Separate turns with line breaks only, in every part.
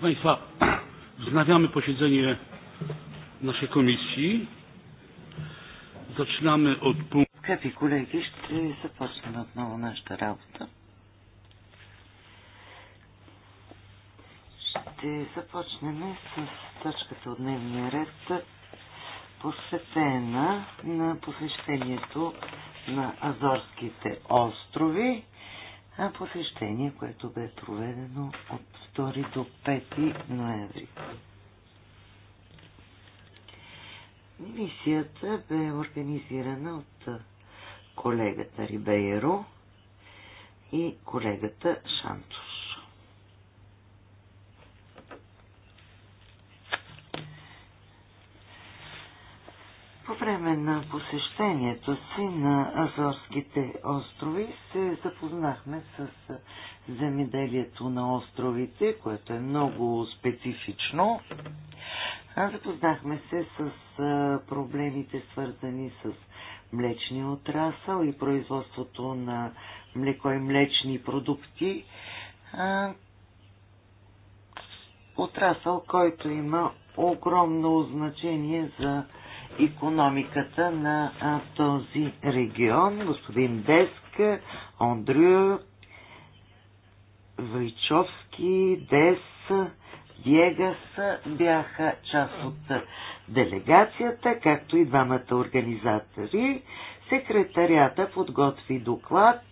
Proszę Państwa, wznawiamy posiedzenie naszej komisji. Zaczynamy od punktu. Скъпи колеги, ще започнем отново нашата работа.
Ще започнем с точката от дневния ред, посветена на посещението на Азорските острови, а посещение, което бе проведено от 2 до 5 ноември. Мисията бе организирана от колегата Рибейро и колегата Шанто. посещението си на Азорските острови се запознахме с земеделието на островите, което е много специфично. Запознахме се с проблемите, свързани с млечния отрасъл и производството на млеко и млечни продукти. Отрасъл, който има огромно значение за економиката на а, този регион. Господин Деск, Андрю, Войчовски, Дес, Диегас бяха част от делегацията, както и двамата организатори. Секретарията подготви доклад,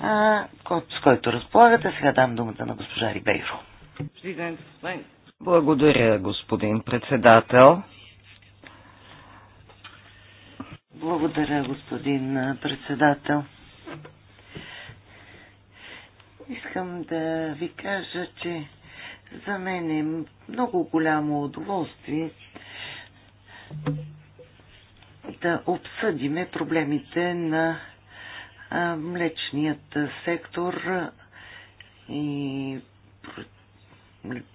а, с който разполагате. Сега дам думата на госпожа Рибейро. Благодаря, господин председател. Благодаря, господин председател. Искам да ви кажа, че за мен е много голямо удоволствие да обсъдиме проблемите на млечният сектор и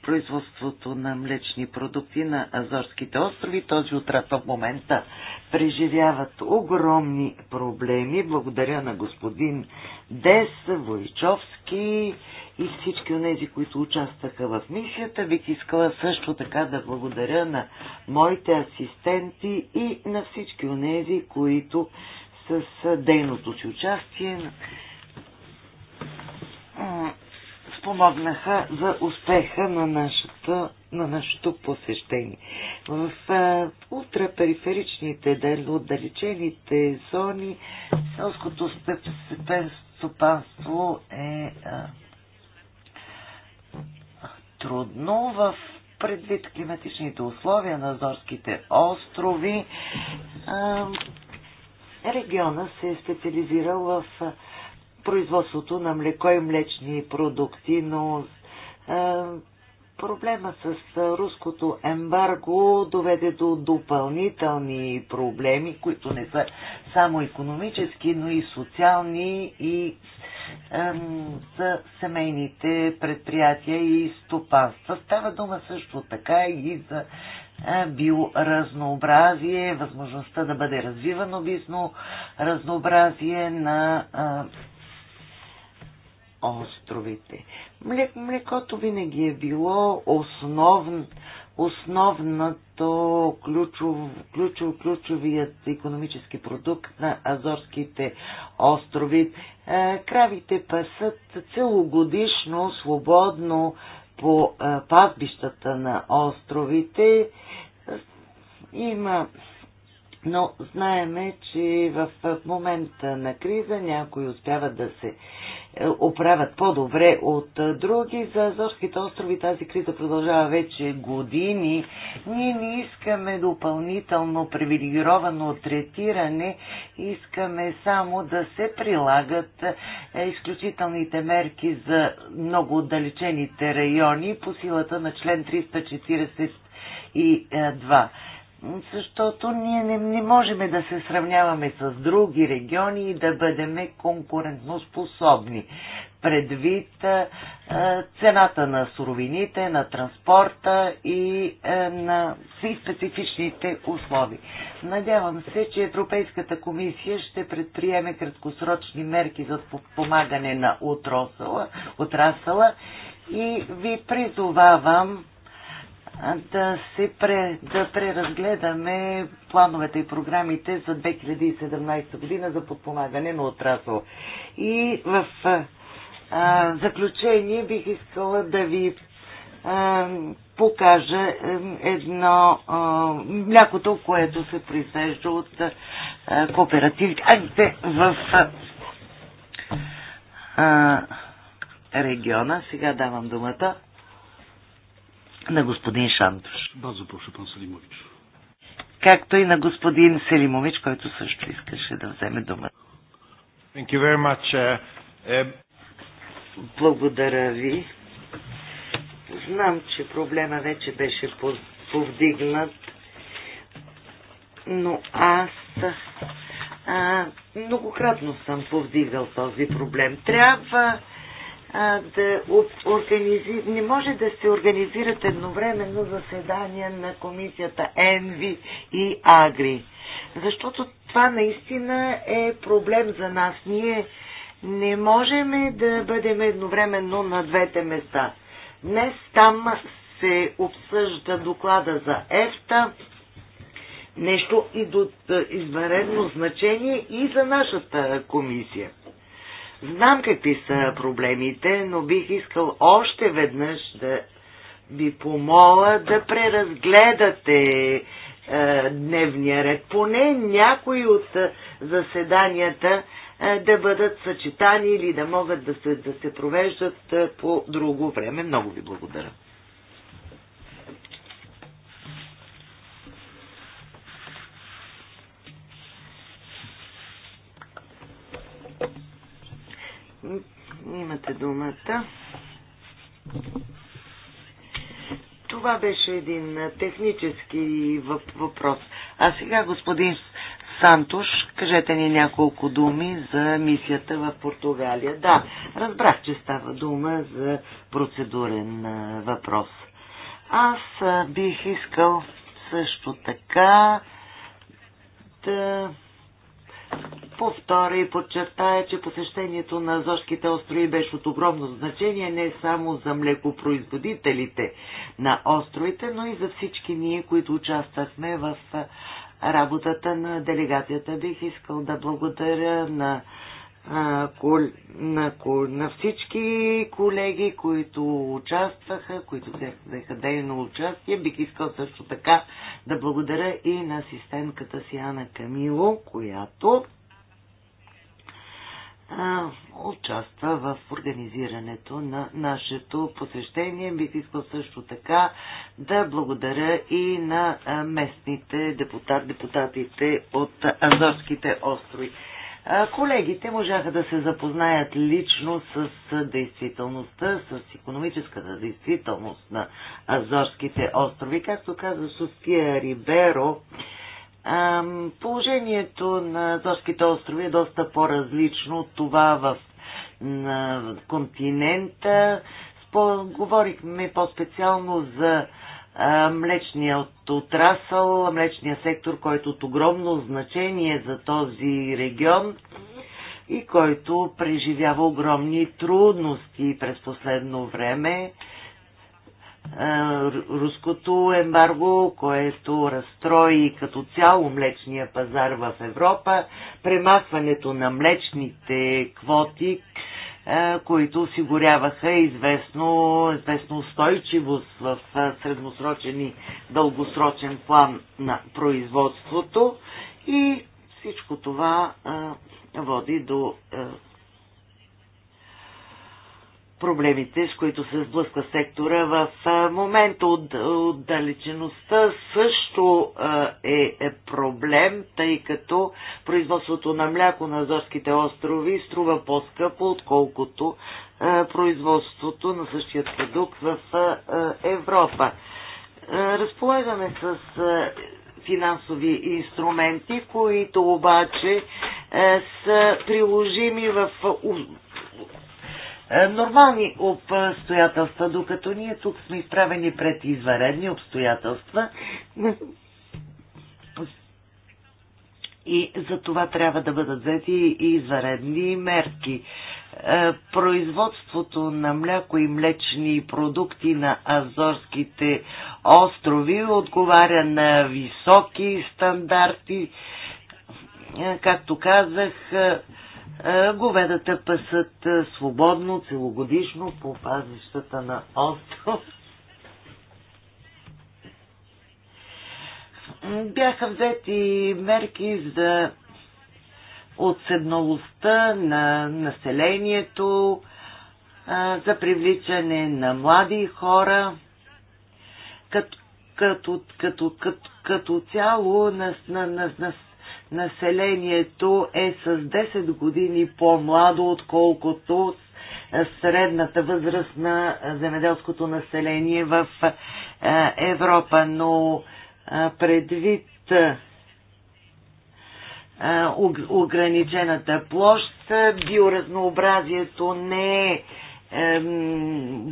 производството на млечни продукти на Азорските острови. Този отрад в момента преживяват огромни проблеми. Благодаря на господин Дес, Войчовски и всички от тези, които участваха в мисията. Бих искала също така да благодаря на моите асистенти и на всички от тези, които с дейното си участие помогнаха за успеха на нашата на нашето посещение. В а, ултрапериферичните, отдалечените зони селското стопанство е а, трудно в предвид климатичните условия на Зорските острови. А, региона се е специализирал в а, производството на млеко и млечни продукти, но е, проблема с руското ембарго доведе до допълнителни проблеми, които не са само економически, но и социални и е, за семейните предприятия и стопанства. Става дума също така и за е, биоразнообразие, възможността да бъде развивано бисно разнообразие на е, островите. Млекото винаги е било основно основното ключов, ключов, ключовият економически продукт на Азорските острови. Е, кравите пасат целогодишно, свободно по е, пазбищата на островите. Има но знаеме, че в момента на криза някои успяват да се е, оправят по-добре от е, други. За Азорските острови тази криза продължава вече години. Ние не искаме допълнително привилегировано третиране, искаме само да се прилагат е, изключителните мерки за много отдалечените райони по силата на член 342 защото ние не, не можем да се сравняваме с други региони и да бъдем конкурентноспособни предвид а, цената на суровините, на транспорта и а, на всички специфичните условия. Надявам се, че Европейската комисия ще предприеме краткосрочни мерки за помагане на отрасъла, отрасъла и ви призовавам да се пре, да преразгледаме плановете и програмите за 2017 година за подпомагане на отрасъл. И в а, заключение бих искала да ви а, покажа едно а, млякото, което се произвежда от а, кооперативите в а, региона. Сега давам думата на господин Шантош.
Базо прошу, пан Селимович.
Както и на господин Селимович, който също искаше да вземе дума. Thank you very
much. Uh, uh...
Благодаря ви. Знам, че проблема вече беше повдигнат, но аз а, многократно съм повдигал този проблем. Трябва да организи... не може да се организират едновременно заседания на комисията ЕНВИ и АГРИ. Защото това наистина е проблем за нас. Ние не можем да бъдем едновременно на двете места. Днес там се обсъжда доклада за ЕФТА, нещо и до е, извънредно значение и за нашата комисия. Знам какви са проблемите, но бих искал още веднъж да ви помоля да преразгледате е, дневния ред. Поне някои от е, заседанията е, да бъдат съчетани или да могат да се, да се провеждат е, по друго време. Много ви благодаря. Имате думата. Това беше един технически въпрос. А сега, господин Сантуш, кажете ни няколко думи за мисията в Португалия. Да, разбрах, че става дума за процедурен въпрос. Аз бих искал също така да повторя и подчертая, че посещението на Азорските острови беше от огромно значение не само за млекопроизводителите на островите, но и за всички ние, които участвахме в работата на делегацията. Бих искал да благодаря на, на, на, на всички колеги, които участваха, които взеха дейно участие. Бих искал също така да благодаря и на асистентката си Ана Камило, която участва в организирането на нашето посещение. Бих искал също така да благодаря и на местните депутат, депутатите от Азорските острови. Колегите можаха да се запознаят лично с действителността, с економическата действителност на Азорските острови. Както каза София Риберо, Положението на Зорските острови е доста по-различно от това в на континента. Спо, говорихме по-специално за а, отрасъл, млечния сектор, който е от огромно значение за този регион и който преживява огромни трудности през последно време. Е, руското ембарго, което разстрои като цяло млечния пазар в Европа, премахването на млечните квоти, е, които осигуряваха известно, известно устойчивост в е, средносрочен и дългосрочен план на производството и всичко това води до проблемите, с които се сблъсква сектора в момента. от Отдалечеността също е, е проблем, тъй като производството на мляко на Азорските острови струва по-скъпо, отколкото производството на същия продукт в Европа. Разполагаме с финансови инструменти, които обаче са приложими в е, нормални обстоятелства, докато ние тук сме изправени пред изваредни обстоятелства. И за това трябва да бъдат взети и изваредни мерки. Е, производството на мляко и млечни продукти на Азорските острови отговаря на високи стандарти. Е, както казах, е, говедата пасат е, свободно, целогодишно по пазищата на остров. Бяха взети мерки за отседналостта на населението, е, за привличане на млади хора, като, като, като, като, като цяло на, на, на, на населението е с 10 години по-младо, отколкото средната възраст на земеделското население в е, Европа. Но е, предвид е, ограничената площ, биоразнообразието не е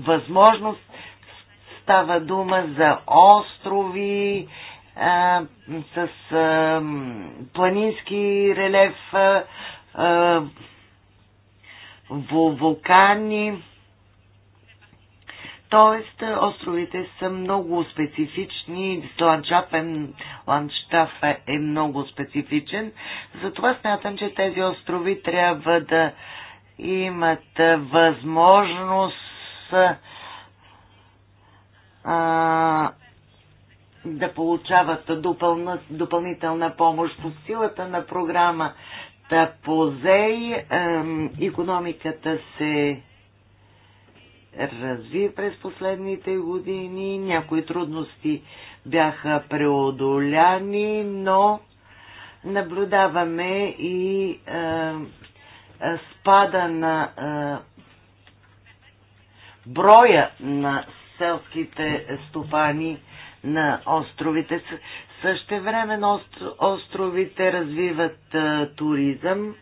възможност. Става дума за острови, с а, планински релеф, а, а, вулкани. Тоест, островите са много специфични, ландшафт е, е много специфичен. Затова смятам, че тези острови трябва да имат възможност а, да получават допълна, допълнителна помощ по силата на програма по Економиката се разви през последните години. Някои трудности бяха преодоляни, но наблюдаваме и е, е, спада на е, броя на селските стопани на островите. Също време на островите развиват а, туризъм,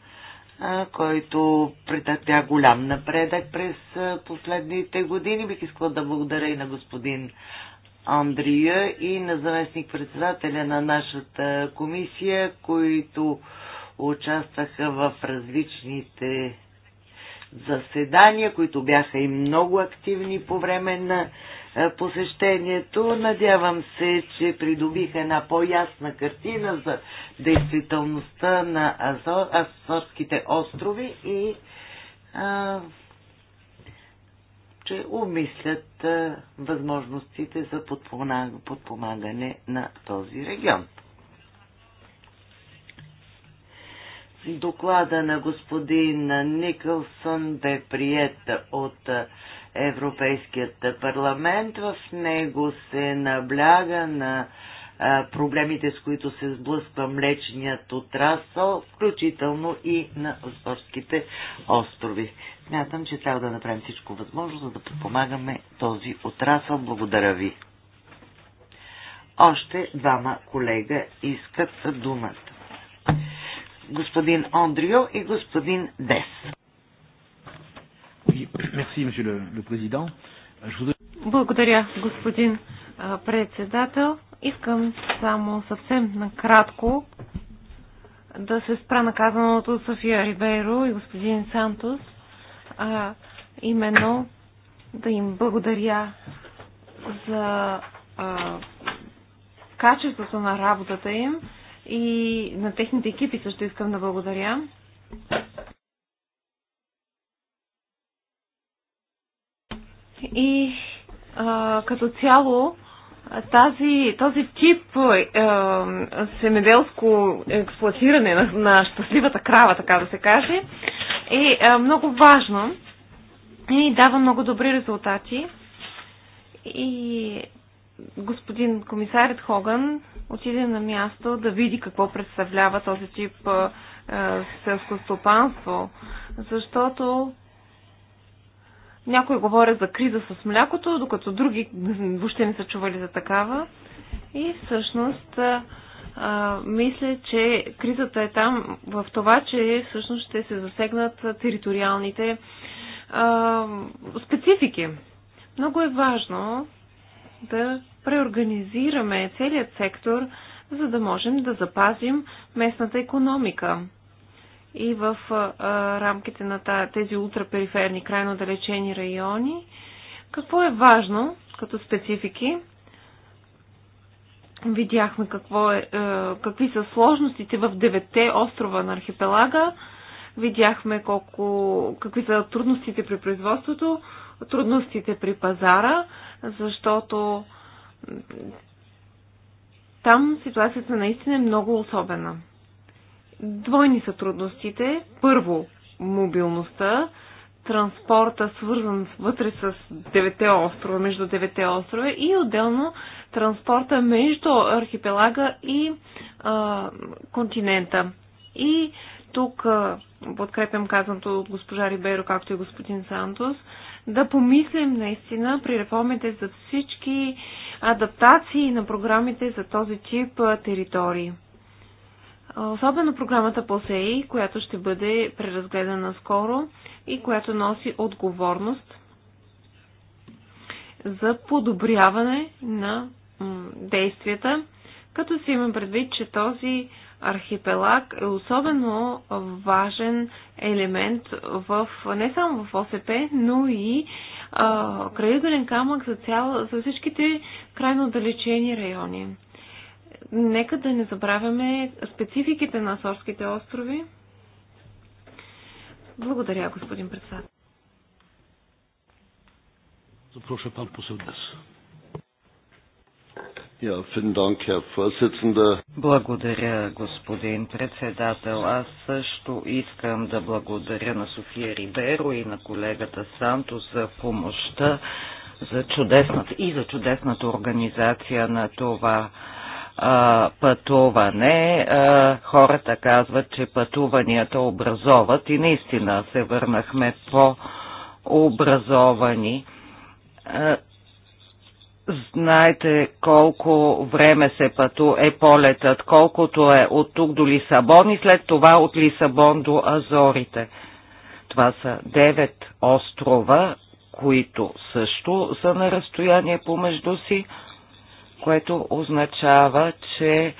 а, който претърпя голям напредък през а, последните години. Бих искала да благодаря и на господин Андрия и на заместник-председателя на нашата комисия, които участваха в различните заседания, които бяха и много активни по време на е, посещението. Надявам се, че придобих една по-ясна картина за действителността на Азор, Азорските острови и а, че умислят а, възможностите за подпомагане на този регион. Доклада на господин Никълсън бе прият от Европейският парламент. В него се набляга на проблемите, с които се сблъсква млечният отрасъл, включително и на Азорските острови. Смятам, че трябва да направим всичко възможно, за да подпомагаме този отрасъл. Благодаря ви. Още двама колега искат думата. Господин Ондрио и господин
Дес.
Благодаря, господин председател. Искам само съвсем накратко да се спра наказаното от София Рибейро и господин Сантос, а именно да им благодаря за а, качеството на работата им и на техните екипи също искам да благодаря. И а, като цяло тази, този тип а, семеделско експлуатиране на, на щастливата крава, така да се каже, е, а, много важно и дава много добри резултати. И господин комисарят Хоган отиде на място да види какво представлява този тип е, селско стопанство, защото някои говорят за криза с млякото, докато други въобще не са чували за такава. И всъщност а, мисля, че кризата е там в това, че всъщност ще се засегнат териториалните а, специфики. Много е важно да преорганизираме целият сектор, за да можем да запазим местната економика и в рамките на тези ултрапериферни, крайно далечени райони. Какво е важно като специфики? Видяхме какво е, какви са сложностите в девете острова на архипелага. Видяхме колко, какви са трудностите при производството, трудностите при пазара, защото там ситуацията наистина е много особена. Двойни са трудностите. Първо, мобилността, транспорта, свързан вътре с девете острова, между девете острова и отделно транспорта между архипелага и а, континента. И тук а, подкрепям казаното от госпожа Риберо, както и господин Сантос, да помислим наистина при реформите за всички адаптации на програмите за този тип а, територии. Особено програмата посеи, която ще бъде преразгледана скоро и която носи отговорност за подобряване на действията, като си имам предвид, че този архипелаг е особено важен елемент в, не само в ОСП, но и а, крайъгълен камък за, цял, за всичките крайно отдалечени райони нека да не забравяме спецификите на Азорските острови. Благодаря, господин председател.
Запроша пан Посълдес.
Благодаря, господин председател. Аз също искам да благодаря на София Риберо и на колегата Санто за помощта за чудесната и за чудесната организация на това пътуване. А, хората казват, че пътуванията образоват и наистина се върнахме по-образовани. Знаете колко време се пъту е полетът, колкото е от тук до Лисабон и след това от Лисабон до Азорите. Това са девет острова, които също са на разстояние помежду си което означава, че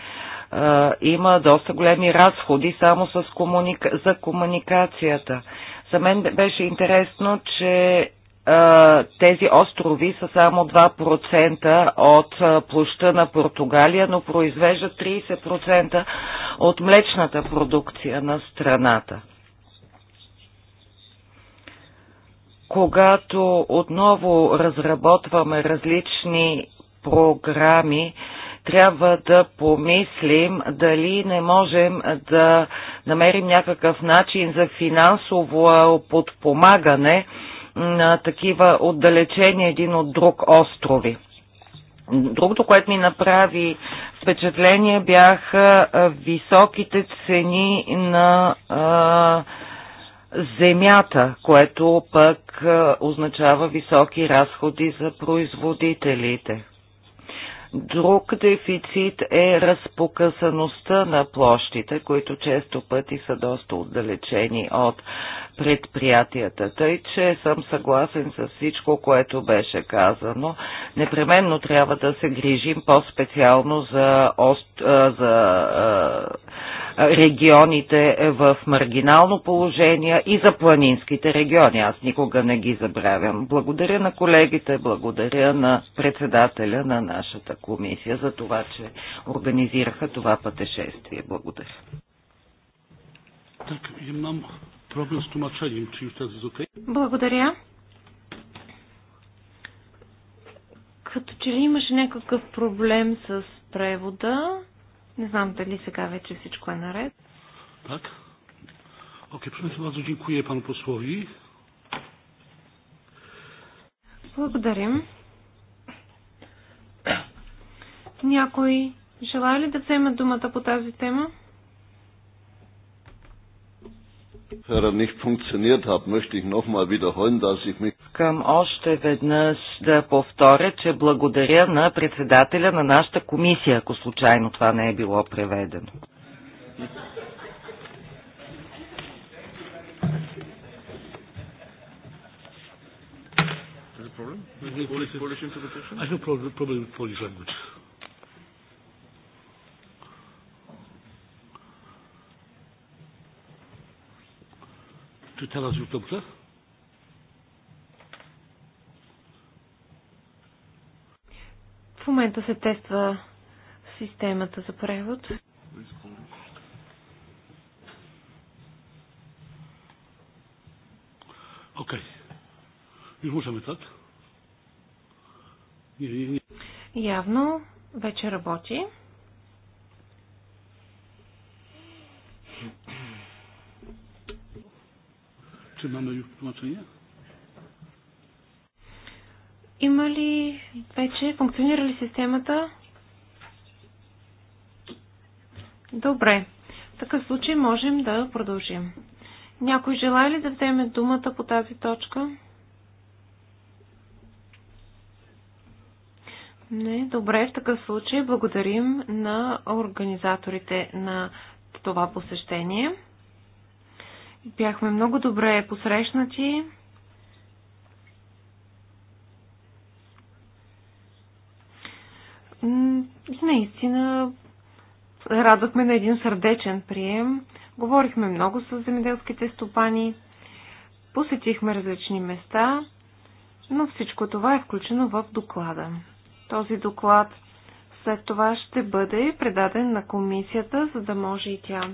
а, има доста големи разходи само с комуника... за комуникацията. За мен беше интересно, че а, тези острови са само 2% от площа на Португалия, но произвеждат 30% от млечната продукция на страната. когато отново разработваме различни програми, трябва да помислим дали не можем да намерим някакъв начин за финансово подпомагане на такива отдалечени един от друг острови. Другото, което ми направи впечатление, бяха високите цени на земята, което пък означава високи разходи за производителите. Друг дефицит е разпокъсаността на площите, които често пъти са доста отдалечени от предприятията. Тъй, че съм съгласен с всичко, което беше казано. Непременно трябва да се грижим по-специално за, ост, за регионите в маргинално положение и за планинските региони. Аз никога не ги забравям. Благодаря на колегите, благодаря на председателя на нашата комисия за това, че организираха това пътешествие. Благодаря.
Так, имам Проблем с tłumaczeniem, че już teraz jest
Благодаря. Като че ли имаше някакъв проблем с превода, не знам дали сега вече всичко е наред.
Так.
Окей, okay, bardzo дякую, panu послови.
Благодарим. Някой желая ли да вземе думата по тази тема?
Hörer nicht funktioniert hat, möchte ich ich wiederholen, dass mich...
Към още веднъж да повторя, че благодаря на председателя на нашата комисия, ако случайно това не е било преведено.
Polish, Polish interpretation? I have no problem with Polish language. to tell us what to
В момента се тества системата за превод.
Окей. Okay. możemy, tak? Nie,
Явно вече работи.
Czy mamy już tłumaczenie?
Има ли вече, функционира ли системата? Добре. В такъв случай можем да продължим. Някой желая ли да вземе думата по тази точка? Не, добре, в такъв случай благодарим на организаторите на това посещение. Бяхме много добре посрещнати. наистина радвахме на един сърдечен прием. Говорихме много с земеделските стопани. Посетихме различни места, но всичко това е включено в доклада. Този доклад след това ще бъде предаден на комисията, за да може и тя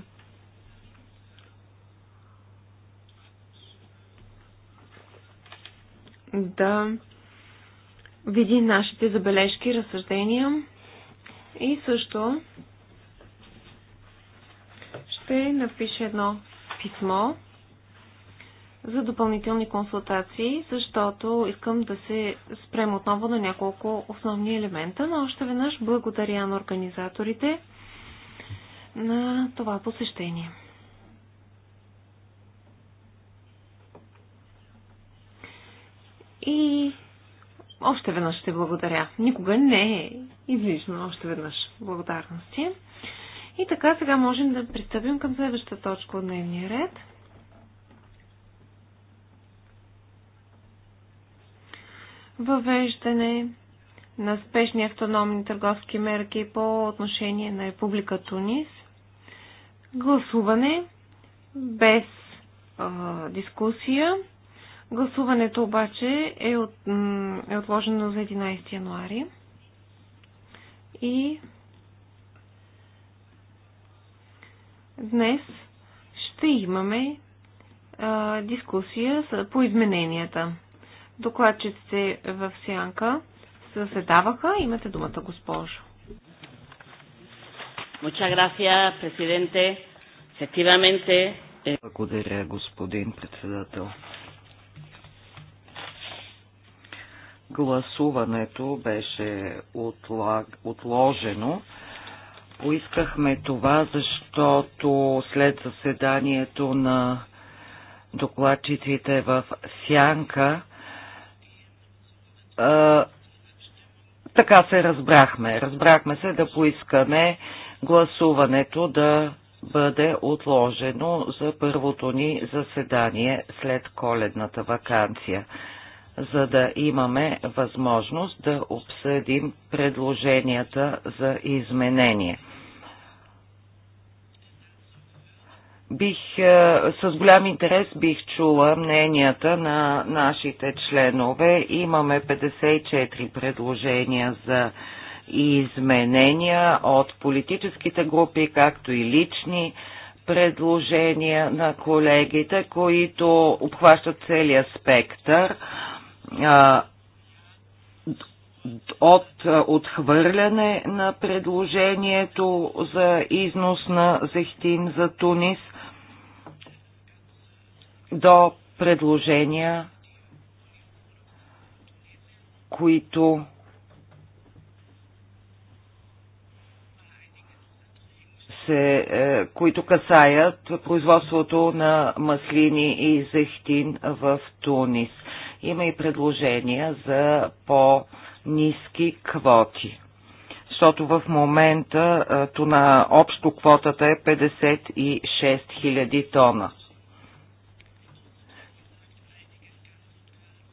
да види нашите забележки, разсъждения и също ще напише едно писмо за допълнителни консултации, защото искам да се спрем отново на няколко основни елемента, но още веднъж благодаря на организаторите на това посещение. И още веднъж ще благодаря. Никога не е излишно още веднъж благодарности. И така сега можем да пристъпим към следващата точка от дневния ред. Въвеждане на спешни автономни търговски мерки по отношение на Република Тунис. Гласуване без а, дискусия. Гласуването обаче е, от, е отложено за 11 януари. И днес ще имаме а, дискусия по измененията. Докладчиците в Сянка съседаваха. Имате думата, госпожо.
Muchas грация, президенте, Ефективаменте.
Благодаря, господин председател. гласуването беше отложено. Поискахме това, защото след заседанието на докладчиците в Сянка, а, така се разбрахме. Разбрахме се да поискаме гласуването да бъде отложено за първото ни заседание след коледната вакансия за да имаме възможност да обсъдим предложенията за изменение. Бих, е, с голям интерес бих чула мненията на нашите членове. Имаме 54 предложения за изменения от политическите групи, както и лични предложения на колегите, които обхващат целия спектър а, от отхвърляне на предложението за износ на зехтин за Тунис до предложения, които се, е, които касаят производството на маслини и зехтин в Тунис. Има и предложения за по-низки квоти. Защото в момента то на общо квотата е 56 000 тона.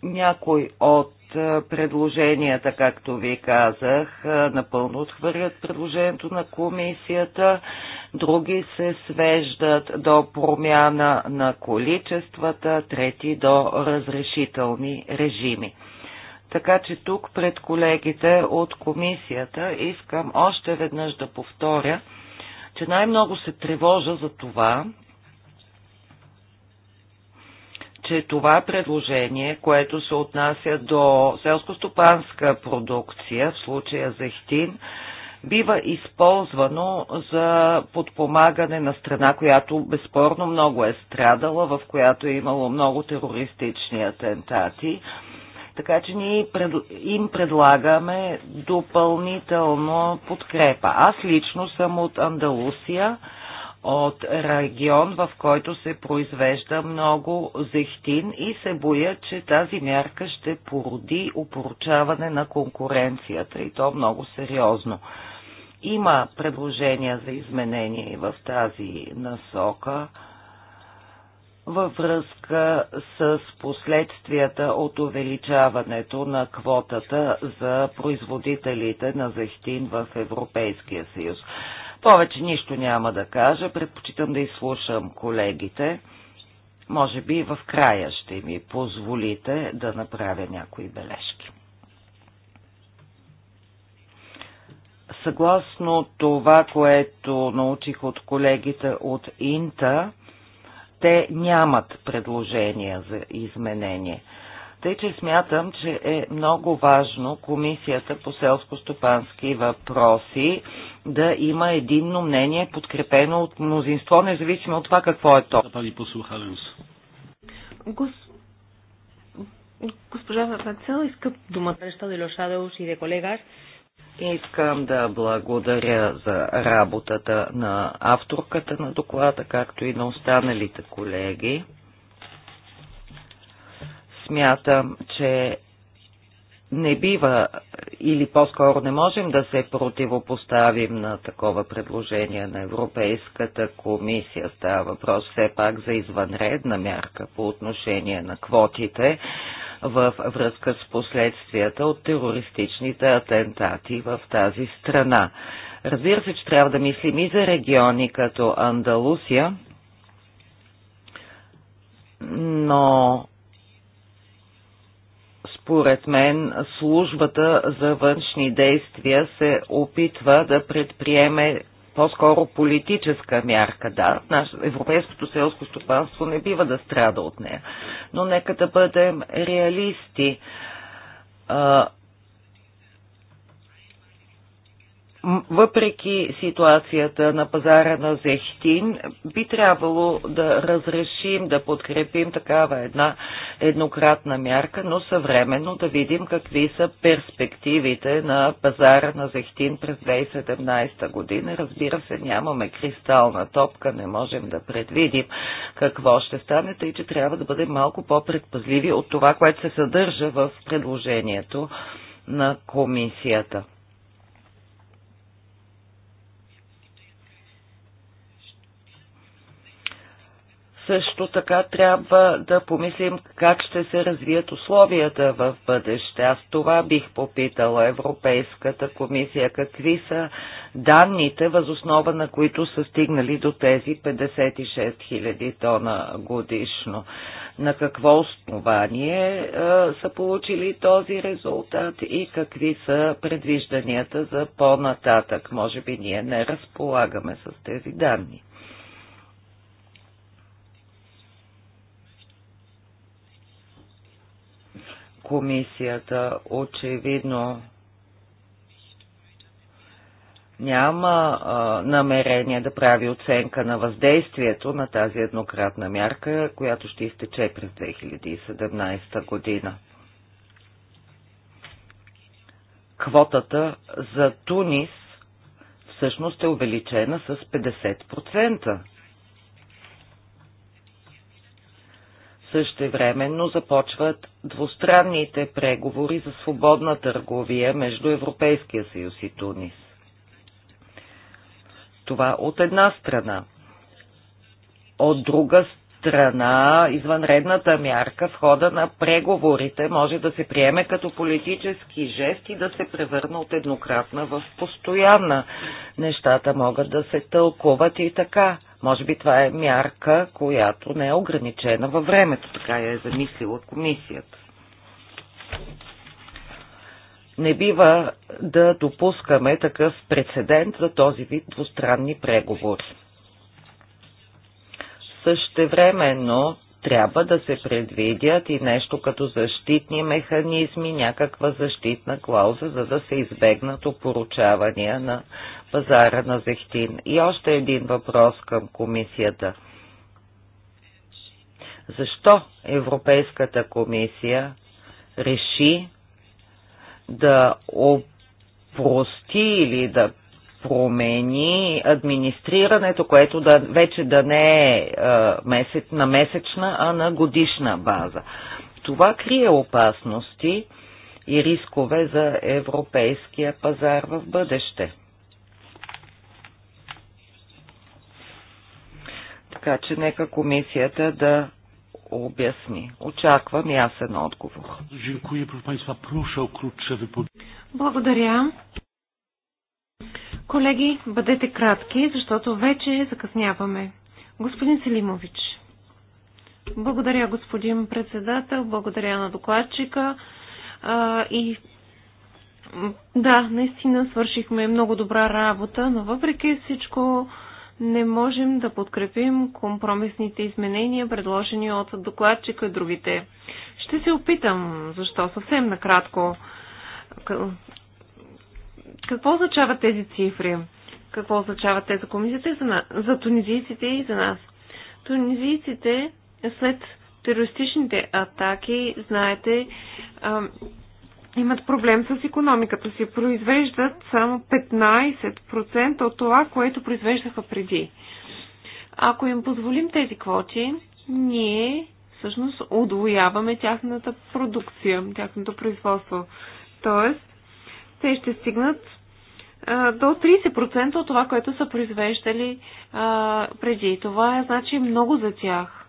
Някой от предложенията, както ви казах, напълно отхвърлят предложението на комисията, други се свеждат до промяна на количествата, трети до разрешителни режими. Така че тук пред колегите от комисията искам още веднъж да повторя, че най-много се тревожа за това, че това предложение, което се отнася до селскостопанска продукция, в случая зехтин, бива използвано за подпомагане на страна, която безспорно много е страдала, в която е имало много терористични атентати. Така че ние им предлагаме допълнително подкрепа. Аз лично съм от Андалусия от регион, в който се произвежда много зехтин и се боя, че тази мярка ще породи опоручаване на конкуренцията и то много сериозно. Има предложения за изменения и в тази насока във връзка с последствията от увеличаването на квотата за производителите на зехтин в Европейския съюз. Повече нищо няма да кажа, предпочитам да изслушам колегите. Може би в края ще ми позволите да направя някои бележки. Съгласно това, което научих от колегите от Инта, те нямат предложения за изменение. Тъй, че смятам, че е много важно Комисията по селско-стопански въпроси да има единно мнение, подкрепено от мнозинство, независимо от това какво е то.
Гос... Госпожа Вацел иска думата.
Искам да благодаря за работата на авторката на доклада, както и на останалите колеги. Смятам, че не бива или по-скоро не можем да се противопоставим на такова предложение на Европейската комисия. Става въпрос все пак за извънредна мярка по отношение на квотите в връзка с последствията от терористичните атентати в тази страна. Разбира се, че трябва да мислим и за региони като Андалусия, но според мен службата за външни действия се опитва да предприеме по-скоро политическа мярка. Да, наш, европейското селско стопанство не бива да страда от нея. Но нека да бъдем реалисти. А, въпреки ситуацията на пазара на зехтин, би трябвало да разрешим, да подкрепим такава една еднократна мярка, но съвременно да видим какви са перспективите на пазара на зехтин през 2017 година. Разбира се, нямаме кристална топка, не можем да предвидим какво ще стане, тъй че трябва да бъдем малко по-предпазливи от това, което се съдържа в предложението на комисията. Също така трябва да помислим как ще се развият условията в бъдеще. Аз това бих попитала Европейската комисия. Какви са данните, възоснова на които са стигнали до тези 56 000 тона годишно? На какво основание е, са получили този резултат и какви са предвижданията за по-нататък? Може би ние не разполагаме с тези данни. комисията очевидно няма а, намерение да прави оценка на въздействието на тази еднократна мярка, която ще изтече през 2017 година. Квотата за Тунис всъщност е увеличена с 50%. Същевременно започват двустранните преговори за свободна търговия между Европейския съюз и Тунис. Това от една страна. От друга страна, страна, извънредната мярка в хода на преговорите може да се приеме като политически жест и да се превърне от еднократна в постоянна. Нещата могат да се тълкуват и така. Може би това е мярка, която не е ограничена във времето, така я е замислила комисията. Не бива да допускаме такъв прецедент за този вид двустранни преговори но трябва да се предвидят и нещо като защитни механизми, някаква защитна клауза, за да се избегнат опоручавания на пазара на зехтин. И още един въпрос към комисията. Защо Европейската комисия реши да опрости или да промени администрирането, което да, вече да не е месец, на месечна, а на годишна база. Това крие опасности и рискове за европейския пазар в бъдеще. Така че нека комисията да обясни. Очаквам ясен отговор.
Благодаря. Колеги, бъдете кратки, защото вече закъсняваме. Господин Селимович. Благодаря, господин председател. Благодаря на докладчика. А, и да, наистина свършихме много добра работа, но въпреки всичко не можем да подкрепим компромисните изменения, предложени от докладчика и другите. Ще се опитам, защо съвсем накратко. Какво означават тези цифри? Какво означават те за комисията за, на... за тунизийците и за нас? Тунизийците след терористичните атаки, знаете, имат проблем с економиката си. Произвеждат само 15% от това, което произвеждаха преди. Ако им позволим тези квоти, ние всъщност удвояваме тяхната продукция, тяхното производство. Тоест, те ще стигнат до 30% от това, което са произвеждали а, преди. Това е значи много за тях.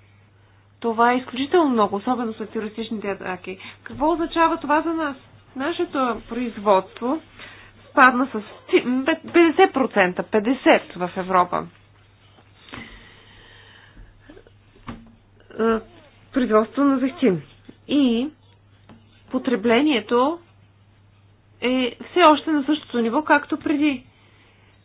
Това е изключително много, особено с терористичните атаки. Какво означава това за нас? Нашето производство спадна с 50%, 50% в Европа. Производство на захтин. И потреблението е все още на същото ниво, както преди.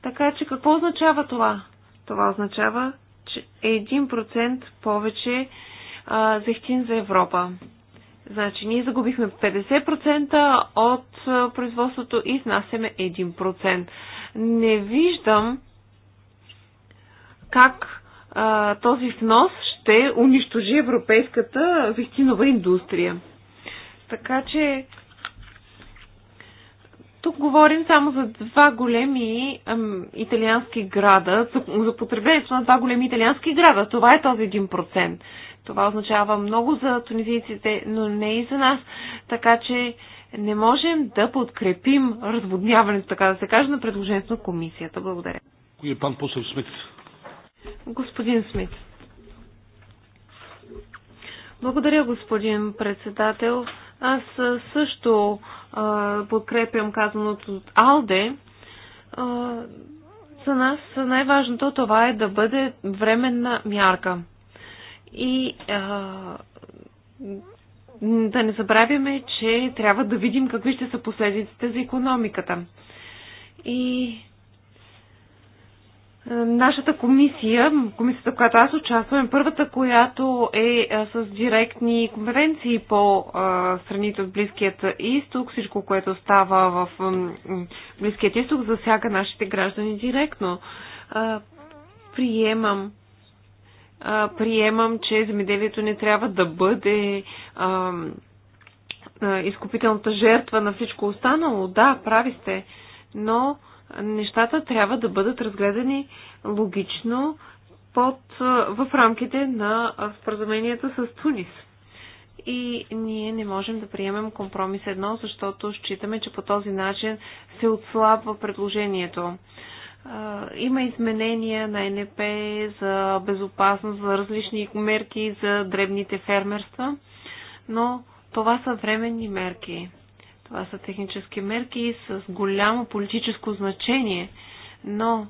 Така че какво означава това? Това означава, че 1% повече а, зехтин за Европа. Значи ние загубихме 50% от производството и изнасяме 1%. Не виждам как а, този внос ще унищожи европейската вехтинова индустрия. Така че тук говорим само за два големи ам, италиански града, за, за потреблението на два големи италиански града. Това е този 1%. Това означава много за тунизийците, но не и за нас. Така че не можем да подкрепим разводняването, така да се каже, на предложението на комисията. Благодаря.
Кой е пан посъл Смит?
Господин Смит. Благодаря, господин председател. Аз също а, подкрепям казаното от Алде. А, за нас най-важното това е да бъде временна мярка. И а, да не забравяме, че трябва да видим какви ще са последиците за економиката. И е, нашата комисия, комисията, в която аз участвам, е първата, която е, е с директни конференции по е, страните от Близкият изток. Всичко, което става в Близкият изток, засяга нашите граждани директно. Приемам приемам, че земеделието не трябва да бъде а, а, изкупителната жертва на всичко останало. Да, прави сте, но нещата трябва да бъдат разгледани логично под, в рамките на споразумението с Тунис. И ние не можем да приемем компромис едно, защото считаме, че по този начин се отслабва предложението. Има изменения на НП за безопасност, за различни мерки за дребните фермерства, но това са временни мерки. Това са технически мерки с голямо политическо значение, но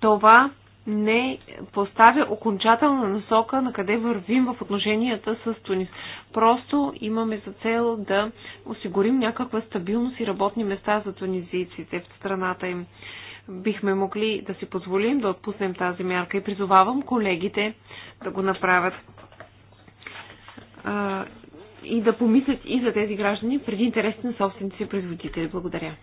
това не поставя окончателна насока на къде вървим в отношенията с Тунис. Просто имаме за цел да осигурим някаква стабилност и работни места за тунизийците в страната им. Бихме могли да си позволим да отпуснем тази мярка и призовавам колегите да го направят и да помислят и за тези граждани преди интересите на собствените си производители. Благодаря.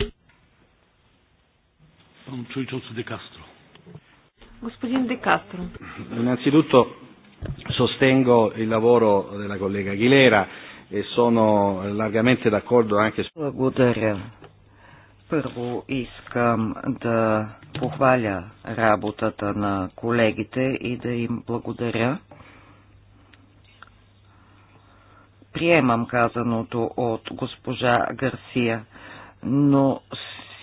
Господин Декастро. Кастро.
Innanzitutto sostengo il lavoro della collega Aguilera e sono largamente d'accordo anche su... Благодаря.
Първо
искам да похваля работата на колегите и да им благодаря приемам казаното от госпожа Гарсия, но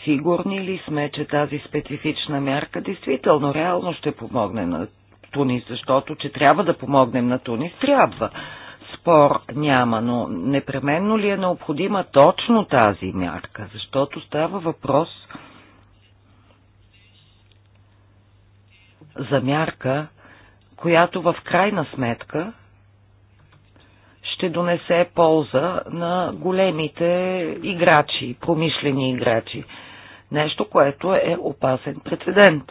сигурни ли сме, че тази специфична мярка действително реално ще помогне на Тунис, защото че трябва да помогнем на Тунис, трябва. Спор няма, но непременно ли е необходима точно тази мярка, защото става въпрос за мярка, която в крайна сметка ще донесе полза на големите играчи, промишлени играчи. Нещо, което е опасен прецедент.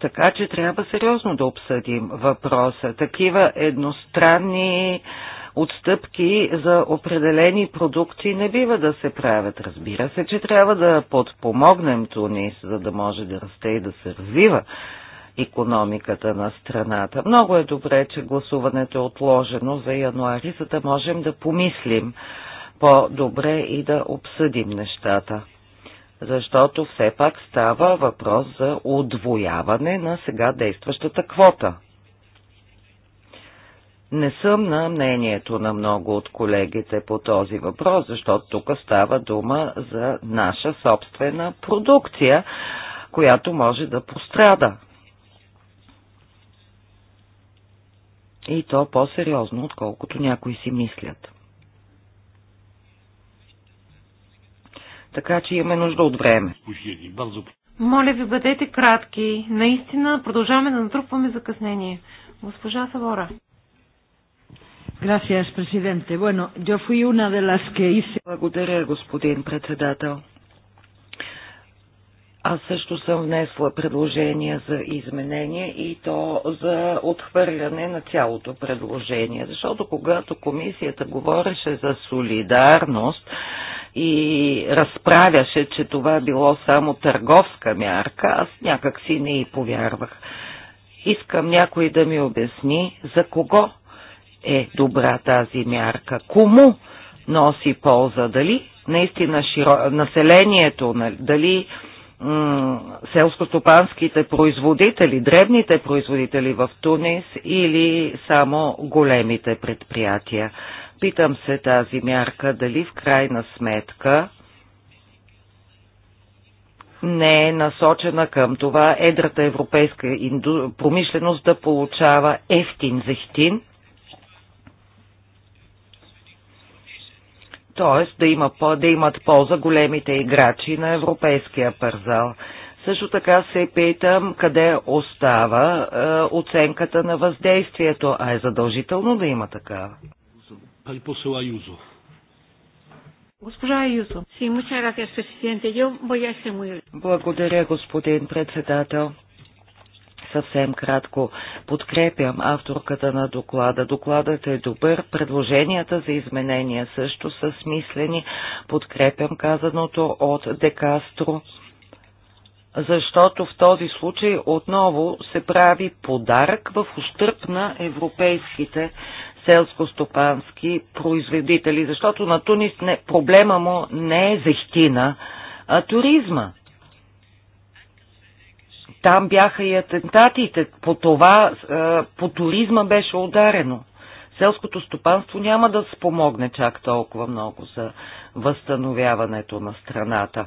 Така че трябва сериозно да обсъдим въпроса. Такива едностранни отстъпки за определени продукти не бива да се правят. Разбира се, че трябва да подпомогнем Тунис, за да може да расте и да се развива економиката на страната. Много е добре, че гласуването е отложено за януари, за да можем да помислим по-добре и да обсъдим нещата. Защото все пак става въпрос за отвояване на сега действащата квота. Не съм на мнението на много от колегите по този въпрос, защото тук става дума за наша собствена продукция, която може да пострада И то по-сериозно, отколкото някои си мислят. Така че имаме нужда от време.
Моля ви, бъдете кратки. Наистина продължаваме да натрупваме закъснение. Госпожа Савора.
Gracias, presidente. Bueno, yo fui una de las que hice... Благодаря, господин председател. Аз също съм внесла предложение за изменение и то за отхвърляне на цялото предложение, защото когато комисията говореше за солидарност и разправяше, че това било само търговска мярка, аз някак си не и повярвах. Искам някой да ми обясни за кого е добра тази мярка, кому носи полза, дали наистина широ... населението, дали селскостопанските производители, дребните производители в Тунис или само големите предприятия. Питам се тази мярка дали в крайна сметка не е насочена към това едрата европейска промишленост да получава ефтин зехтин т.е. да, има, да имат полза големите играчи на европейския парзал. Също така се питам къде остава е, оценката на въздействието, а е задължително да има такава. Госпожа Благодаря, господин председател съвсем кратко. Подкрепям авторката на доклада. Докладът е добър, предложенията за изменения също са смислени. Подкрепям казаното от Декастро защото в този случай отново се прави подарък в ущърп на европейските селско-стопански производители, защото на Тунис не, проблема му не е зехтина, а туризма. Там бяха и атентатите. По това, е, по туризма беше ударено. Селското стопанство няма да спомогне чак толкова много за възстановяването на страната.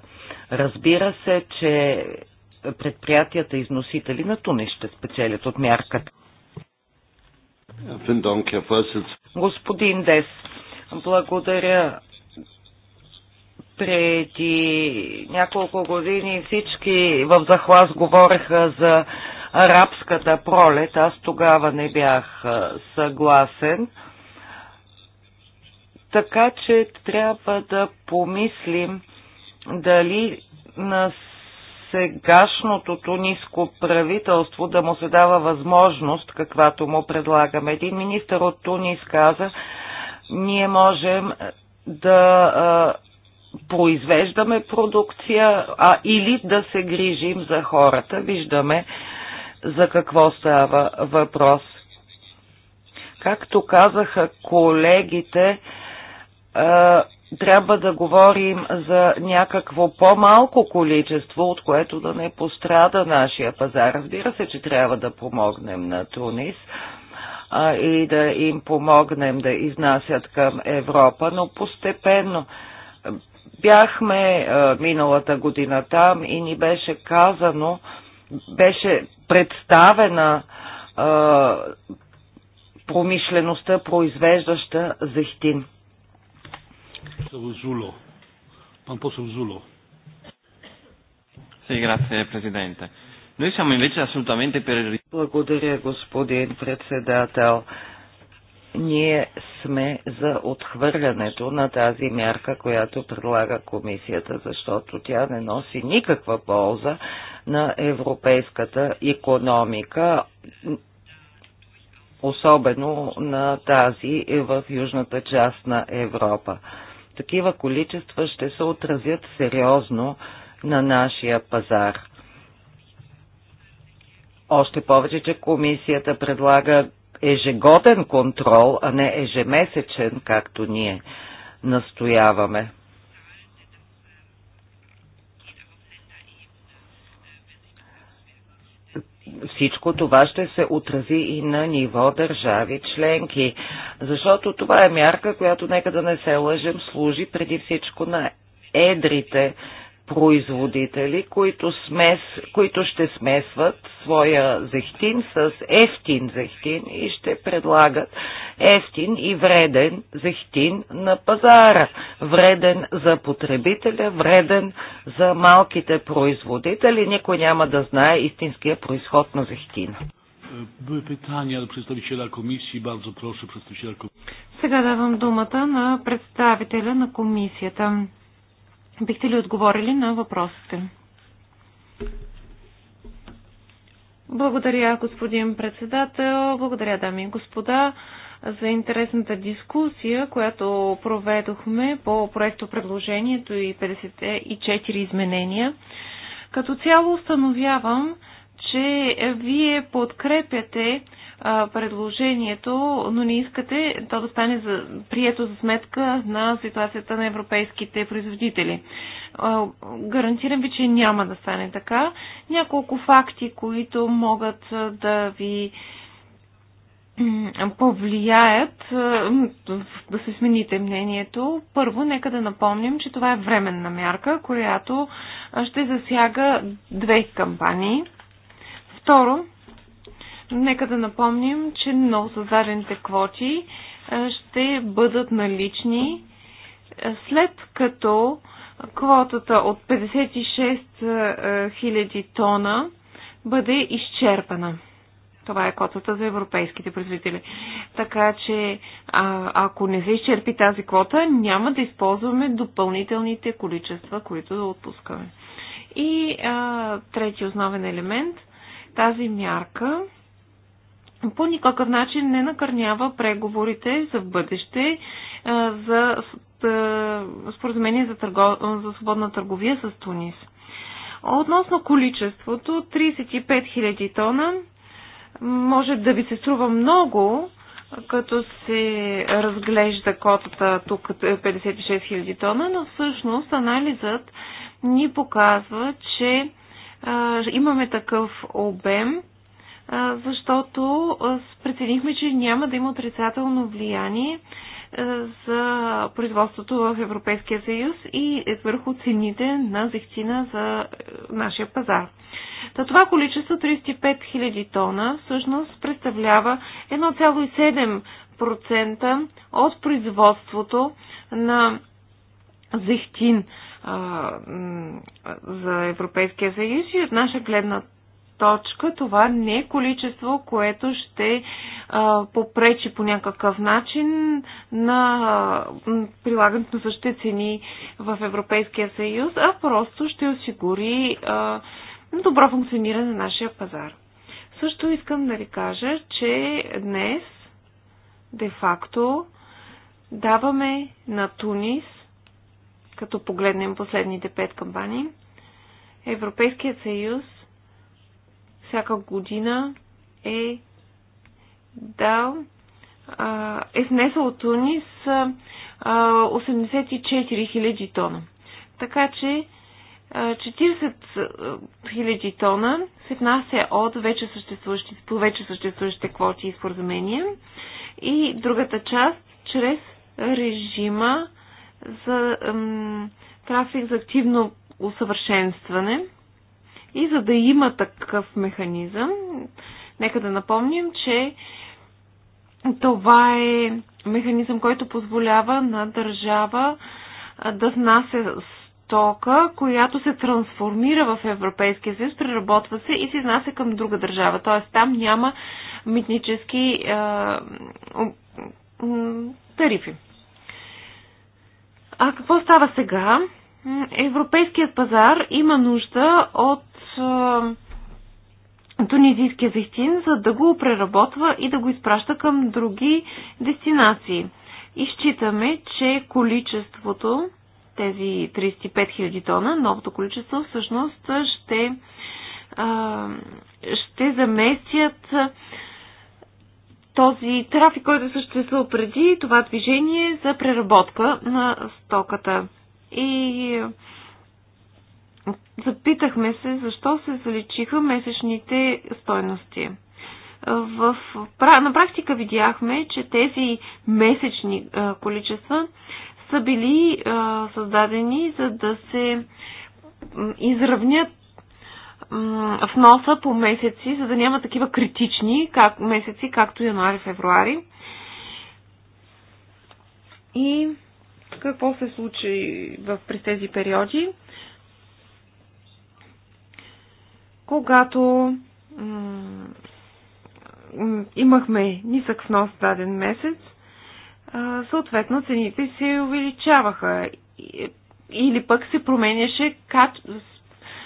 Разбира се, че предприятията износители на туни ще спечелят от мярката. Господин Дес, благодаря. Преди няколко години всички в захлас говореха за арабската пролет. Аз тогава не бях съгласен. Така че трябва да помислим дали на сегашното ниско правителство да му се дава възможност, каквато му предлагаме. Един министр от Тунис каза, ние можем да произвеждаме продукция, а или да се грижим за хората. Виждаме за какво става въпрос. Както казаха колегите, трябва да говорим за някакво по-малко количество, от което да не пострада нашия пазар. Разбира се, че трябва да помогнем на Тунис а, и да им помогнем да изнасят към Европа, но постепенно Бяхме миналата година там и ни беше казано, беше представена промишлеността, произвеждаща зехтин.
Благодаря, господин
председател ние сме за отхвърлянето на тази мярка, която предлага комисията, защото тя не носи никаква полза на европейската економика, особено на тази в южната част на Европа. Такива количества ще се отразят сериозно на нашия пазар. Още повече, че комисията предлага ежегоден контрол, а не ежемесечен, както ние настояваме. всичко това ще се отрази и на ниво държави членки, защото това е мярка, която нека да не се лъжем, служи преди всичко на едрите производители, които, смес, които ще смесват своя зехтин с ефтин зехтин и ще предлагат ефтин и вреден зехтин на пазара. Вреден за потребителя, вреден за малките производители. Никой няма да знае истинския происход на зехтина.
Były pytania do przedstawiciela komisji. Bardzo proszę przedstawiciela komisji.
Сега давам думата на представителя на комисията. Бихте ли отговорили на въпросите? Благодаря, господин председател. Благодаря, дами и господа, за интересната дискусия, която проведохме по проекто предложението и 54 изменения. Като цяло установявам, че вие подкрепяте а, предложението, но не искате то да стане за, прието за сметка на ситуацията на европейските производители. А, гарантирам ви, че няма да стане така. Няколко факти, които могат да ви повлияят да се смените мнението. Първо, нека да напомним, че това е временна мярка, която ще засяга две кампании Второ, нека да напомним, че новосъздадените квоти е, ще бъдат налични е, след като квотата от 56 000 е, тона бъде изчерпана. Това е квотата за европейските производители. Така че, а, ако не се изчерпи тази квота, няма да използваме допълнителните количества, които да отпускаме. И а, трети основен елемент – тази мярка по никакъв начин не накърнява преговорите за в бъдеще за споразумение за, търго... за свободна търговия с Тунис. Относно количеството, 35 000 тона може да ви се струва много, като се разглежда котата тук 56 000 е тона, но всъщност анализът ни показва, че имаме такъв обем, защото преценихме, че няма да има отрицателно влияние за производството в Европейския съюз и е върху цените на зехтина за е, нашия пазар. Та това количество 35 000 тона всъщност представлява 1,7% от производството на зехтин за Европейския съюз и от наша гледна точка това не е количество, което ще а, попречи по някакъв начин на прилагането на същите цени в Европейския съюз, а просто ще осигури а, добро функциониране на нашия пазар. Също искам да ви кажа, че днес де-факто даваме на Тунис като погледнем последните пет кампании. Европейският съюз всяка година е дал, е внесъл от Тунис 84 000 тона. Така че 40 000 тона се внася от вече съществуващите, по вече съществуващите квоти и споразумения и другата част чрез режима за ем, трафик за активно усъвършенстване и за да има такъв механизъм, нека да напомним, че това е механизъм, който позволява на държава да внася стока, която се трансформира в Европейския съюз, преработва се и се изнася към друга държава. Т.е. там няма митнически е, тарифи. А какво става сега? Европейският пазар има нужда от тунизийския зехтин, за да го преработва и да го изпраща към други дестинации. Изчитаме, че количеството, тези 35 000 тона, новото количество всъщност ще, ще заместят този трафик, който съществува преди това движение за преработка на стоката. И запитахме се защо се заличиха месечните стойности. В, на практика видяхме, че тези месечни а, количества са били а, създадени за да се изравнят в носа по месеци, за да няма такива критични как, месеци, както януари-февруари. И какво се случи в, през тези периоди? Когато имахме нисък внос даден месец, съответно цените се увеличаваха или пък се променяше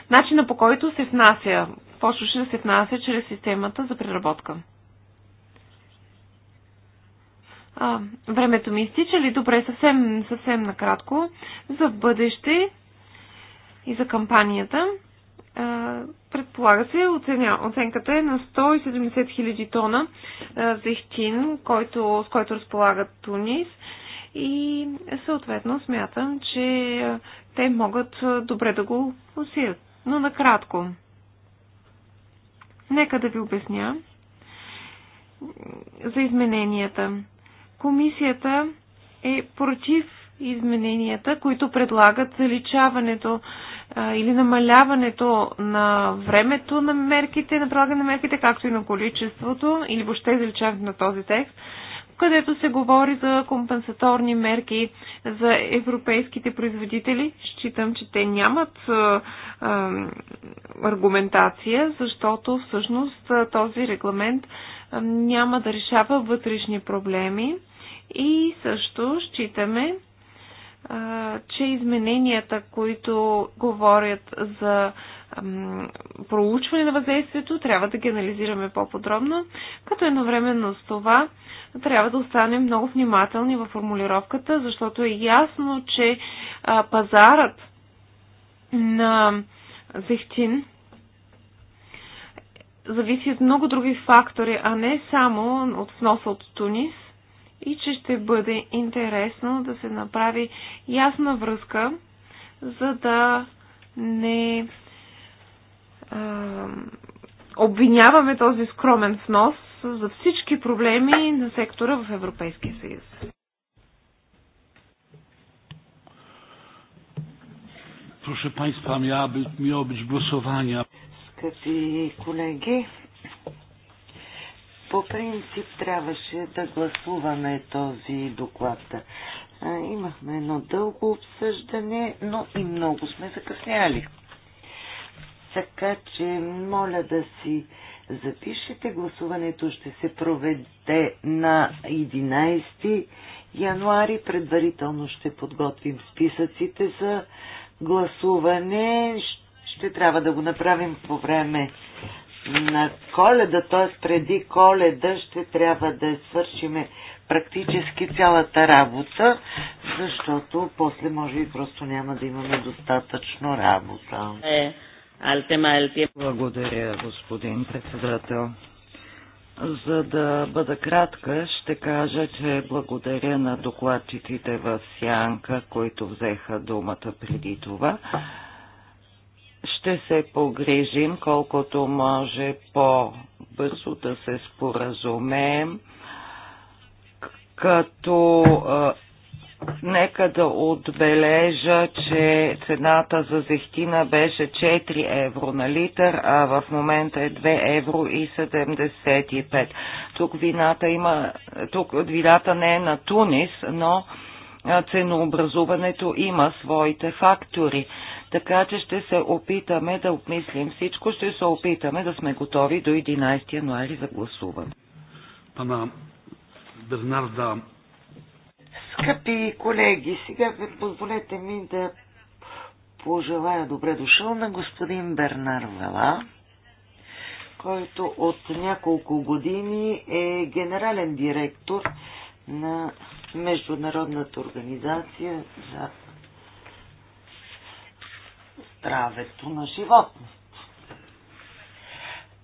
начина по който се внася, почваше да се внася чрез системата за преработка. А, времето ми изтича ли? Добре, съвсем, съвсем накратко. За бъдеще и за кампанията. А, предполага се, оценя, оценката е на 170 000 тона а, зехтин, който, с който разполагат Тунис. И съответно смятам, че те могат добре да го усилят но накратко. Нека да ви обясня за измененията. Комисията е против измененията, които предлагат заличаването или намаляването на времето на мерките, на прилагане на мерките, както и на количеството, или въобще заличаването на този текст където се говори за компенсаторни мерки за европейските производители. Считам, че те нямат аргументация, защото всъщност този регламент няма да решава вътрешни проблеми и също считаме, че измененията, които говорят за проучване на въздействието, трябва да ги анализираме по-подробно, като едновременно с това трябва да останем много внимателни във формулировката, защото е ясно, че пазарът на зехтин зависи от много други фактори, а не само от вноса от Тунис и че ще бъде интересно да се направи ясна връзка, за да не обвиняваме този скромен внос за всички проблеми на сектора в Европейския съюз.
Proszę Państwa, miałaby, miało być
Скъпи колеги,
по принцип
трябваше да гласуваме този доклад. Имахме едно дълго обсъждане, но и много сме закъсняли. Така че моля да си запишете. Гласуването ще се проведе на 11 януари. Предварително ще подготвим списъците за гласуване. Ще трябва да го направим по време на коледа, т.е. преди коледа ще трябва да свършиме практически цялата работа, защото после може и просто няма да имаме достатъчно работа.
Е al
tema del tiempo. Благодаря, господин председател. За да бъда кратка, ще кажа, че благодаря на докладчиците в Сянка, които взеха думата преди това. Ще се погрижим колкото може по-бързо да се споразумеем, като Нека да отбележа, че цената за зехтина беше 4 евро на литър, а в момента е 2 евро и 75. Тук вината, има, тук вината не е на Тунис, но ценообразуването има своите фактори. Така че ще се опитаме да обмислим всичко, ще се опитаме да сме готови до 11 януари за гласуване.
Пана Бернарда
Скъпи колеги, сега позволете ми да пожелая добре дошъл на господин Бернар Вела, който от няколко години е генерален директор на Международната организация за здравето на животните.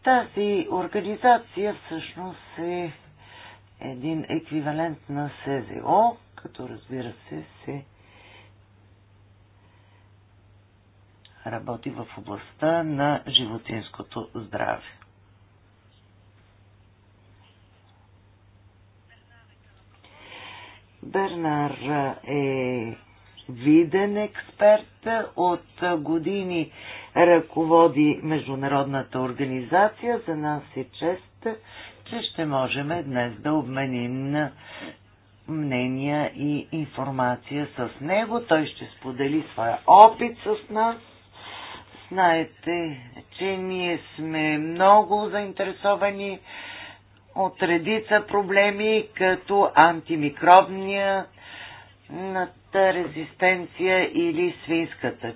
Тази организация всъщност е един еквивалент на СЗО, като разбира се се работи в областта на животинското здраве. Бернар е виден експерт, от години ръководи Международната организация. За нас е чест, че ще можем днес да обменим мнения и информация с него. Той ще сподели своя опит с нас. Знаете, че ние сме много заинтересовани от редица проблеми, като антимикробния резистенция или свинската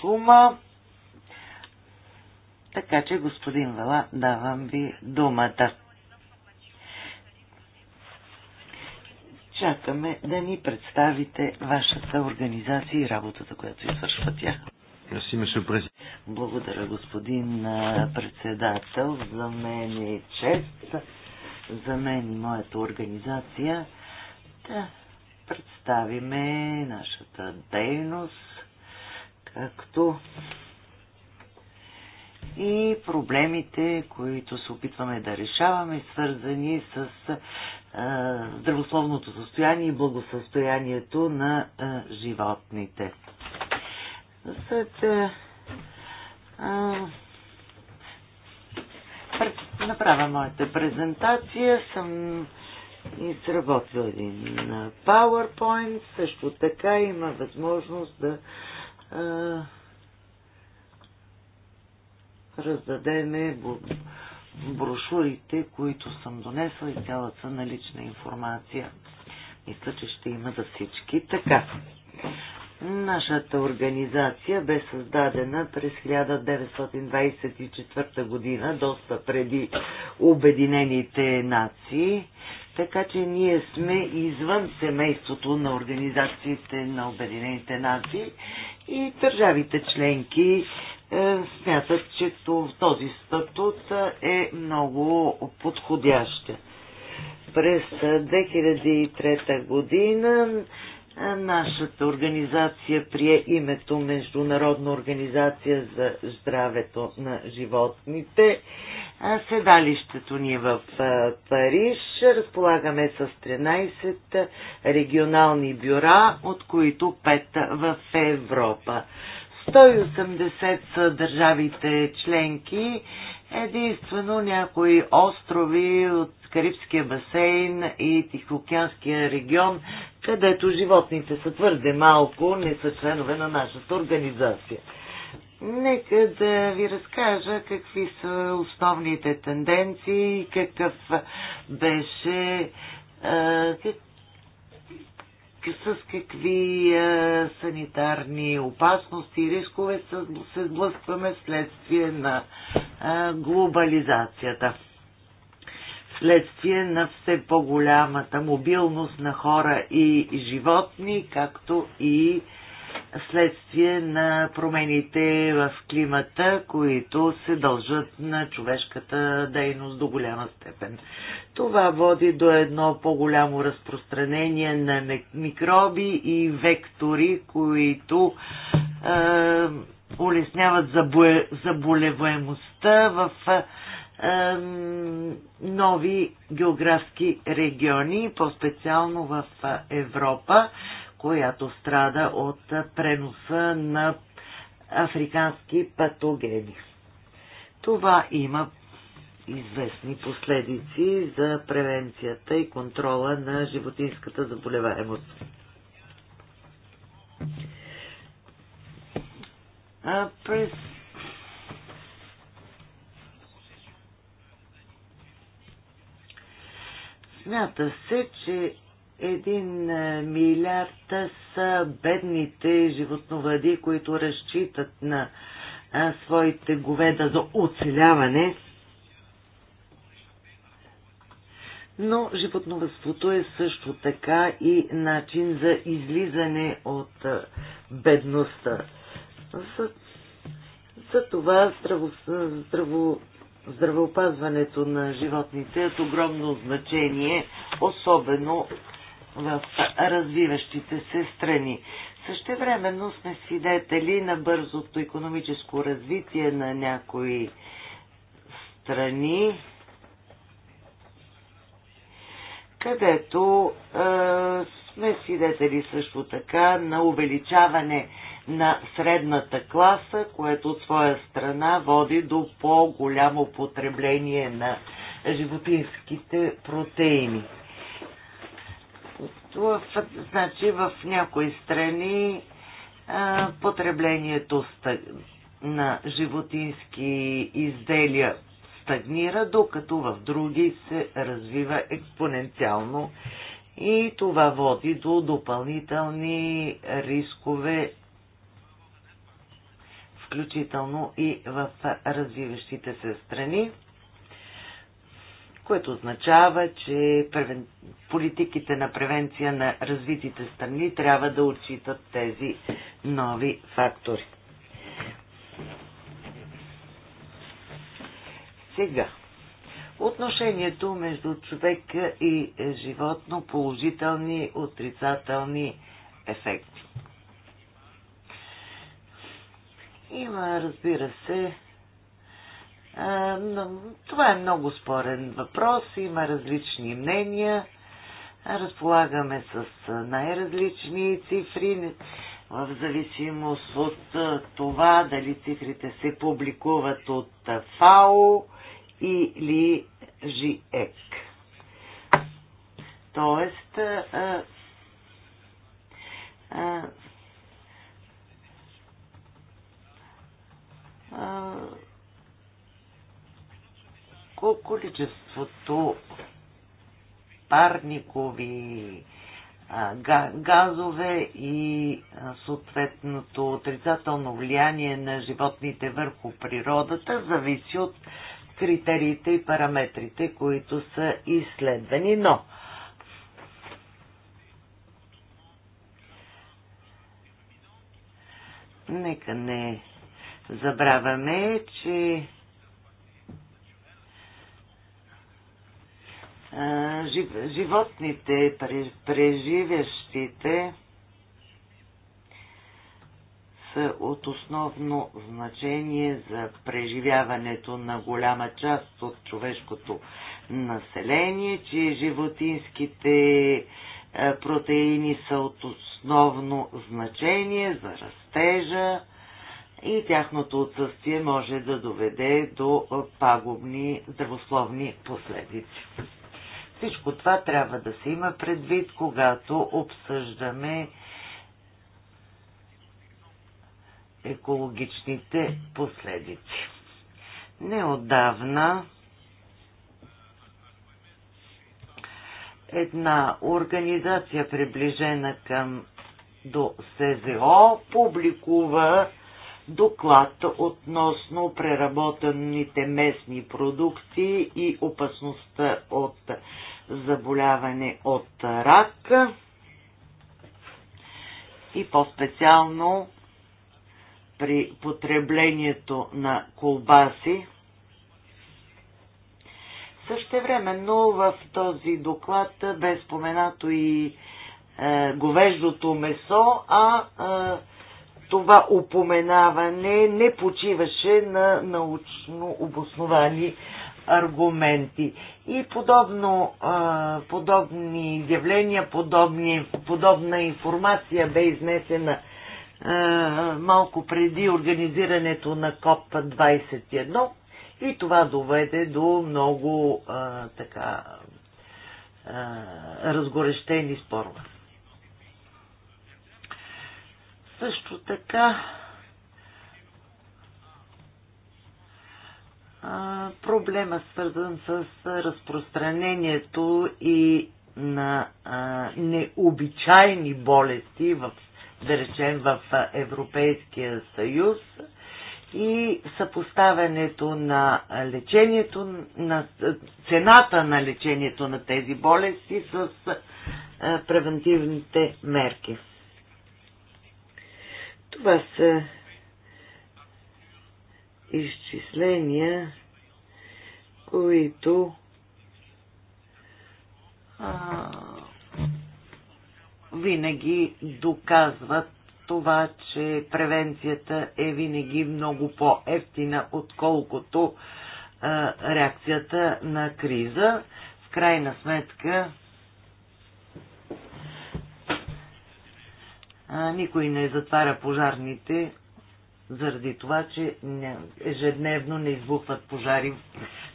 чума. Така че, господин Вела, давам ви думата. Чакаме да ни представите вашата организация и работата, която извършва тя. Благодаря, господин председател. За мен е чест, за мен и моята организация да представиме нашата дейност, както и проблемите, които се опитваме да решаваме, свързани с здравословното състояние и благосъстоянието на животните. След пред, направя моята презентация. Съм изработил един PowerPoint. Също така има възможност да а, раздадеме брошурите, които съм донесла и цялата налична информация. Мисля, че ще има за всички. Така. Нашата организация бе създадена през 1924 година, доста преди Обединените нации, така че ние сме извън семейството на организациите на Обединените нации и държавите членки е, смятат, че този статут е, е много подходящ. През 2003 е, година нашата организация прие името Международна организация за здравето на животните. Седалището ни е в Париж. Разполагаме с 13 регионални бюра, от които 5 в Европа. 180 са държавите членки, единствено някои острови от Карибския басейн и Тихоокеанския регион, където животните са твърде малко, не са членове на нашата организация. Нека да ви разкажа какви са основните тенденции, какъв беше, с какви а, е, санитарни опасности и рискове се сблъскваме следствие на а, е, глобализацията. Следствие на все по-голямата мобилност на хора и животни, както и следствие на промените в климата, които се дължат на човешката дейност до голяма степен. Това води до едно по-голямо разпространение на микроби и вектори, които е, улесняват заболеваемостта в е, нови географски региони, по-специално в Европа. Е, която страда от преноса на африкански патогени. Това има известни последици за превенцията и контрола на животинската заболеваемост. А през Смята се, че един е, милиард са бедните животновъди, които разчитат на своите говеда за оцеляване. Но животновътството е също така и начин за излизане от е, бедността. За, за това здраво, здраво, здравеопазването на животните е от огромно значение, особено в развиващите се страни. Същевременно сме свидетели на бързото економическо развитие на някои страни, където е, сме свидетели също така на увеличаване на средната класа, което от своя страна води до по-голямо потребление на животинските протеини в, значи в някои страни а, потреблението стъг... на животински изделия стагнира, докато в други се развива експоненциално и това води до допълнителни рискове, включително и в развиващите се страни което означава, че превен... политиките на превенция на развитите страни трябва да отчитат тези нови фактори. Сега, отношението между човека и животно, положителни, отрицателни ефекти. Има, разбира се, това е много спорен въпрос, има различни мнения, разполагаме с най-различни цифри, в зависимост от това дали цифрите се публикуват от ФАО или ЖИЕК. Тоест, а, а, а, количеството парникови газове и съответното отрицателно влияние на животните върху природата зависи от критериите и параметрите, които са изследвани. Но нека не забравяме, че животните, преживящите са от основно значение за преживяването на голяма част от човешкото население, че животинските протеини са от основно значение за растежа и тяхното отсъствие може да доведе до пагубни здравословни последици. Всичко това трябва да се има предвид, когато обсъждаме екологичните последици. Неодавна една организация, приближена към до СЗО, публикува доклад относно преработените местни продукти и опасността от заболяване от рак и по-специално при потреблението на колбаси. но в този доклад бе споменато и е, говеждото месо, а е, това упоменаване не почиваше на научно обосновани аргументи. И подобно, а, подобни явления, подобни, подобна информация бе изнесена а, малко преди организирането на КОП-21 и това доведе до много а, така а, разгорещени спорове. Също така проблема свързан с разпространението и на а, необичайни болести в, да речем, в Европейския съюз и съпоставянето на лечението, на цената на лечението на тези болести с а, превентивните мерки. Това са изчисления, които а, винаги доказват това, че превенцията е винаги много по-ефтина, отколкото а, реакцията на криза. В крайна сметка а, никой не затваря пожарните, заради това, че не, ежедневно не избухват пожари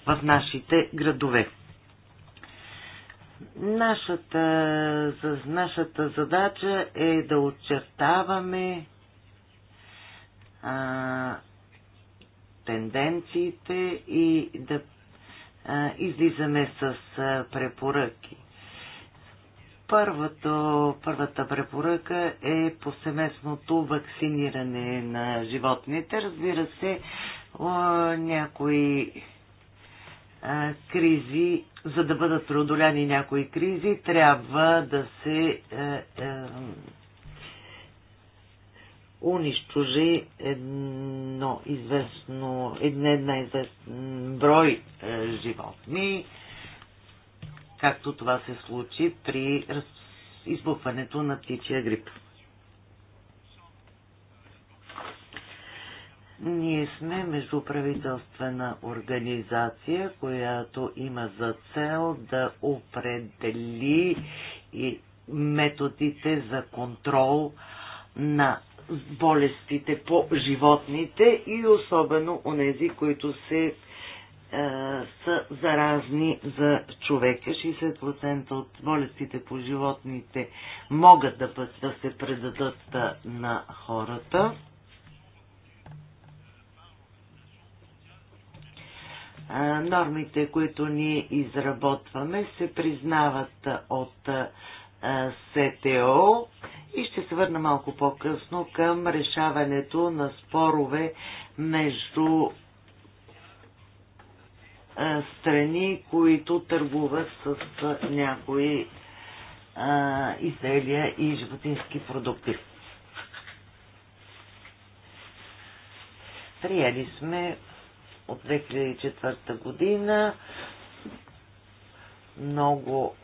в нашите градове. Нашата, нашата задача е да очертаваме а, тенденциите и да а, излизаме с а, препоръки първата, първата препоръка е повсеместното вакциниране на животните. Разбира се, някои кризи, за да бъдат преодоляни някои кризи, трябва да се унищожи едно известно, една известен брой е, животни както това се случи при избухването на птичия грип. Ние сме междуправителствена организация, която има за цел да определи и методите за контрол на болестите по животните и особено у нези, които се е, са заразни за човека. 60% от болестите по животните могат да, да се предадат на хората. Е, нормите, които ние изработваме, се признават от е, СТО и ще се върна малко по-късно към решаването на спорове между страни, които търгуват с някои изделия и животински продукти. Приели сме от 2004 година много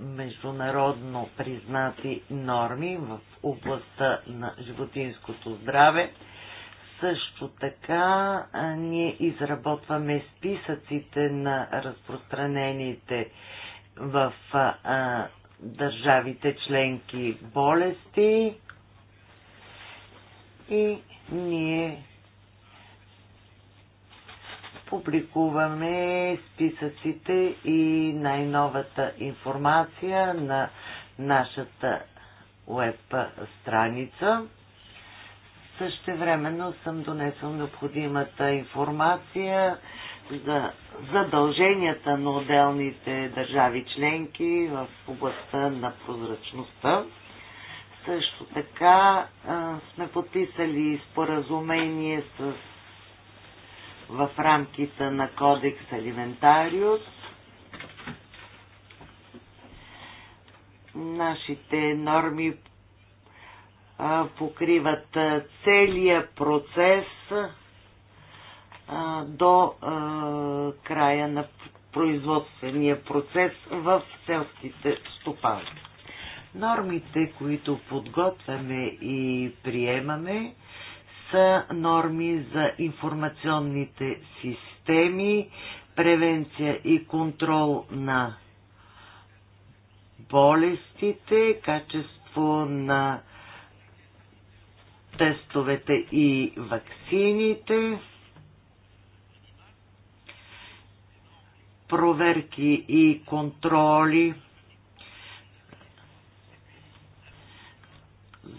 международно признати норми в областта на животинското здраве също така ние изработваме списъците на разпространените в а, държавите членки болести и ние публикуваме списъците и най-новата информация на нашата веб страница. Същевременно съм донесъл необходимата информация за задълженията на отделните държави членки в областта на прозрачността. Също така а, сме подписали споразумение с в рамките на Кодекс Алиментариус. Нашите норми покриват целия процес до края на производствения процес в селските стопанства. Нормите, които подготвяме и приемаме, са норми за информационните системи, превенция и контрол на болестите, качество на тестовете и вакцините, проверки и контроли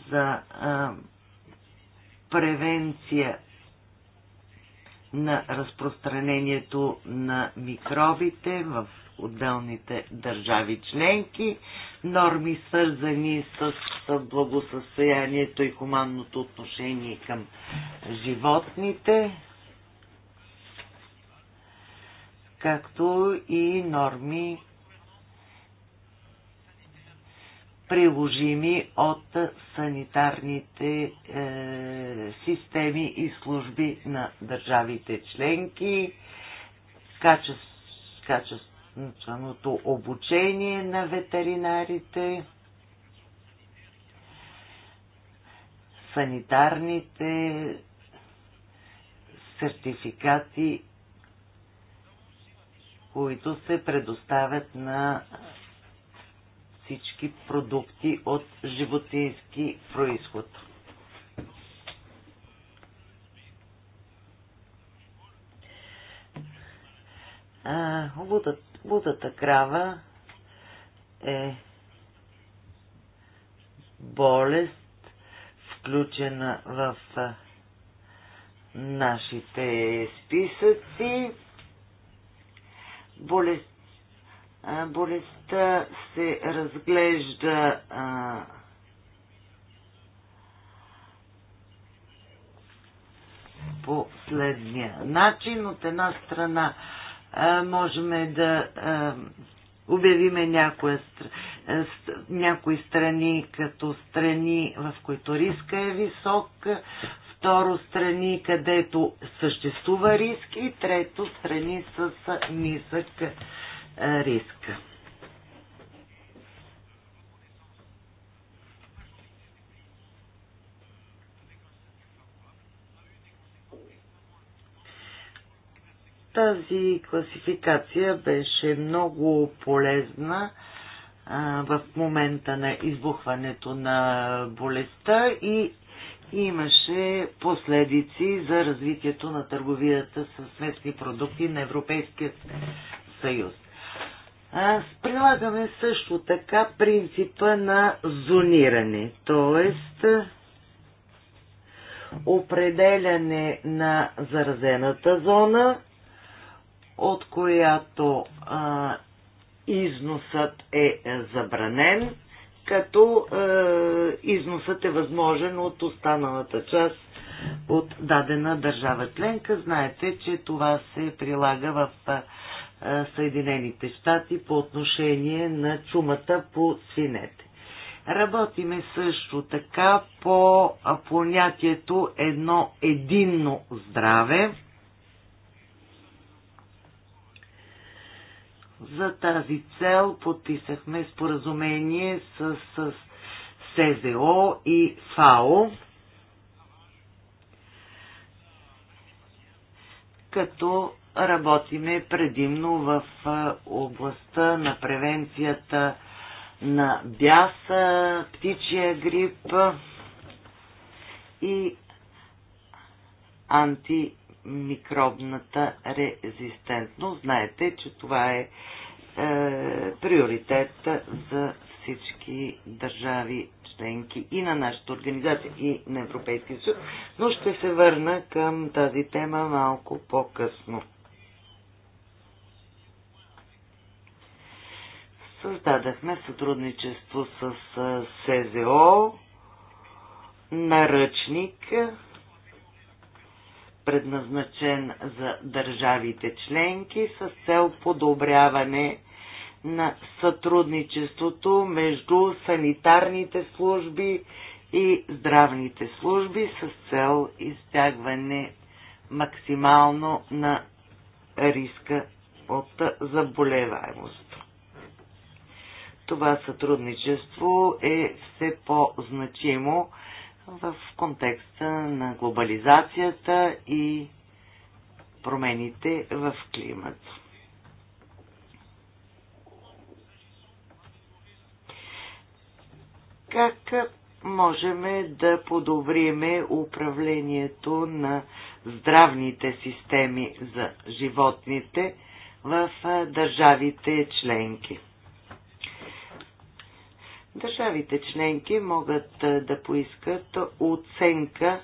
за а, превенция на разпространението на микробите в отделните държави членки, норми свързани с благосъстоянието и хуманното отношение към животните, както и норми приложими от санитарните е, системи и служби на държавите членки, качественото обучение на ветеринарите, санитарните сертификати, които се предоставят на всички продукти от животински происход. А, лудата крава е болест, включена в нашите списъци. Болест болестта се разглежда а, по следния начин. От една страна а, можем да а, обявиме някои страни като страни, в които риска е висок, второ страни, където съществува риск и трето страни с нисък риск. Тази класификация беше много полезна а, в момента на избухването на болестта и имаше последици за развитието на търговията с местни продукти на Европейския съюз. Прилагаме също така принципа на зониране, т.е. определяне на заразената зона, от която а, износът е забранен, като а, износът е възможен от останалата част от дадена държава членка. Знаете, че това се прилага в а, Съединените щати по отношение на чумата по свинете. Работиме също така по понятието едно единно здраве. За тази цел подписахме споразумение с, с СЗО и ФАО, като работиме предимно в областта на превенцията на бяса, птичия грип и антимикробната резистентност. Знаете, че това е, е приоритет за всички държави членки и на нашата организация и на Европейския съюз, но ще се върна към тази тема малко по-късно. Създадахме сътрудничество с СЗО, наръчник, предназначен за държавите членки с цел подобряване на сътрудничеството между санитарните служби и здравните служби с цел избягване максимално на риска от заболеваемост това сътрудничество е все по-значимо в контекста на глобализацията и промените в климат: Как можем да подобриме управлението на здравните системи за животните в държавите членки? Държавите членки могат да поискат оценка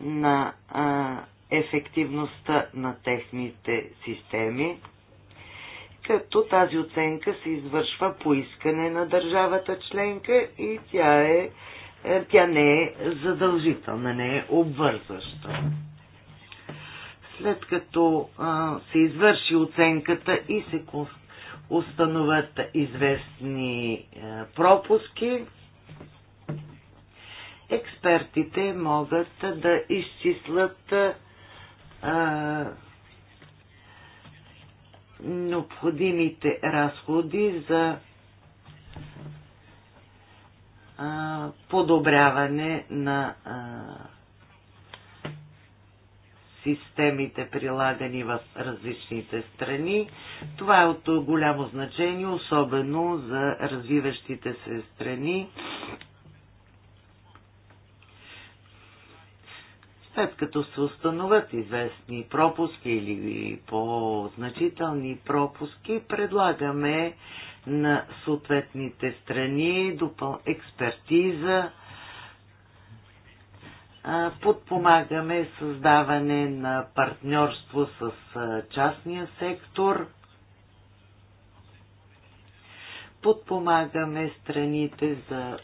на ефективността на техните системи, като тази оценка се извършва по искане на държавата членка и тя, е, е тя не е задължителна, не е обвързваща. След като а, се извърши оценката и се установят известни е, пропуски, експертите могат да изчислят е, необходимите разходи за е, подобряване на а, системите прилагани в различните страни. Това е от голямо значение, особено за развиващите се страни. След като се установят известни пропуски или по-значителни пропуски, предлагаме на съответните страни експертиза подпомагаме създаване на партньорство с частния сектор, подпомагаме страните за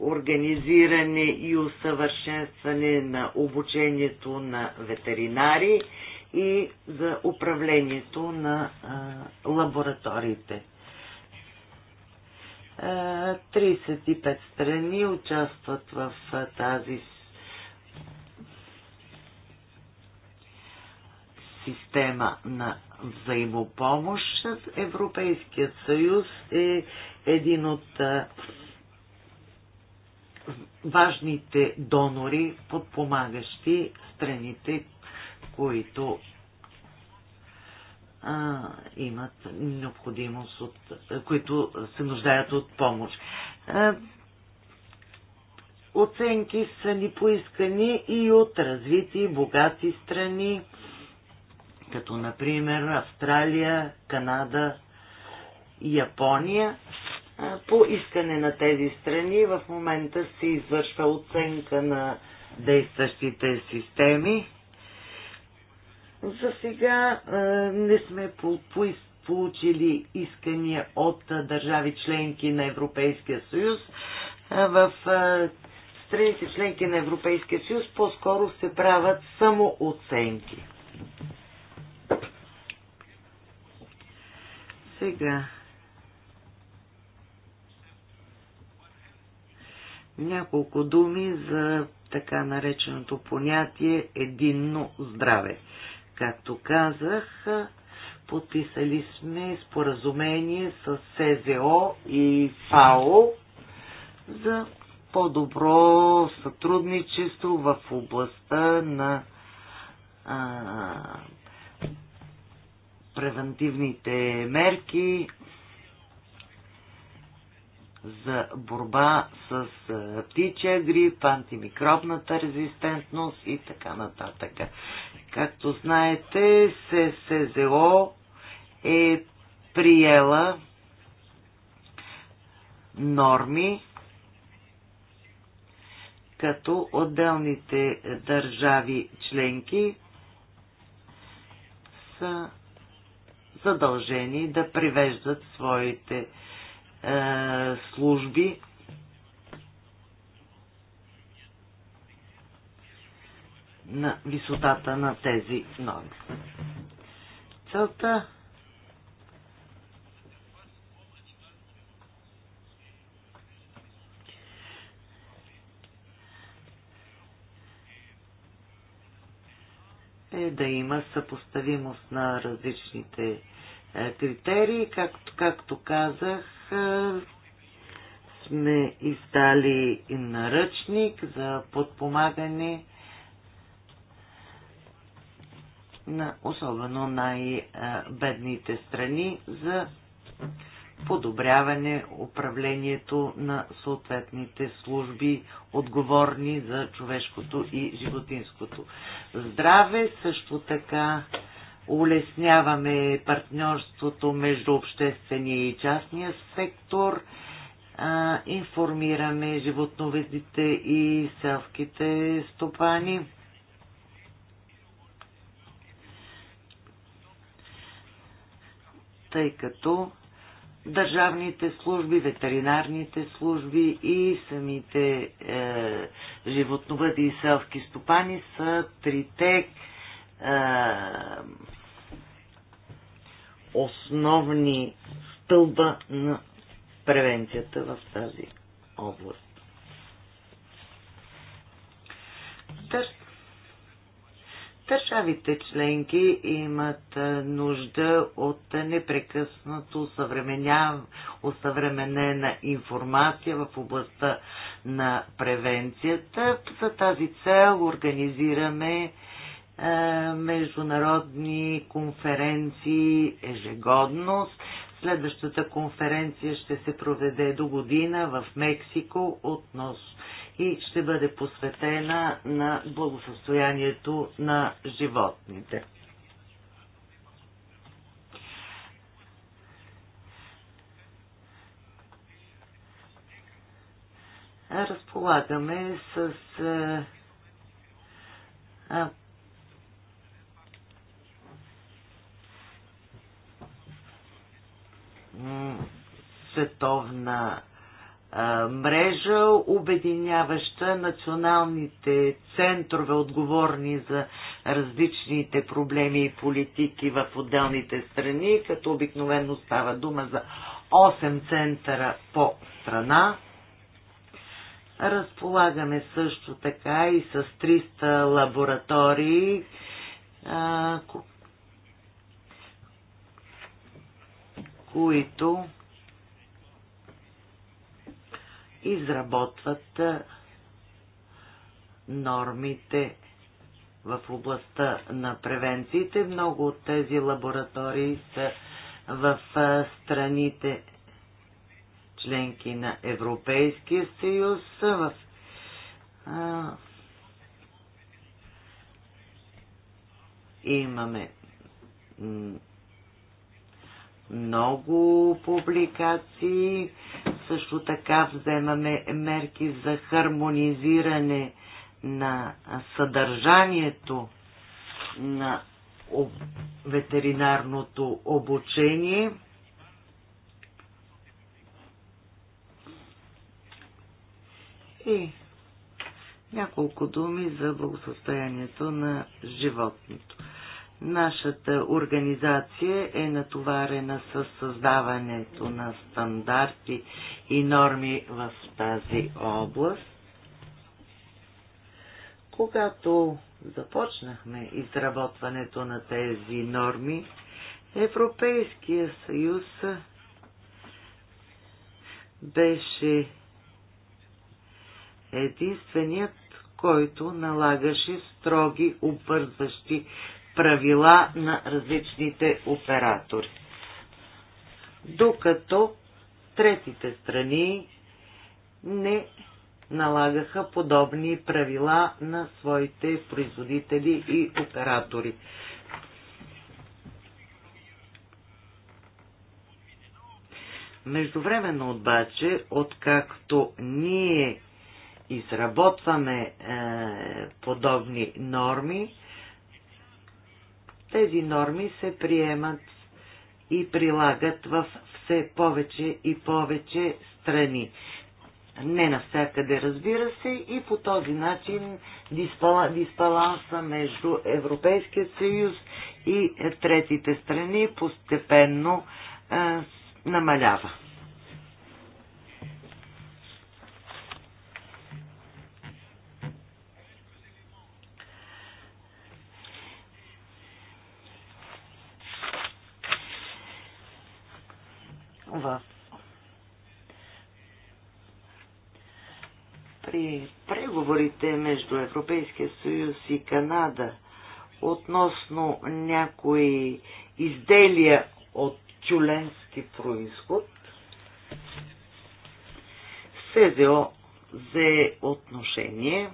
организиране и усъвършенстване на обучението на ветеринари и за управлението на лабораториите. 35 страни участват в тази система на взаимопомощ. Европейският съюз е един от важните донори, подпомагащи страните, които а, имат необходимост от, които се нуждаят от помощ. А, оценки са ни поискани и от развити, богати страни, като например Австралия, Канада и Япония. По искане на тези страни в момента се извършва оценка на действащите системи. За сега не сме получили искания от държави членки на Европейския съюз. в страните членки на Европейския съюз по-скоро се правят само оценки. Сега. Няколко думи за така нареченото понятие единно здраве. Както казах, подписали сме споразумение с СЗО и ФАО за по-добро сътрудничество в областта на а, превентивните мерки за борба с птичия грип, антимикробната резистентност и така нататък. Както знаете, ССЗО е приела норми, като отделните държави членки са задължени да привеждат своите е, служби на висотата на тези норми. Целта е да има съпоставимост на различните е, критерии. Както, както казах, е, сме издали и наръчник за подпомагане на особено най-бедните страни за подобряване управлението на съответните служби, отговорни за човешкото и животинското здраве. Също така улесняваме партньорството между обществения и частния сектор, а, информираме животноведите и селските стопани. Тъй като държавните служби, ветеринарните служби и самите е, животновъди и селски стопани са трите основни стълба на превенцията в тази област. Държавите членки имат нужда от непрекъснато осъвременена информация в областта на превенцията. За тази цел организираме е, международни конференции ежегодно. Следващата конференция ще се проведе до година в Мексико относно и ще бъде посветена на благосъстоянието на животните. разполагаме с е, световна мрежа, обединяваща националните центрове, отговорни за различните проблеми и политики в отделните страни, като обикновено става дума за 8 центъра по страна. Разполагаме също така и с 300 лаборатории, които изработват нормите в областта на превенциите. Много от тези лаборатории са в страните членки на Европейския съюз, в а, имаме много публикации. Също така вземаме мерки за хармонизиране на съдържанието на ветеринарното обучение. И няколко думи за благосъстоянието на животното. Нашата организация е натоварена с създаването на стандарти и норми в тази област. Когато започнахме изработването на тези норми, Европейския съюз беше единственият, който налагаше строги обвързващи правила на различните оператори. Докато третите страни не налагаха подобни правила на своите производители и оператори. Междувременно обаче, откакто ние изработваме е, подобни норми, тези норми се приемат и прилагат в все повече и повече страни. Не навсякъде, разбира се, и по този начин дисбаланса между Европейския съюз и третите страни постепенно намалява. между Европейския съюз и Канада относно някои изделия от чуленски происход, СЗО взе отношение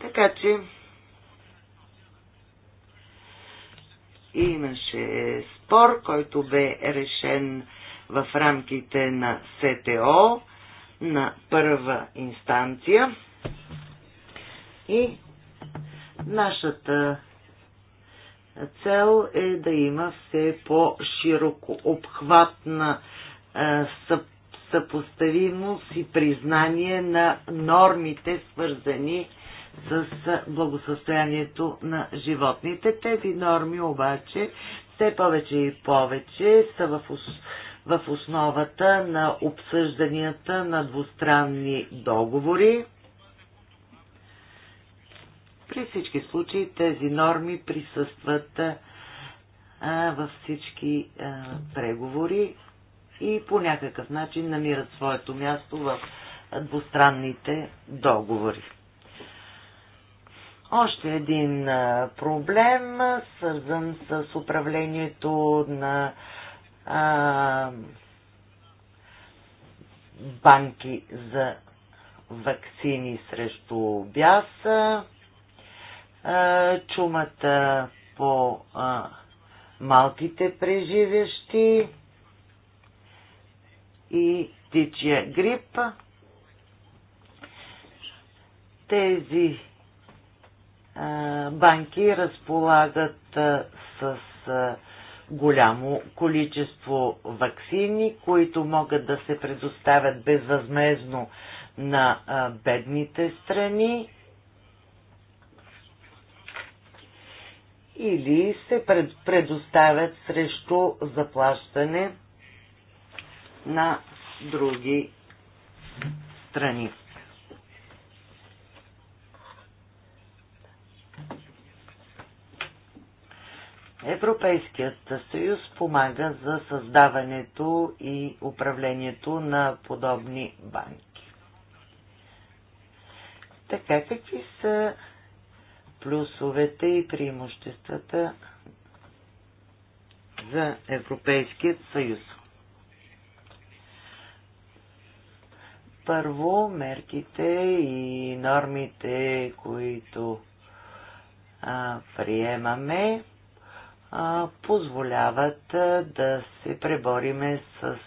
Така че имаше спор, който бе решен в рамките на СТО на първа инстанция. И нашата цел е да има все по-широко обхватна съпоставимост и признание на нормите, свързани с благосъстоянието на животните. Тези норми обаче все повече и повече са в, в основата на обсъжданията на двустранни договори. При всички случаи тези норми присъстват а, във всички а, преговори и по някакъв начин намират своето място в двустранните договори. Още един проблем, свързан с управлението на а, банки за вакцини срещу бяса, а, чумата по а, малките преживещи и птичия грип. Тези банки разполагат с голямо количество вакцини, които могат да се предоставят безвъзмезно на бедните страни или се предоставят срещу заплащане на други страни. Европейският съюз помага за създаването и управлението на подобни банки. Така, какви са плюсовете и преимуществата за Европейският съюз? Първо, мерките и нормите, които а, приемаме, позволяват да се пребориме с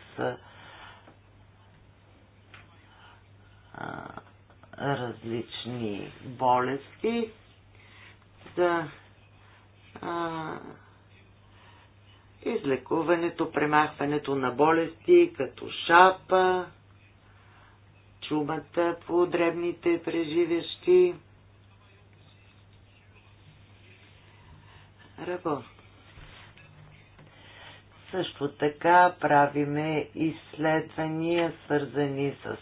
различни болести, за а, излекуването, премахването на болести, като шапа, чумата по дребните преживещи. Работа. Също така правиме изследвания, свързани с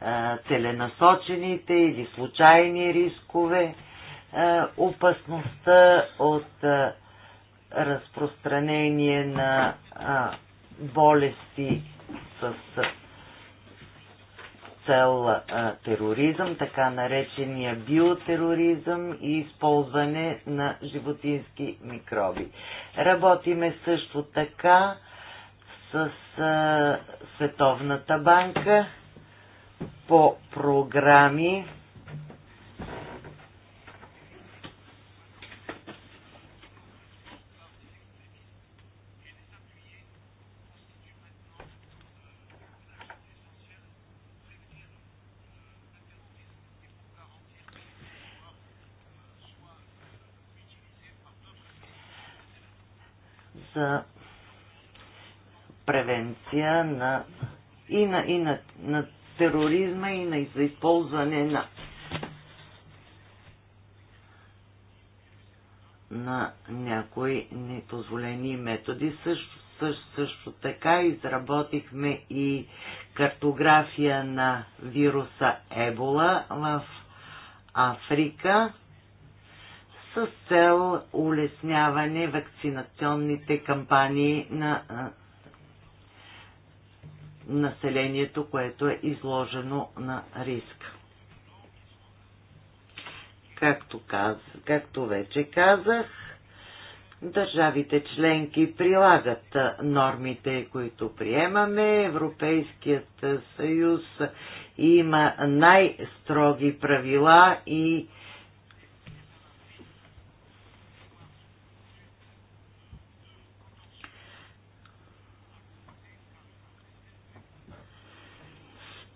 а, целенасочените или случайни рискове, а, опасността от а, разпространение на а, болести с цел а, тероризъм, така наречения биотероризъм и използване на животински микроби. Работиме също така с а, Световната банка по програми реакция на, и, на, и на, на тероризма, и на за използване на, на някои непозволени методи. Също, също, също така изработихме и картография на вируса Ебола в Африка с цел улесняване вакцинационните кампании на населението, което е изложено на риск. Както, каз, както вече казах, държавите членки прилагат нормите, които приемаме. Европейският съюз има най-строги правила и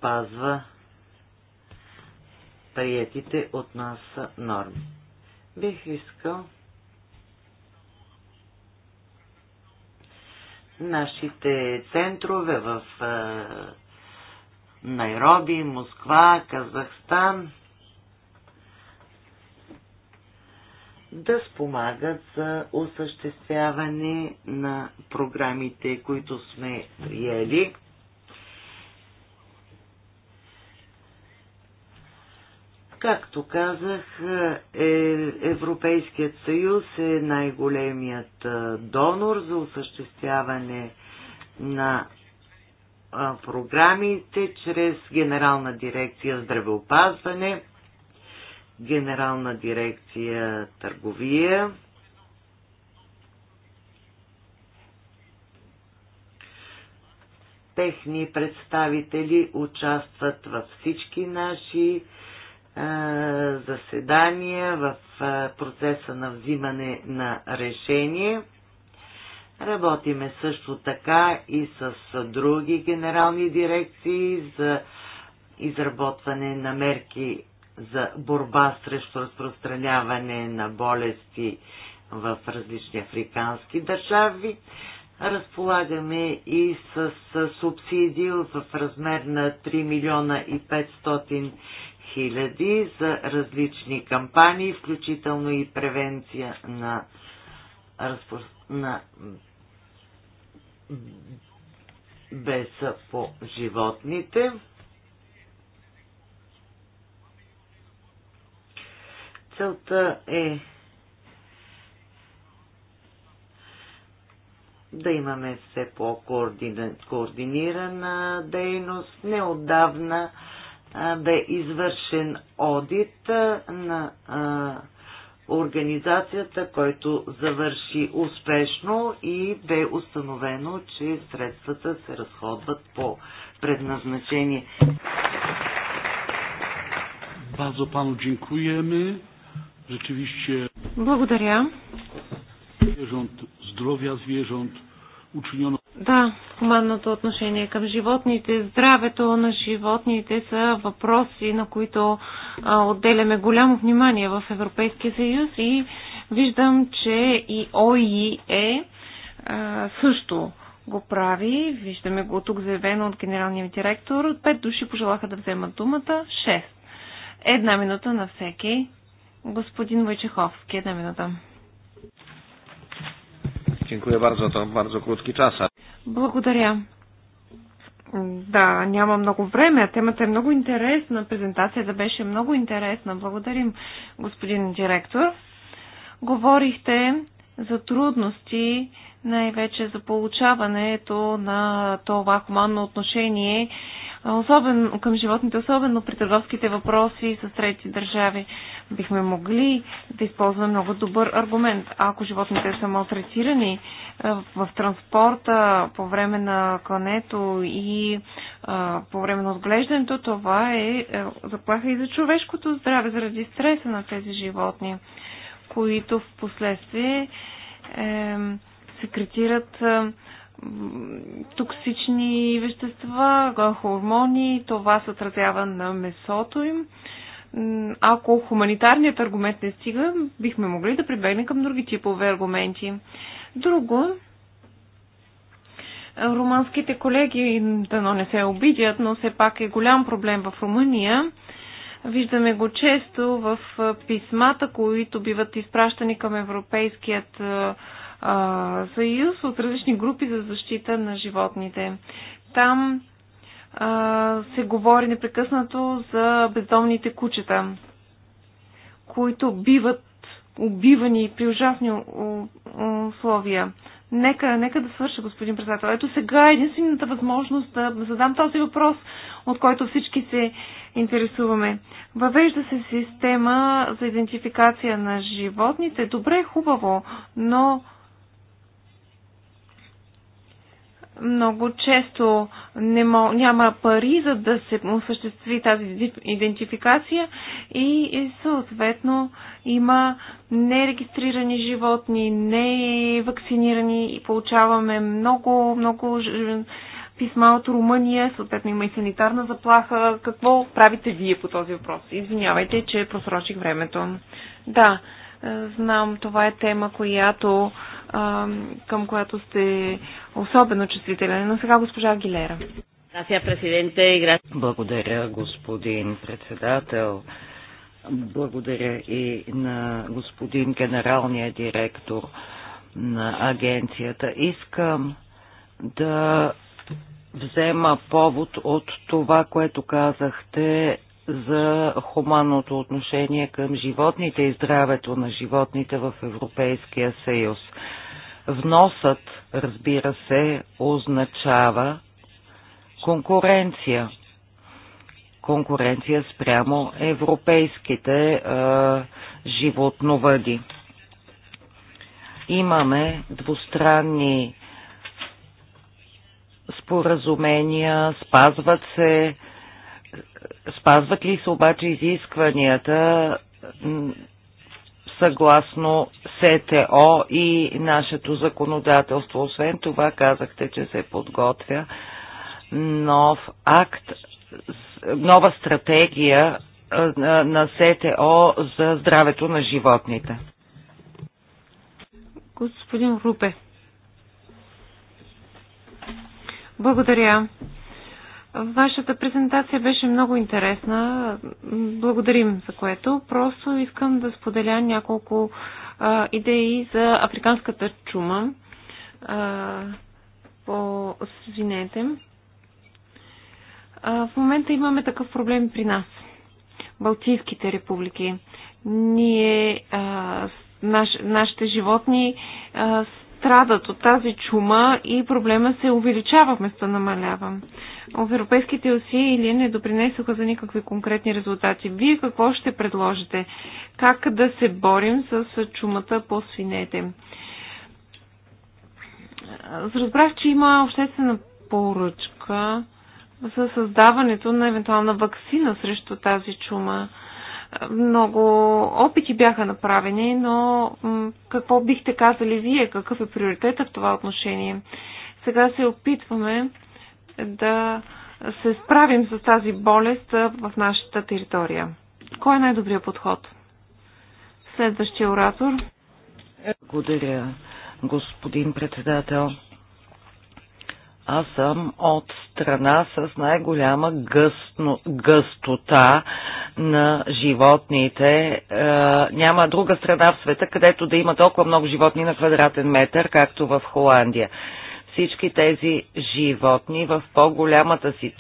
спазва приятите от нас норми. Бих искал нашите центрове в Найроби, Москва, Казахстан да спомагат за осъществяване на програмите, които сме приели Както казах, е, Европейският съюз е най-големият донор за осъществяване на програмите чрез Генерална дирекция здравеопазване, Генерална дирекция търговия, техни представители участват във всички наши заседания в процеса на взимане на решение. Работиме също така и с други генерални дирекции за изработване на мерки за борба срещу разпространяване на болести в различни африкански държави. Разполагаме и с субсидии в размер на 3 милиона и 500 хиляди за различни кампании, включително и превенция на, на беса по животните. Целта е да имаме все по-координирана дейност. Неодавна бе извършен одит на организацията, който завърши успешно и бе установено, че средствата се разходват по предназначение.
Bardzo panu dziękujemy. Rzeczywiście.
Благодаря.
Zwierząt, zdrowia zwierząt uczyniono.
Да, хуманното отношение към животните, здравето на животните са въпроси, на които а, отделяме голямо внимание в Европейския съюз и виждам, че и ОИЕ а, също го прави. Виждаме го тук заявено от генералния директор. Пет души пожелаха да вземат думата. Шест. Една минута на всеки. Господин Войчеховски, една минута.
Dziękuję bardzo, to bardzo krótki czas.
Благодаря. Да, няма много време. Темата е много интересна. Презентацията беше много интересна. Благодарим, господин директор. Говорихте за трудности, най-вече за получаването на това хуманно отношение особено към животните, особено при търговските въпроси с трети държави, бихме могли да използваме много добър аргумент. Ако животните са малтретирани е, в транспорта, по време на клането и е, по време на отглеждането, това е, е заплаха и за човешкото здраве, заради стреса на тези животни, които в последствие е, секретират токсични вещества, хормони, това се отразява на месото им. Ако хуманитарният аргумент не стига, бихме могли да прибегнем към други типове аргументи. Друго, румънските колеги, дано не се обидят, но все пак е голям проблем в Румъния. Виждаме го често в писмата, които биват изпращани към Европейският а, съюз от различни групи за защита на животните. Там а, се говори непрекъснато за бездомните кучета, които биват убивани при ужасни условия. Нека, нека да свърша, господин председател. Ето сега е единствената възможност да задам този въпрос, от който всички се интересуваме. Въвежда се система за идентификация на животните. Добре, хубаво, но много често няма пари за да се осъществи тази идентификация и съответно има нерегистрирани животни, невакцинирани и получаваме много, много писма от Румъния, съответно има и санитарна заплаха. Какво правите вие по този въпрос? Извинявайте, че просрочих времето. Да, Знам, това е тема, която, към която сте особено чувствителен. Но сега госпожа Гилера.
Благодаря, господин председател. Благодаря и на господин генералния директор на агенцията. Искам да взема повод от това, което казахте за хуманното отношение към животните и здравето на животните в Европейския съюз. Вносът, разбира се, означава конкуренция. Конкуренция спрямо европейските е, животновъди. Имаме двустранни споразумения, спазват се Спазват ли се обаче изискванията съгласно СТО и нашето законодателство? Освен това казахте, че се подготвя нов акт, нова стратегия на СТО за здравето на животните.
Господин Рупе. Благодаря. Вашата презентация беше много интересна. Благодарим за което. Просто искам да споделя няколко а, идеи за африканската чума. А, по свинете. А, в момента имаме такъв проблем при нас. Балтийските републики. Ние, а, наш, нашите животни а, страдат от тази чума и проблема се увеличава вместо намалява европейските усилия не допринесоха за никакви конкретни резултати. Вие какво ще предложите? Как да се борим с чумата по свинете? Разбрах, че има обществена поръчка за създаването на евентуална вакцина срещу тази чума. Много опити бяха направени, но какво бихте казали вие? Какъв е приоритетът в това отношение? Сега се опитваме да се справим с тази болест в нашата територия. Кой е най-добрият подход? Следващия оратор.
Благодаря, господин председател. Аз съм от страна с най-голяма гъсно, гъстота на животните. Е, няма друга страна в света, където да има толкова много животни на квадратен метър, както в Холандия всички тези животни в по-голямата си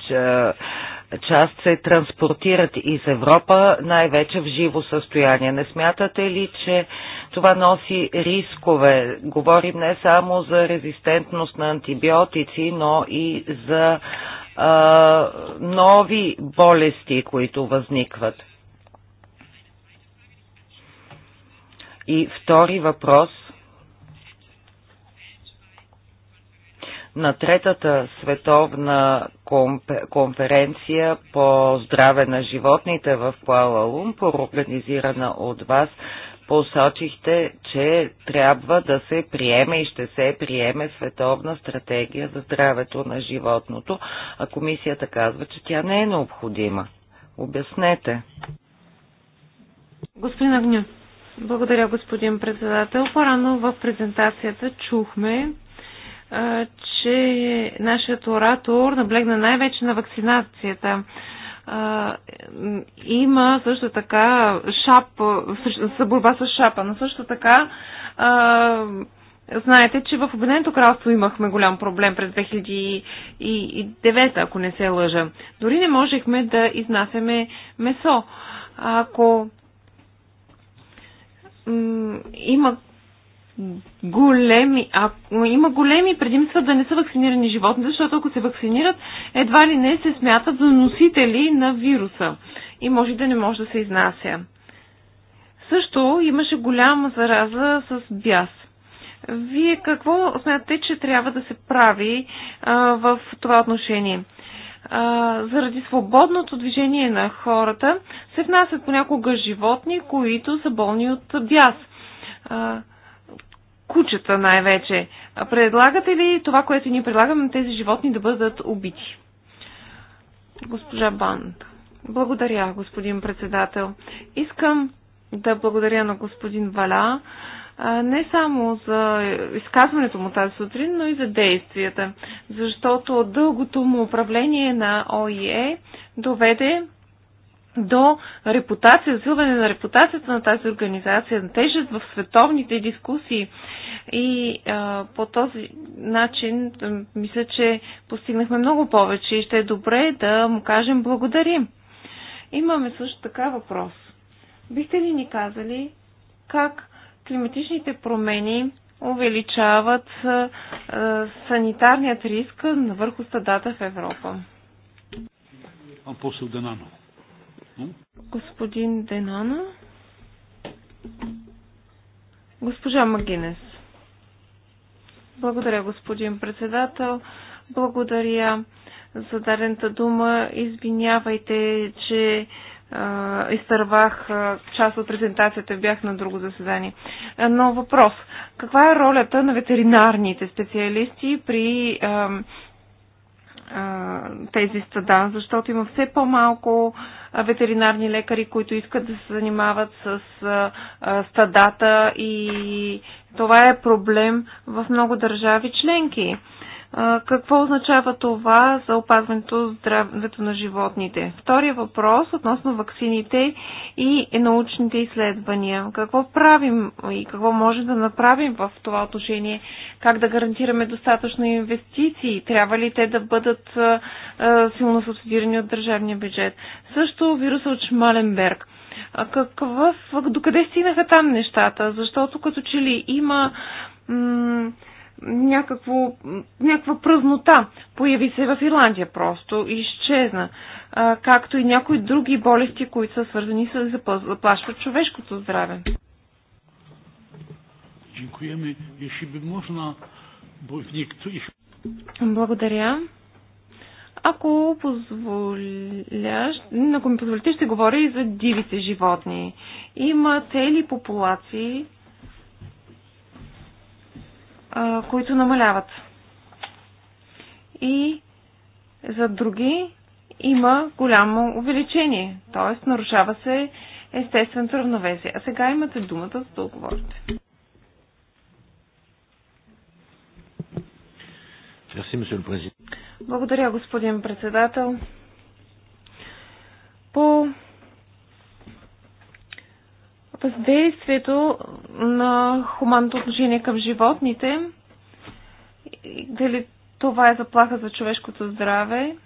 част се транспортират из Европа, най-вече в живо състояние. Не смятате ли, че това носи рискове? Говорим не само за резистентност на антибиотици, но и за а, нови болести, които възникват. И втори въпрос – на Третата световна конференция по здраве на животните в Пуала Лумпур, организирана от вас, посочихте, че трябва да се приеме и ще се приеме световна стратегия за здравето на животното, а комисията казва, че тя не е
необходима.
Обяснете.
Господин Агню, благодаря господин председател. По-рано в презентацията чухме, че нашият оратор наблегна най-вече на вакцинацията. Има също така шап, борба с шапа, но също така Знаете, че в Обединеното кралство имахме голям проблем през 2009, ако не се лъжа. Дори не можехме да изнасяме месо. Ако има големи, а, има големи предимства да не са вакцинирани животни, защото ако се вакцинират, едва ли не се смятат за носители на вируса и може да не може да се изнася. Също имаше голяма зараза с бяс. Вие какво смятате, че трябва да се прави а, в това отношение? а, заради свободното движение на хората се внасят понякога животни, които са болни от бяс. А, кучета най-вече. Предлагате ли това, което ни предлагаме на тези животни да бъдат убити? Госпожа Банд. Благодаря, господин председател. Искам да благодаря на господин Валя не само за изказването му тази сутрин, но и за действията, защото дългото му управление на ОИЕ доведе до репутация, засилване на репутацията на тази организация, на тежест в световните дискусии. И а, по този начин мисля, че постигнахме много повече и ще е добре да му кажем благодарим. Имаме също така въпрос. Бихте ли ни казали как климатичните промени увеличават а, а, санитарният риск върху стадата в Европа?
Апостол Денанов.
Господин Денана. Госпожа Магинес. Благодаря, господин председател. Благодаря за дадената дума. Извинявайте, че а, изтървах а, част от презентацията, бях на друго заседание. Но въпрос. Каква е ролята на ветеринарните специалисти при а, тези стада, защото има все по-малко ветеринарни лекари, които искат да се занимават с стадата и това е проблем в много държави членки. Какво означава това за опазването здравето на животните? Втория въпрос относно ваксините и научните изследвания. Какво правим и какво можем да направим в това отношение? Как да гарантираме достатъчно инвестиции? Трябва ли те да бъдат силно субсидирани от държавния бюджет? Също вируса от Шмаленберг. Какъв, докъде стигнаха там нещата? Защото като че ли има някакво, някаква празнота. Появи се в Ирландия просто, изчезна. А, както и някои други болести, които са свързани с заплашват човешкото здраве. Благодаря. Ако позволяш, ако ми позволите, ще говоря и за дивите животни. Има цели популации, които намаляват. И за други има голямо увеличение, т.е. нарушава се естественото равновесие. А сега имате думата за да отговорите. Благодаря, господин председател. По въздействието на хуманното отношение към животните, дали това е заплаха за човешкото здраве,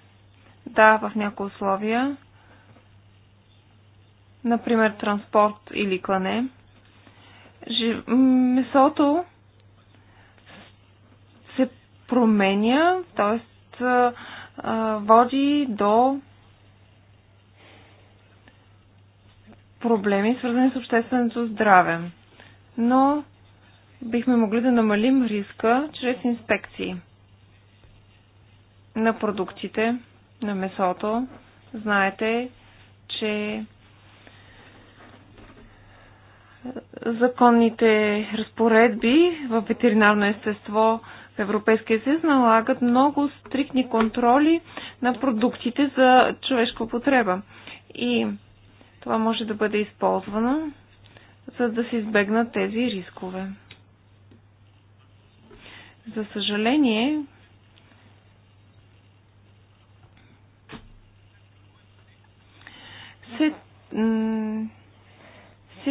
да, в някои условия, например транспорт или клане. Месото се променя, т.е. води до проблеми, свързани с общественото здраве. Но бихме могли да намалим риска чрез инспекции на продуктите, на месото. Знаете, че законните разпоредби в ветеринарно естество в Европейския съюз налагат много стрикни контроли на продуктите за човешка употреба. И това може да бъде използвано, за да се избегнат тези рискове. За съжаление,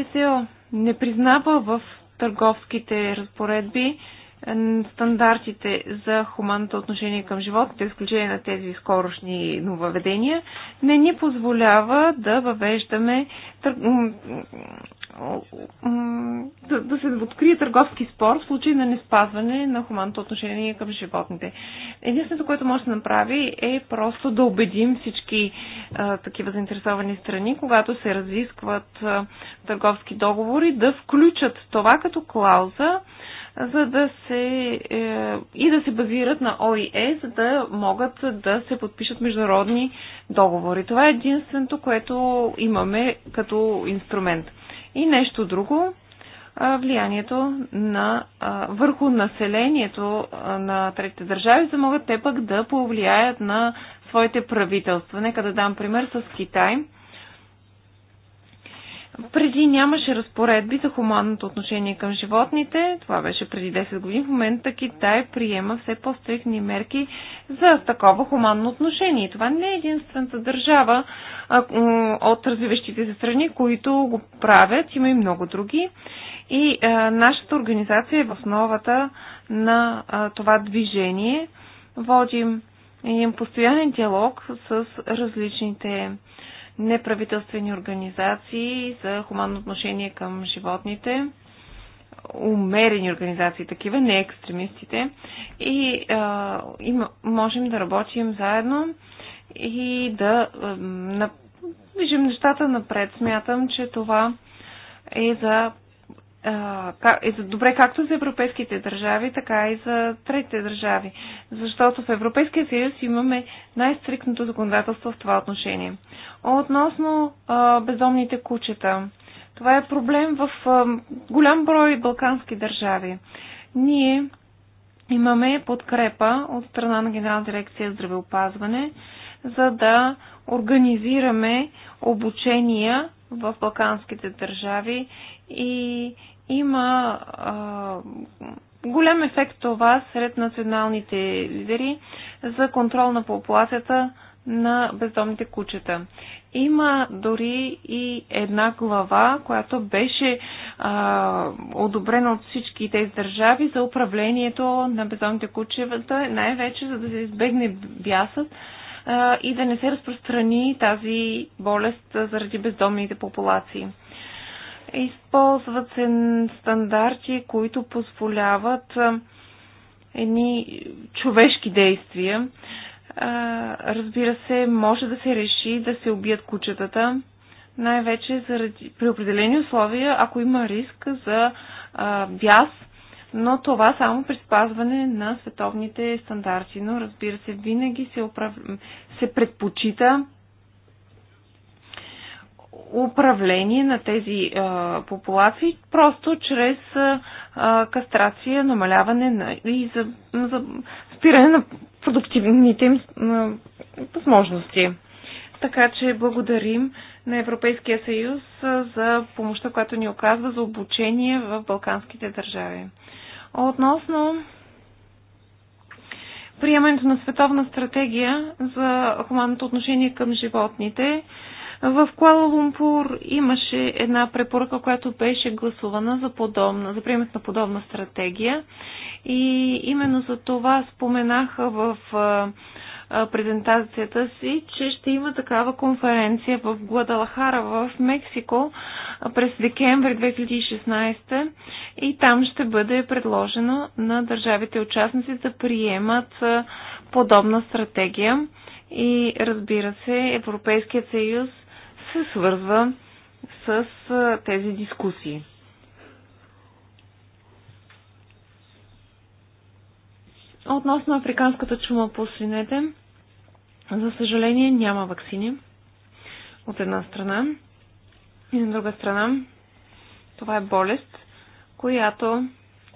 СТО не признава в търговските разпоредби стандартите за хуманното отношение към животните, изключение на тези скорошни нововведения, не ни позволява да въвеждаме да, се открие търговски спор в случай на неспазване на хуманното отношение към животните. Единственото, което може да направи е просто да убедим всички а, такива заинтересовани страни, когато се разискват а, търговски договори, да включат това като клауза за да се е, и да се базират на ОИЕ, за да могат да се подпишат международни договори. Това е единственото, което имаме като инструмент. И нещо друго, е, влиянието на, е, върху населението на третите държави, за да могат те пък да повлияят на своите правителства. Нека да дам пример с Китай – преди нямаше разпоредби за хуманното отношение към животните. Това беше преди 10 години. В момента Китай приема все по стрихни мерки за такова хуманно отношение. И това не е единствената държава а, от развиващите се страни, които го правят. Има и много други. И а, нашата организация е в основата на а, това движение. Водим един постоянен диалог с различните неправителствени организации за хуманно отношение към животните, умерени организации такива, не екстремистите. И, а, и можем да работим заедно и да а, движим нещата напред. Смятам, че това е за и за добре както за европейските държави, така и за третите държави. Защото в Европейския съюз имаме най-стрикното законодателство в това отношение. Относно а, бездомните кучета. Това е проблем в а, голям брой балкански държави. Ние имаме подкрепа от страна на Генерална дирекция здравеопазване, за да организираме обучения в балканските държави и има а, голям ефект това сред националните лидери за контрол на популацията на бездомните кучета. Има дори и една глава, която беше а, одобрена от всички тези държави за управлението на бездомните кучета, най-вече за да се избегне бясът а, и да не се разпространи тази болест заради бездомните популации. Използват се стандарти, които позволяват едни човешки действия. Разбира се, може да се реши да се убият кучетата, най-вече заради, при определени условия, ако има риск за бяз, бяс, но това само при спазване на световните стандарти. Но разбира се, винаги се, се предпочита управление на тези а, популации, просто чрез а, кастрация, намаляване на, и за, за спиране на продуктивните им възможности. Така че благодарим на Европейския съюз за помощта, която ни оказва за обучение в балканските държави. Относно приемането на световна стратегия за хуманното отношение към животните, в Куала Лумпур имаше една препоръка, която беше гласувана за, подобна, за приемат на подобна стратегия. И именно за това споменах в презентацията си, че ще има такава конференция в Гладалахара в Мексико през декември 2016 и там ще бъде предложено на държавите участници да приемат подобна стратегия и разбира се Европейският съюз се свързва с тези дискусии. Относно африканската чума по свинете, за съжаление няма вакцини от една страна и на друга страна това е болест, която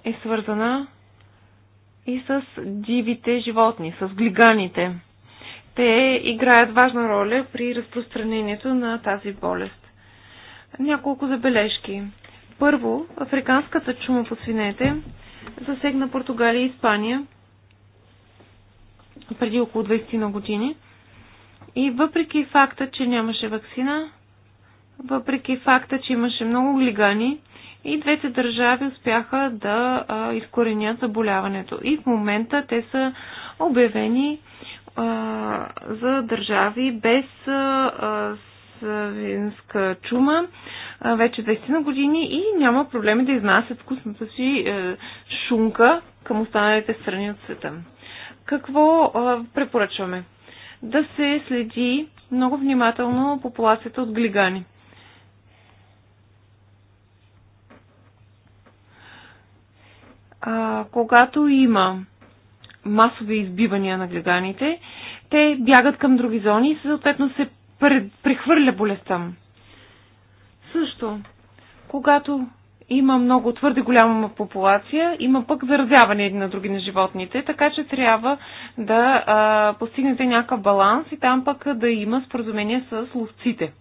е свързана и с дивите животни, с глиганите те играят важна роля при разпространението на тази болест. Няколко забележки. Първо, африканската чума по свинете засегна Португалия и Испания преди около 20 на години. И въпреки факта, че нямаше вакцина, въпреки факта, че имаше много глигани, и двете държави успяха да изкоренят заболяването. И в момента те са обявени за държави без свинска чума вече 20 на години и няма проблеми да изнасят вкусната си е, шунка към останалите страни от света. Какво препоръчваме? Да се следи много внимателно популацията от глигани. А, когато има масови избивания на гледаните, те бягат към други зони и съответно се прехвърля болестта. Също, когато има много твърде голяма популация, има пък заразяване едни на други на животните, така че трябва да а, постигнете някакъв баланс и там пък да има споразумение с ловците.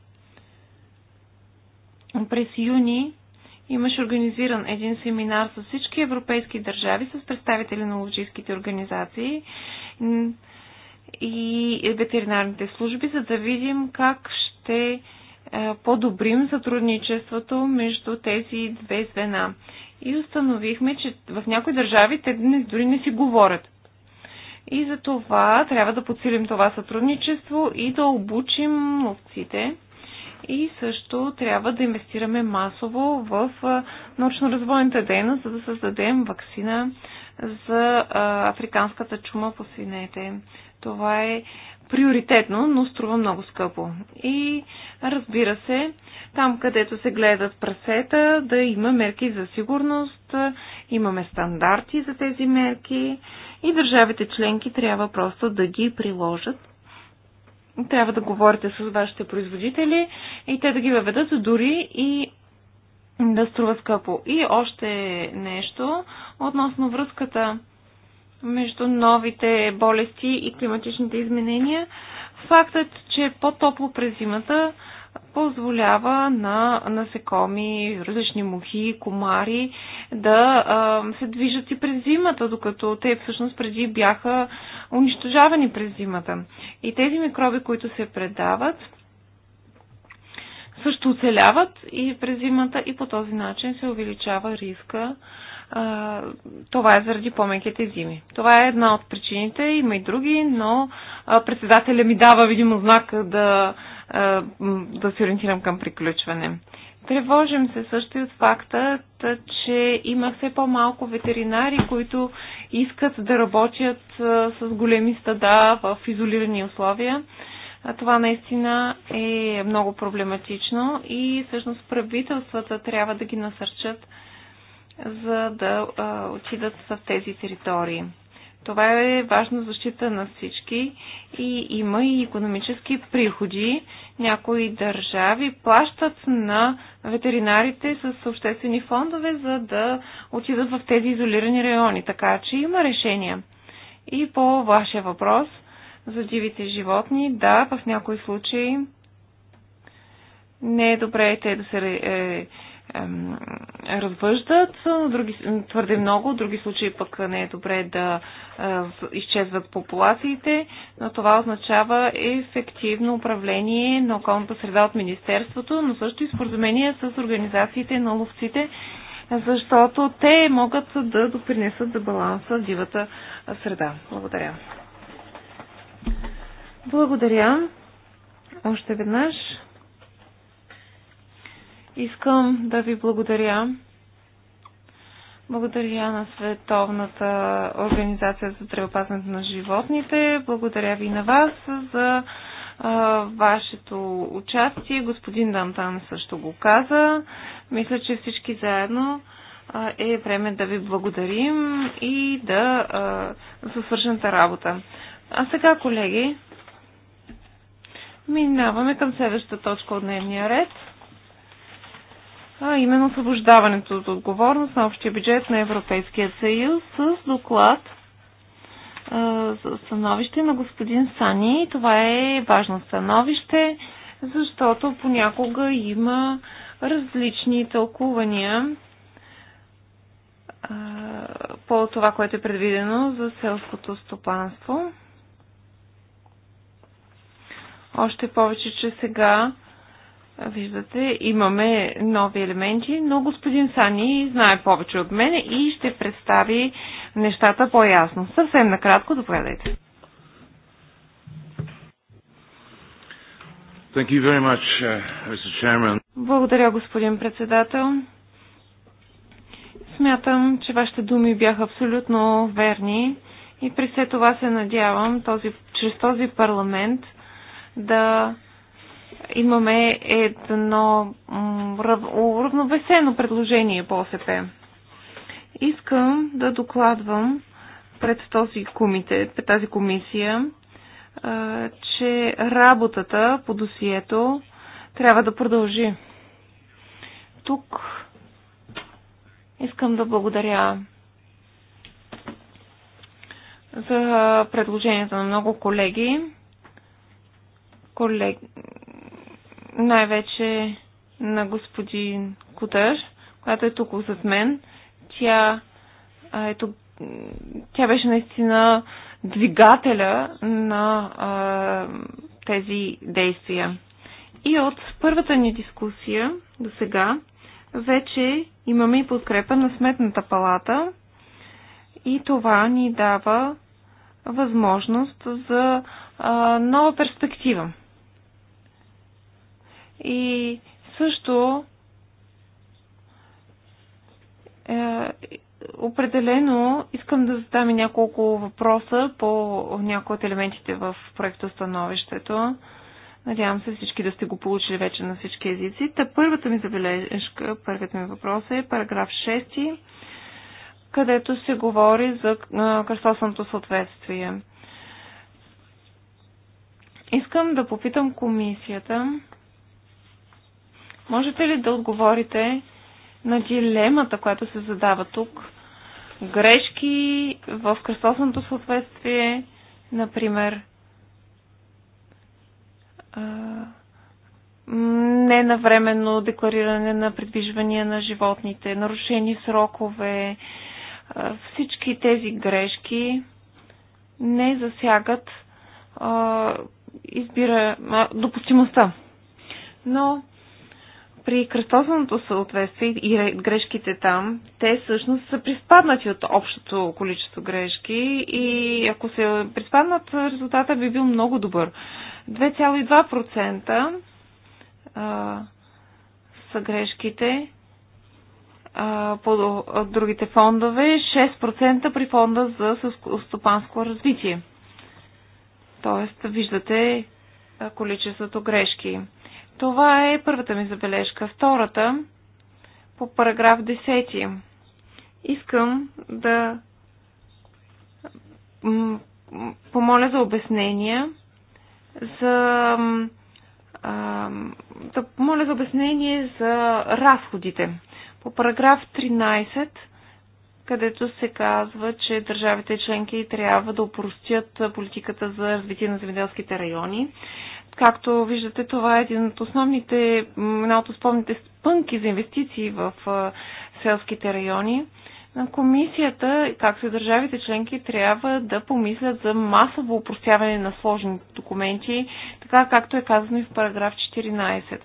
През юни имаше организиран един семинар с всички европейски държави, с представители на логическите организации и ветеринарните служби, за да видим как ще е, подобрим сътрудничеството между тези две звена. И установихме, че в някои държави те дори не си говорят. И за това трябва да подсилим това сътрудничество и да обучим ловците и също трябва да инвестираме масово в научно-развойната дейност, за да създадем вакцина за африканската чума по свинете. Това е приоритетно, но струва много скъпо. И разбира се, там където се гледат прасета, да има мерки за сигурност, имаме стандарти за тези мерки и държавите членки трябва просто да ги приложат трябва да говорите с вашите производители и те да ги въведат дори и да струва скъпо. И още нещо относно връзката между новите болести и климатичните изменения. Фактът, че е по-топло през зимата позволява на насекоми, различни мухи, комари да а, се движат и през зимата, докато те всъщност преди бяха унищожавани през зимата. И тези микроби, които се предават, също оцеляват и през зимата и по този начин се увеличава риска. това е заради по-меките зими. Това е една от причините, има и други, но председателя ми дава видимо знак да, да се ориентирам към приключване. Тревожим се също и от факта, че има все по-малко ветеринари, които искат да работят с големи стада в изолирани условия. А това наистина е много проблематично и всъщност правителствата трябва да ги насърчат, за да отидат в тези територии. Това е важна защита на всички и има и економически приходи. Някои държави плащат на ветеринарите с обществени фондове, за да отидат в тези изолирани райони. Така че има решения. И по вашия въпрос за дивите животни, да, в някои случаи не е добре те да се е, развъждат, други, твърде много, други случаи пък не е добре да изчезват популациите, но това означава ефективно управление на околната среда от Министерството, но също и споразумение с организациите на ловците, защото те могат да допринесат за баланса в дивата среда. Благодаря. Благодаря. Още веднъж. Искам да ви благодаря. Благодаря на Световната организация за здравеопазването на животните. Благодаря ви на вас за а, вашето участие. Господин Дантан също го каза. Мисля, че всички заедно а, е време да ви благодарим и да а, за свършената работа. А сега, колеги, минаваме към следващата точка от дневния ред – а именно освобождаването от отговорност на общия бюджет на Европейския съюз с доклад за становище на господин Сани. Това е важно становище, защото понякога има различни тълкувания по това, което е предвидено за селското стопанство. Още повече, че сега Виждате, имаме нови елементи, но господин Сани знае повече от мен и ще представи нещата по-ясно. Съвсем накратко, заповядайте. Much, uh, Благодаря, господин председател. Смятам, че вашите думи бяха абсолютно верни и при все това се надявам този, чрез този парламент да имаме едно уравновесено предложение по ОСП. Искам да докладвам пред този комитет, пред тази комисия, че работата по досието трябва да продължи. Тук искам да благодаря за предложенията на много колеги, колег най-вече на господин Кутър, която е тук зад мен. Тя, ето, тя беше наистина двигателя на а, тези действия. И от първата ни дискусия до сега вече имаме и подкрепа на Сметната палата и това ни дава възможност за а, нова перспектива. И също е, определено искам да задам и няколко въпроса по някои от елементите в проекта становището. Надявам се всички да сте го получили вече на всички езици. Та първата ми забележка, първият ми въпрос е параграф 6, където се говори за кръстосното съответствие. Искам да попитам комисията Можете ли да отговорите на дилемата, която се задава тук? Грешки в кръстосното съответствие, например, ненавременно деклариране на придвижвания на животните, нарушени срокове, всички тези грешки не засягат избира, допустимостта. Но при кръстосаното съответствие и грешките там, те всъщност са приспаднати от общото количество грешки и ако се приспаднат, резултата би бил много добър. 2,2% са грешките по другите фондове, 6% при фонда за стопанско развитие. Тоест, виждате количеството грешки. Това е първата ми забележка. Втората, по параграф 10. Искам да помоля за обяснения, за да помоля за обяснение за разходите. По параграф 13, където се казва, че държавите членки трябва да упростят политиката за развитие на земеделските райони Както виждате, това е един от основните, една от основните спънки за инвестиции в селските райони. Комисията, както и държавите членки, трябва да помислят за масово упростяване на сложни документи, така както е казано и в параграф 14.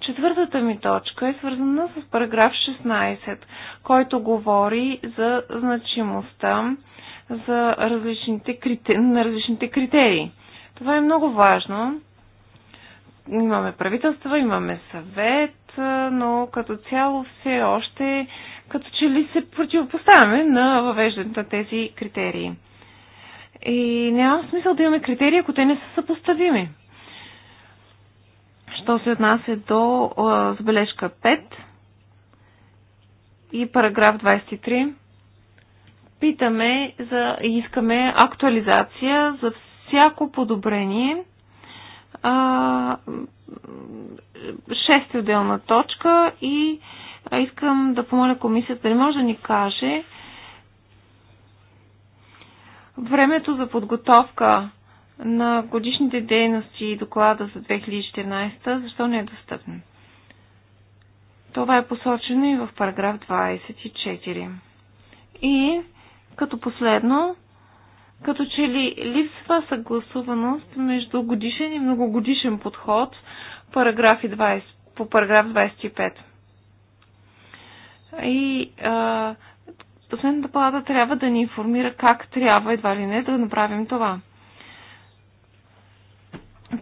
Четвъртата ми точка е свързана с параграф 16, който говори за значимостта за различните, на различните критерии. Това е много важно, имаме правителство, имаме съвет, но като цяло все още като че ли се противопоставяме на въвеждането на тези критерии. И няма смисъл да имаме критерии, ако те не са съпоставими. Що се отнася до а, забележка 5 и параграф 23, питаме за, искаме актуализация за всяко подобрение – шестеделна точка и искам да помоля комисията да не може да ни каже времето за подготовка на годишните дейности и доклада за 2014, защо не е достъпен? Това е посочено и в параграф 24. И като последно, като че ли липсва съгласуваност между годишен и многогодишен подход параграфи 20, по параграф 25. И а, Сметната палата трябва да ни информира как трябва, едва ли не, да направим това.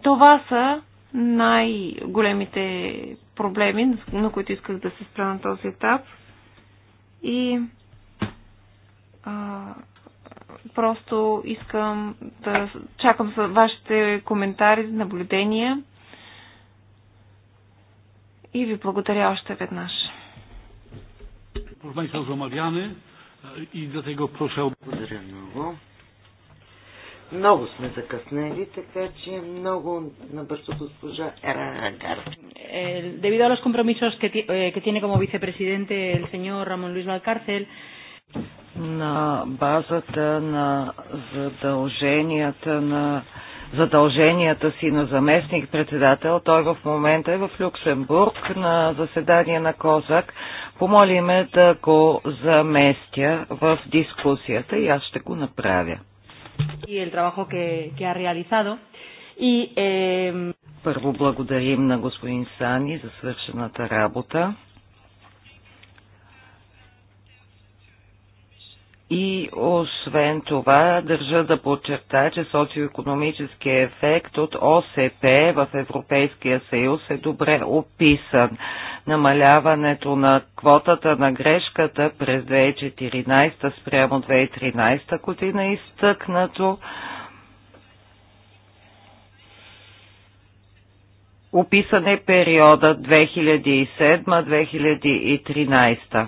Това са най-големите проблеми, на които исках да се спра на този етап. И а, Просто искам да чакам за вашите коментари, наблюдения и ви благодаря още веднъж.
и проша. Благодаря много. Много сме закъснели,
така че много на набързо госпожа Ерагар.
Е, debido a los compromisos que, е, que tiene como vicepresidente el señor Ramón Luis Valcárcel,
на базата на задълженията на задълженията си на заместник-председател. Той в момента е в Люксембург на заседание на Козак. Помоли ме да го заместя в дискусията и аз ще го направя.
И el trabajo que, que ha realizado. И, е...
Първо благодарим на господин Сани за свършената работа. И освен това, държа да подчерта, че социоекономическия ефект от ОСП в Европейския съюз е добре описан. Намаляването на квотата на грешката през 2014 спрямо 2013 година е изтъкнато. Описан е периода 2007-2013.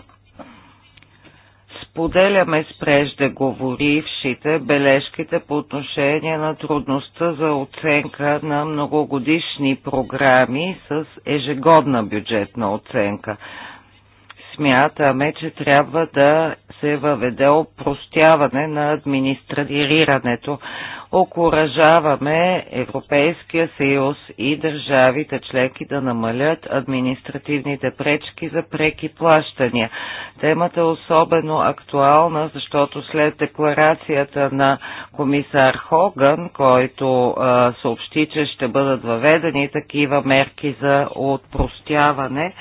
Споделяме с преждеговорившите бележките по отношение на трудността за оценка на многогодишни програми с ежегодна бюджетна оценка смятаме, че трябва да се въведе опростяване на администрирането. Окоръжаваме Европейския съюз и държавите членки да намалят административните пречки за преки плащания. Темата е особено актуална, защото след декларацията на комисар Хоган, който а, съобщи, че ще бъдат въведени такива мерки за отпростяване,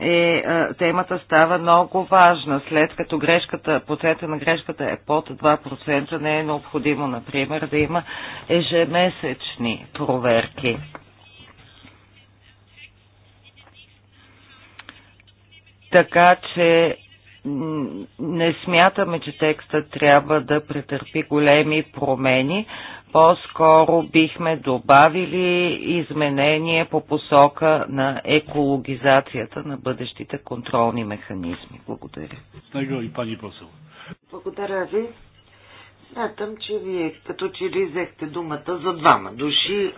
е, темата става много важна. След като грешката, процента на грешката е под 2%, не е необходимо, например, да има ежемесечни проверки. Така че не смятаме, че текста трябва да претърпи големи промени. По-скоро бихме добавили изменение по посока на екологизацията на бъдещите контролни механизми. Благодаря. и пани посол. Благодаря ви. Смятам, че вие като че ли взехте думата за двама души,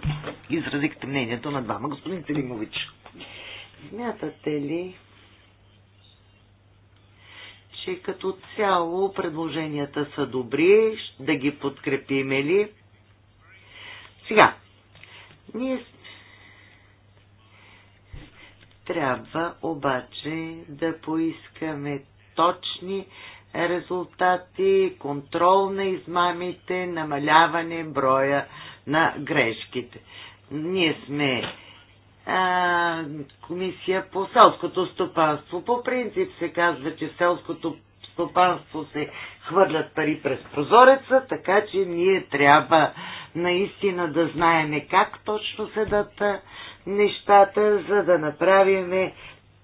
изразихте мнението на двама. Господин Целимович. смятате ли, че като цяло предложенията са добри, да ги подкрепиме ли? Нали? Сега, ние трябва обаче да поискаме точни резултати, контрол на измамите, намаляване броя на грешките. Ние сме а, комисия по селското стопанство. По принцип се казва, че в селското стопанство се хвърлят пари през прозореца, така че ние трябва наистина да знаеме как точно се нещата, за да направиме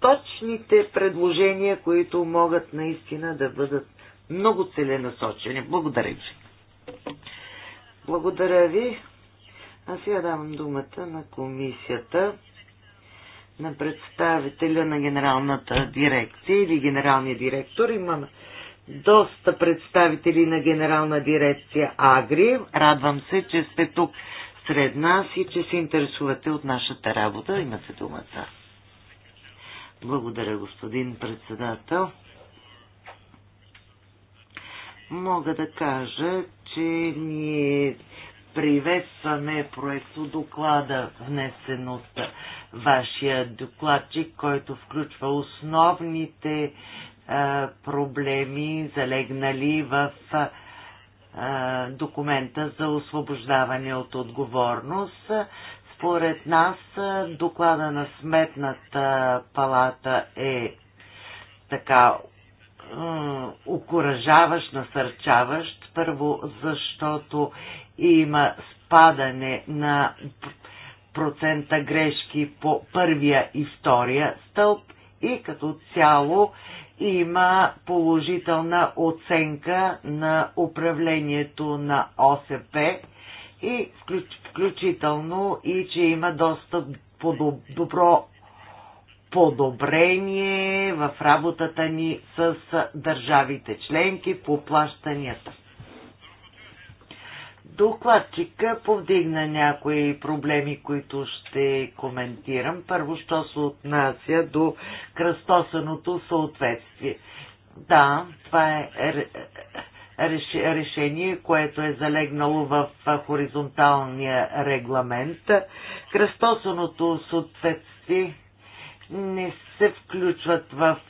точните предложения, които могат наистина да бъдат много целенасочени. Благодаря ви. Благодаря ви. А сега давам думата на комисията на представителя на генералната дирекция или генералния директор. Имаме доста представители на генерална дирекция Агри. Радвам се, че сте тук сред нас и че се интересувате от нашата работа. Имате думата. Благодаря, господин председател. Мога да кажа, че ние приветстваме проекто доклада, внесен от вашия докладчик, който включва основните а, проблеми, залегнали в а, документа за освобождаване от отговорност. Според нас доклада на Сметната палата е така окоръжаващ, насърчаващ. Първо, защото има спадане на процента грешки по първия и втория стълб и като цяло има положителна оценка на управлението на ОСП и включително и че има доста добро подобрение в работата ни с държавите членки по плащанията. Докладчика повдигна някои проблеми, които ще коментирам. Първо, що се отнася до кръстосаното съответствие. Да, това е решение, което е залегнало в хоризонталния регламент. Кръстосаното съответствие не се включват в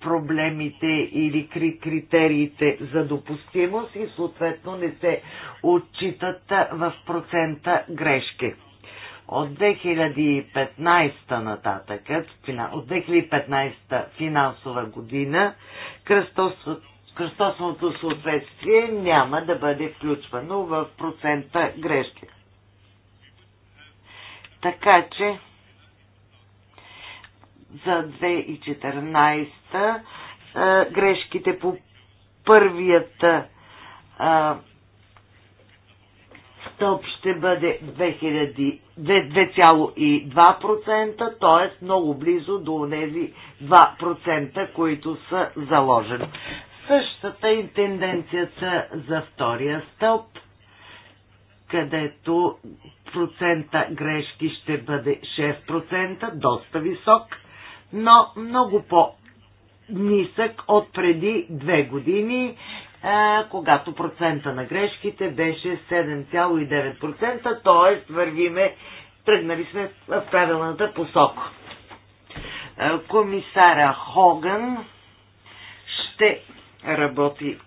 проблемите или критериите за допустимост и съответно не се отчитат в процента грешки. От 2015 нататък, от 2015 финансова година, кръстосното съответствие няма да бъде включвано в процента грешки. Така че за 2014 грешките по първият стълб ще бъде 2,2%, т.е. много близо до тези 2%, които са заложени. Същата и тенденцията за втория стълб, където процента грешки ще бъде 6%, доста висок, но много по-нисък от преди две години, е, когато процента на грешките беше 7,9%, т.е. вървиме, тръгнали сме в правилната посока. Е, комисара Хоган ще работи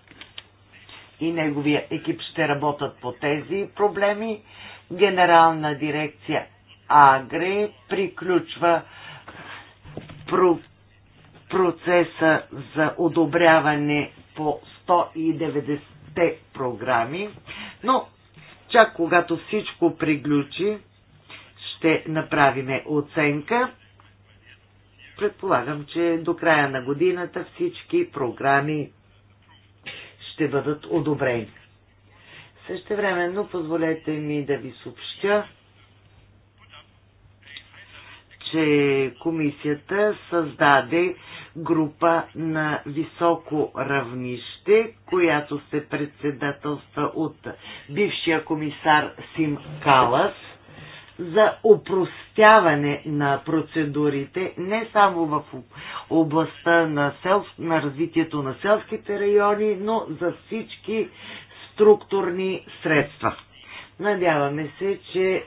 и неговия екип ще работят по тези проблеми. Генерална дирекция Агре приключва про процеса за одобряване по 190 програми, но чак когато всичко приключи, ще направиме оценка. Предполагам, че до края на годината всички програми ще бъдат одобрени. времено позволете ми да ви съобщя, че комисията създаде група на високо равнище, която се председателства от бившия комисар Сим Калас за упростяване на процедурите не само в областта на, сел, на развитието на селските райони, но за всички структурни средства. Надяваме се, че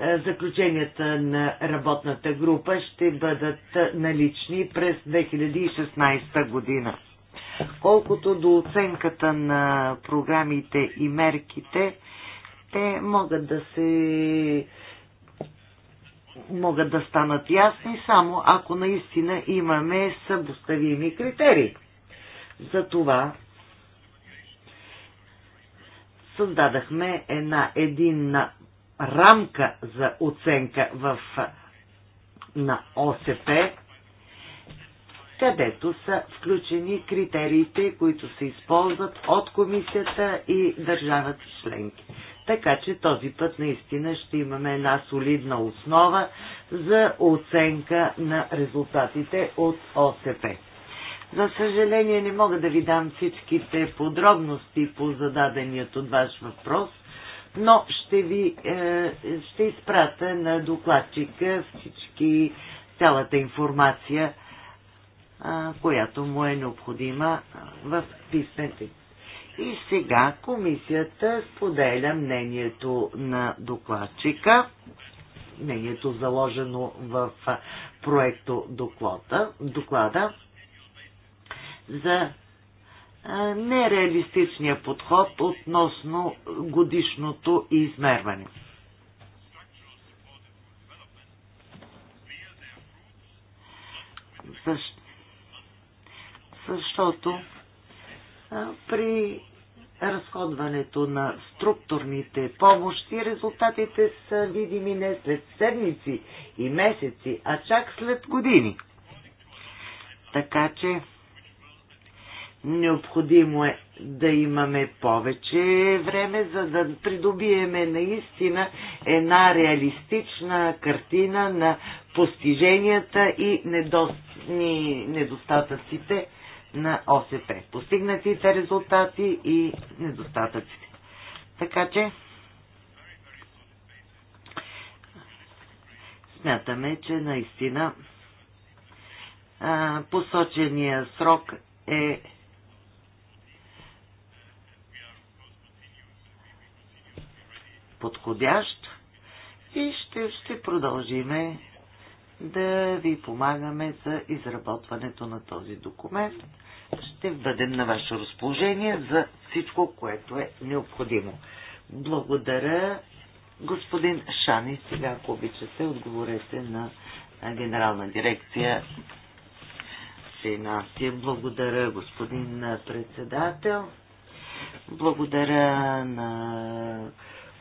е, заключенията на работната група ще бъдат налични през 2016 година. Колкото до оценката на програмите и мерките, те могат да се могат да станат ясни само ако наистина имаме съпоставими критерии. Затова създадахме една единна рамка за оценка в, на ОСП, където са включени критериите, които се използват от комисията и държавата членки. Така че този път наистина ще имаме една солидна основа за оценка на резултатите от ОСП. За съжаление не мога да ви дам всичките подробности по зададеният от ваш въпрос, но ще ви е, ще изпратя на докладчика всички цялата информация, е, която му е необходима е, в писмете. И сега комисията споделя мнението на докладчика, мнението заложено в проекто доклада, доклада за нереалистичния подход относно годишното измерване. Защо? Защото при разходването на структурните помощи, резултатите са видими не след седмици и месеци, а чак след години. Така че Необходимо е да имаме повече време, за да придобиеме наистина една реалистична картина на постиженията и недостатъците на ОСП. Постигнатите резултати и недостатъците. Така че смятаме, че наистина посочения срок е подходящ и ще, ще продължиме да ви помагаме за изработването на този документ. Ще бъдем на ваше разположение за всичко, което е необходимо. Благодаря, господин Шани. Сега, ако обичате, отговорете на Генерална дирекция финанси. Благодаря, господин председател. Благодаря на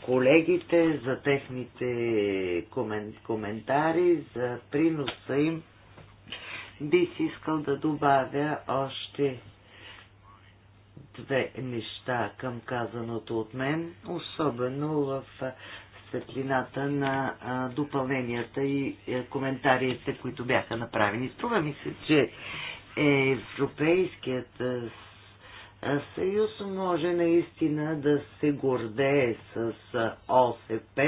колегите за техните комен, коментари, за приноса им. Бих искал да добавя още две неща към казаното от мен, особено в светлината на допълненията и коментарите, които бяха направени. Струва ми се, че Европейският съюз може наистина да се гордее с ОСП,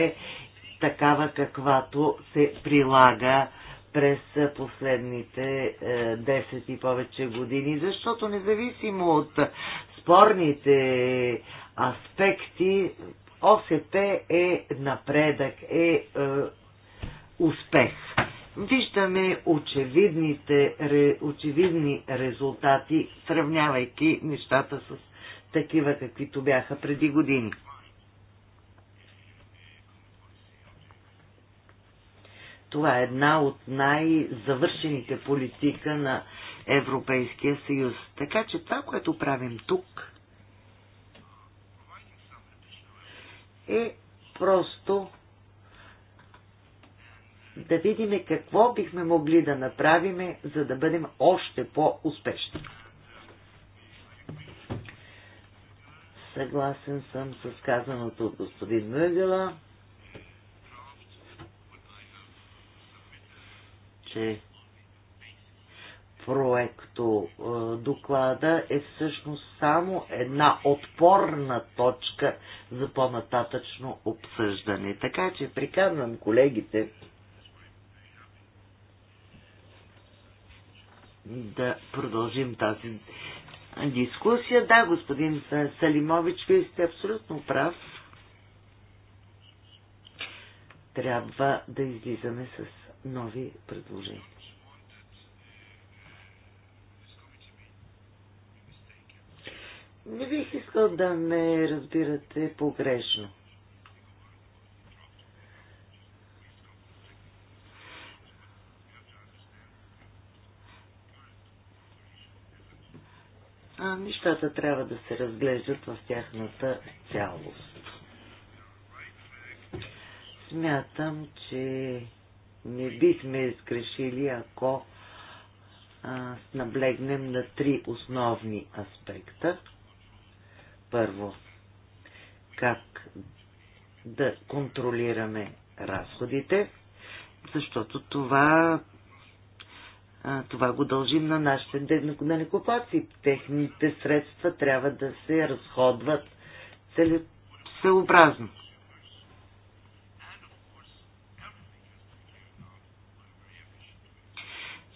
такава каквато се прилага през последните 10 е, и повече години, защото независимо от спорните аспекти, ОСП е напредък, е, е успех виждаме очевидните, очевидни резултати, сравнявайки нещата с такива, каквито бяха преди години. Това е една от най-завършените политика на Европейския съюз. Така че това, което правим тук, е просто да видим какво бихме могли да направим, за да бъдем още по-успешни. Съгласен съм с казаното от господин Мъгела, че проекто е, доклада е всъщност само една отпорна точка за по-нататъчно обсъждане. Така че приказвам колегите да продължим тази дискусия. Да, господин Салимович, вие сте абсолютно прав. Трябва да излизаме с нови предложения. Не бих искал да ме разбирате погрешно. а нещата трябва да се разглеждат в тяхната цялост. Смятам, че не бихме изгрешили, ако а, наблегнем на три основни аспекта. Първо, как да контролираме разходите, защото това а, това го дължим на нашите денекопаци. Техните средства трябва да се разходват целесъобразно.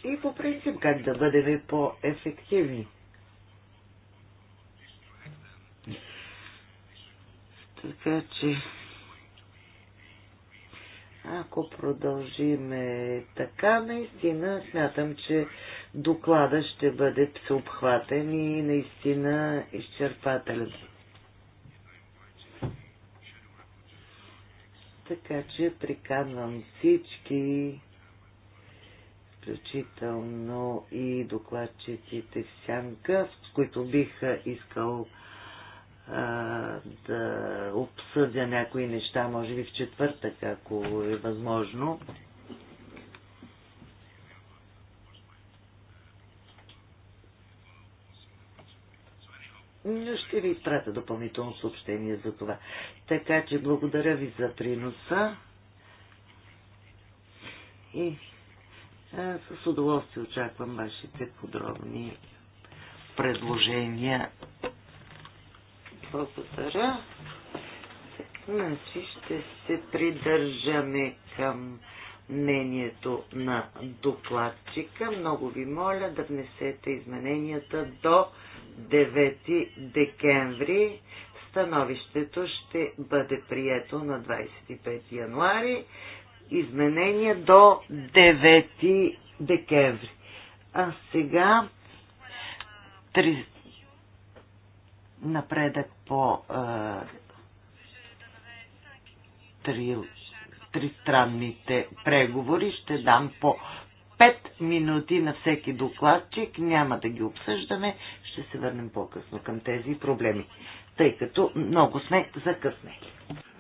И по принцип как да бъдем по-ефективни. Така че ако продължиме така, наистина смятам, че доклада ще бъде всеобхватен и наистина изчерпателен. Така че приканвам всички, включително и докладчиците в сянка, с които бих искал да обсъдя някои неща, може би в четвъртък, ако е възможно. но ще ви изпратя допълнително съобщение за това. Така че благодаря ви за приноса и а, с удоволствие очаквам вашите подробни предложения благодаря. Значи ще се придържаме към мнението на докладчика. Много ви моля да внесете измененията до 9 декември. Становището ще бъде прието на 25 януари. Изменения до 9 декември. А сега напредък по е, три, тристранните преговори. Ще дам по 5 минути на всеки докладчик. Няма да ги обсъждаме. Ще се върнем по-късно към тези проблеми, тъй като много сме закъснели.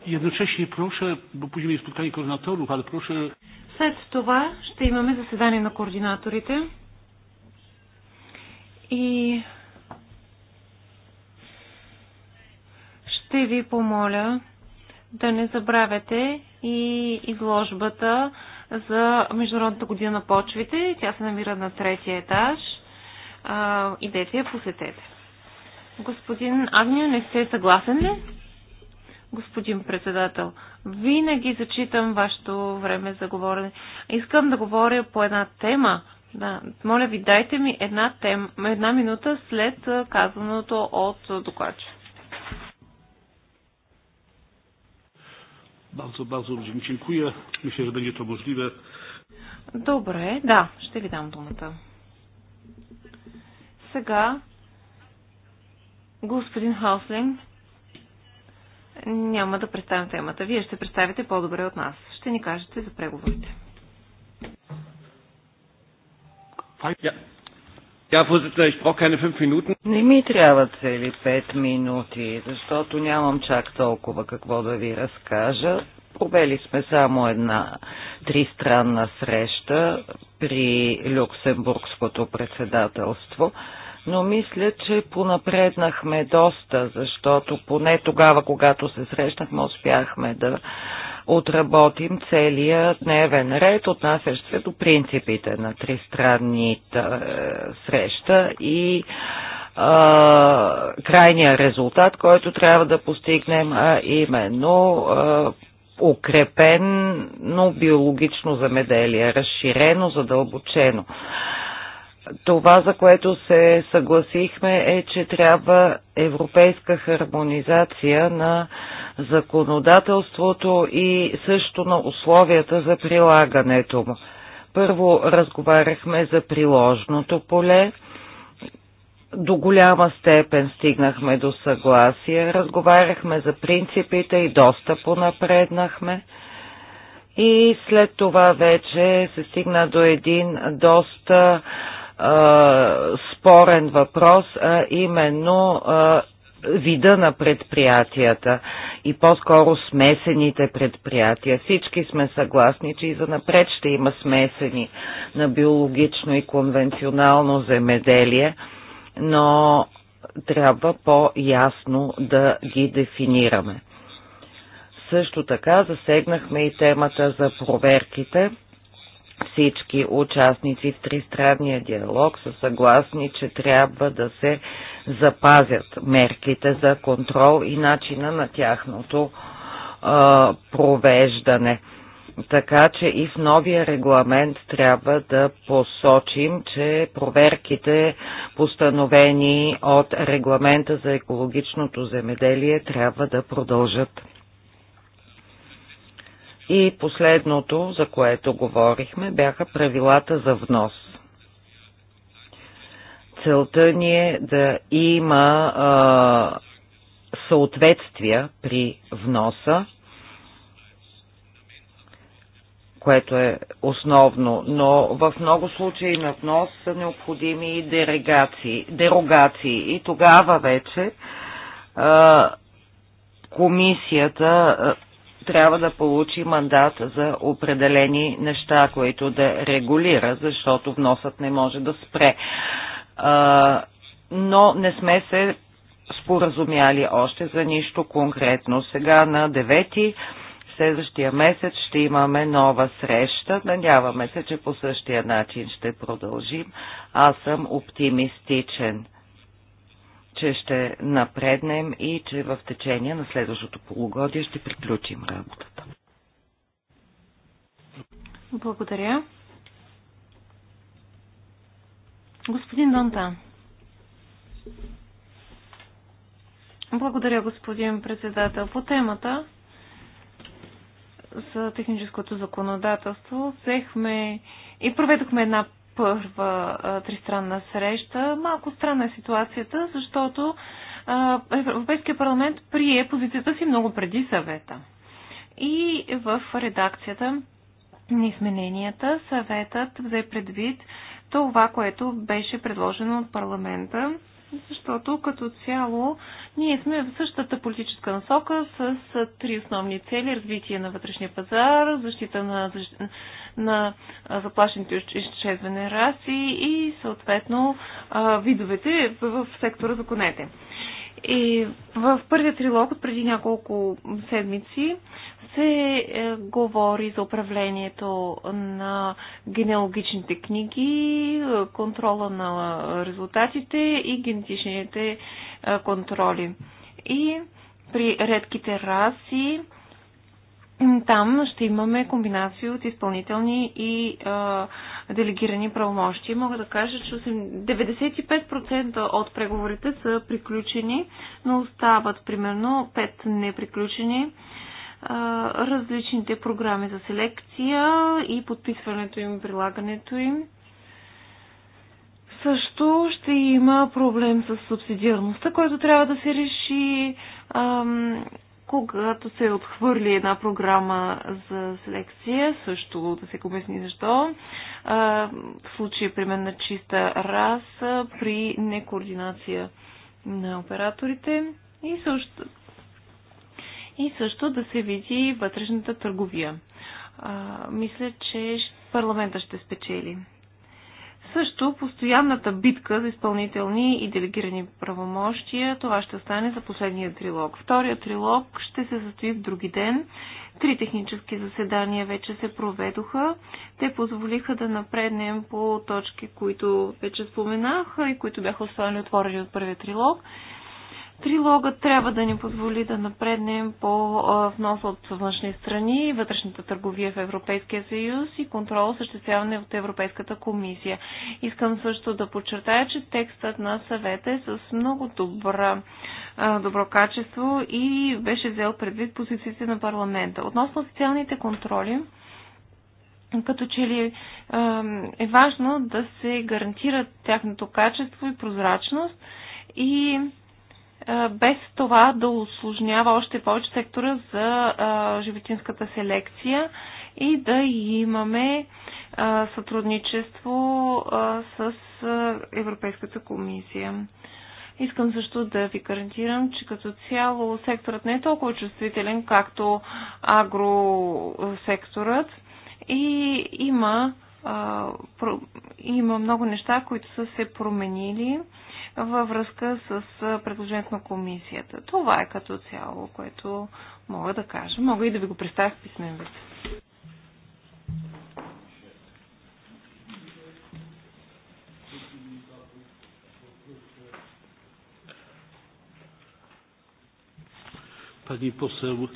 Jednocześnie proszę, bo później jest spotkanie koordynatorów,
След това ще имаме заседание на координаторите и ще ви помоля да не забравяте и изложбата за Международната година на почвите. Тя се намира на третия етаж. Идете я посетете. Господин Агния, не сте съгласен ли? Господин председател, винаги зачитам вашето време за говорене. Искам да говоря по една тема. Да, моля ви, дайте ми една, тема, една минута след казаното от докладчика.
Bardzo, bardzo ludziom dziękuję. Myślę, że będzie to możliwe.
Добре, да, ще ви дам думата. Сега, господин Хауслинг, няма да представим темата. Вие ще представите по-добре от нас. Ще ни кажете за преговорите.
Yeah.
Не ми трябва цели 5 минути, защото нямам чак толкова какво да ви разкажа. Провели сме само една тристранна среща при Люксембургското председателство но мисля, че понапреднахме доста, защото поне тогава, когато се срещнахме, успяхме да отработим целия дневен ред, отнасящ се до принципите на тристранните е, среща и а, е, крайния резултат, който трябва да постигнем, а именно а, е, укрепено биологично замеделие, разширено, задълбочено. Това, за което се съгласихме е, че трябва европейска хармонизация на а, законодателството и също на условията за прилагането му. Първо разговаряхме за приложното поле, до голяма степен стигнахме до съгласие, разговаряхме за принципите и доста понапреднахме. И след това вече се стигна до един доста а, спорен въпрос, а именно а, вида на предприятията и по-скоро смесените предприятия. Всички сме съгласни, че и за напред ще има смесени на биологично и конвенционално земеделие, но трябва по-ясно да ги дефинираме. Също така засегнахме и темата за проверките – всички участници в тристранния диалог са съгласни, че трябва да се запазят мерките за контрол и начина на тяхното а, провеждане. Така че и в новия регламент трябва да посочим, че проверките, постановени от регламента за екологичното земеделие, трябва да продължат. И последното, за което говорихме, бяха правилата за внос. Целта ни е да има а, съответствия при вноса, което е основно, но в много случаи на внос са необходими и дерогации, дерогации. И тогава вече а, комисията трябва да получи мандат за определени неща, които да регулира, защото вносът не може да спре. А, но не сме се споразумяли още за нищо конкретно. Сега на 9 следващия месец ще имаме нова среща. Надяваме се, че по същия начин ще продължим. Аз съм оптимистичен че ще напреднем и че в течение на следващото полугодие ще приключим работата.
Благодаря. Господин Донта. Благодаря, господин председател. По темата за техническото законодателство взехме и проведохме една първа тристранна среща. Малко странна е ситуацията, защото Европейския парламент прие позицията си много преди съвета. И в редакцията на измененията съветът взе предвид това, което беше предложено от парламента, защото като цяло ние сме в същата политическа насока с три основни цели развитие на вътрешния пазар, защита на на заплашените изчезване раси и съответно видовете в сектора за конете. И в първия трилог от преди няколко седмици се е, говори за управлението на генеалогичните книги, контрола на резултатите и генетичните е, контроли. И при редките раси там ще имаме комбинации от изпълнителни и а, делегирани правомощи. Мога да кажа, че 95% от преговорите са приключени, но остават примерно 5 неприключени. А, различните програми за селекция и подписването им, прилагането им. Също ще има проблем с субсидиарността, който трябва да се реши когато се отхвърли една програма за селекция, също да се обясни защо, в случай, примерно, на чиста раса при некоординация на операторите и също, и също да се види вътрешната търговия. мисля, че парламента ще спечели. Също постоянната битка за изпълнителни и делегирани правомощия, това ще остане за последния трилог. Втория трилог ще се състои в други ден. Три технически заседания вече се проведоха. Те позволиха да напреднем по точки, които вече споменах и които бяха останали отворени от първия трилог. Трилогът трябва да ни позволи да напреднем по внос от външни страни, вътрешната търговия в Европейския съюз и контрол осъществяване от Европейската комисия. Искам също да подчертая, че текстът на съвета е с много добра, добро качество и беше взел предвид позициите на парламента. Относно социалните контроли, като че ли е важно да се гарантира тяхното качество и прозрачност и без това да осложнява още повече сектора за животинската селекция и да имаме сътрудничество с Европейската комисия. Искам също да ви гарантирам, че като цяло секторът не е толкова чувствителен, както агросекторът и има, има много неща, които са се променили във връзка с предложението на комисията. Това е като цяло, което мога да кажа. Мога и да ви го представя в писмен вид.
Пани посъл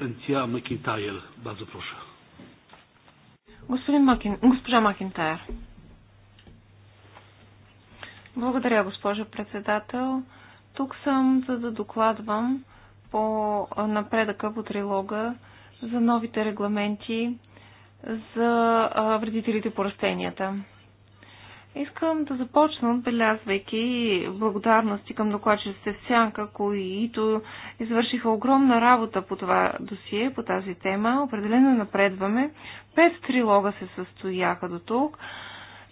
Encia Макинтайер, bardzo proszę.
Господин Макин, госпожа Макинтайер. Благодаря, госпожо председател. Тук съм, за да докладвам по напредъка по трилога за новите регламенти за вредителите по растенията. Искам да започна отбелязвайки благодарности към докладчиците в Сянка, които извършиха огромна работа по това досие, по тази тема. Определено напредваме. Пет трилога се състояха до тук.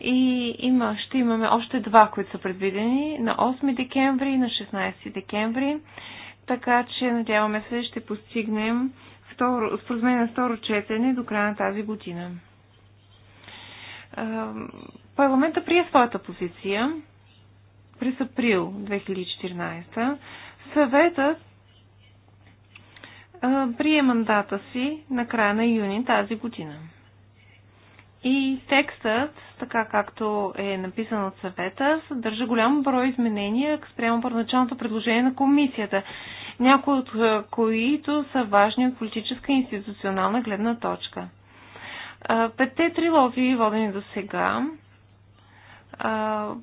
И има, ще имаме още два, които са предвидени на 8 декември и на 16 декември. Така че надяваме се ще постигнем споразумение на второ четене до края на тази година. Парламента прие своята позиция през април 2014. Съветът прие мандата си на края на юни тази година. И текстът, така както е написан от съвета, съдържа голям брой изменения спрямо първоначалното предложение на комисията, някои от които са важни от политическа и институционална гледна точка. Петте трилоги, водени до сега,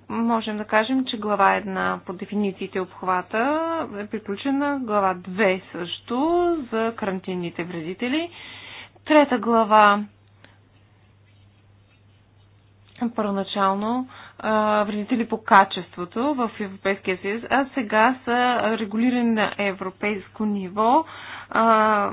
можем да кажем, че глава една по дефинициите обхвата е приключена, глава 2 също за карантинните вредители, трета глава първоначално вредители по качеството в Европейския съюз, а сега са регулирани на европейско ниво а,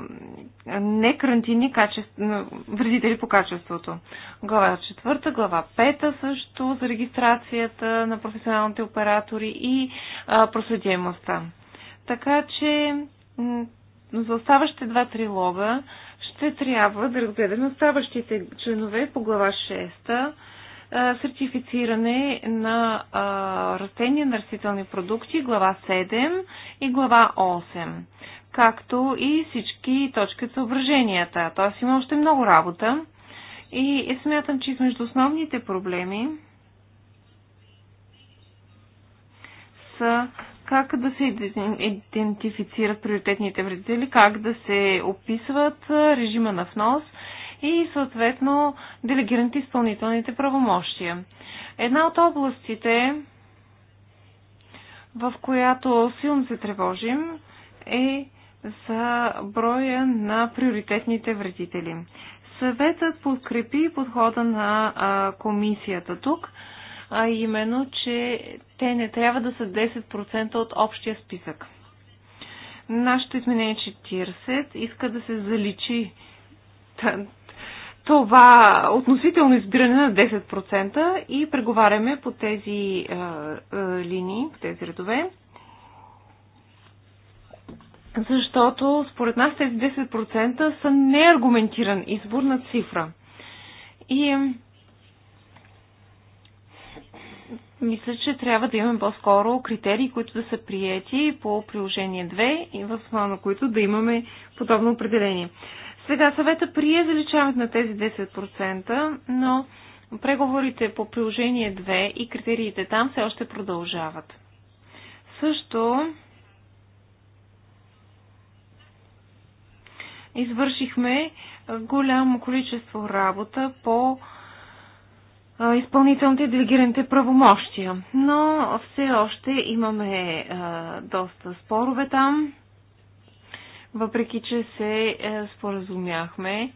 не карантини качество, вредители по качеството. Глава 4, глава 5 също за регистрацията на професионалните оператори и а, Така че за оставащите два трилога ще трябва да разгледаме оставащите членове по глава 6 сертифициране на растения на растителни продукти, глава 7 и глава 8, както и всички точки от съображенията. Тоест има още много работа и смятам, че между основните проблеми са как да се идентифицират приоритетните вредители, как да се описват режима на внос и съответно делегираните изпълнителните правомощия. Една от областите, в която силно се тревожим, е за броя на приоритетните вредители. Съветът подкрепи подхода на а, комисията тук, а именно, че те не трябва да са 10% от общия списък. Нашето изменение 40 иска да се заличи това относително избиране на 10% и преговаряме по тези а, а, линии, по тези редове. Защото според нас тези 10% са неаргументиран избор на цифра. И мисля, че трябва да имаме по-скоро критерии, които да са приети по приложение 2 и възможно на които да имаме подобно определение. Сега съвета прие заличаването на тези 10%, но преговорите по приложение 2 и критериите там все още продължават. Също извършихме голямо количество работа по изпълнителните и делегираните правомощия. Но все още имаме доста спорове там въпреки че се е, споразумяхме. Е,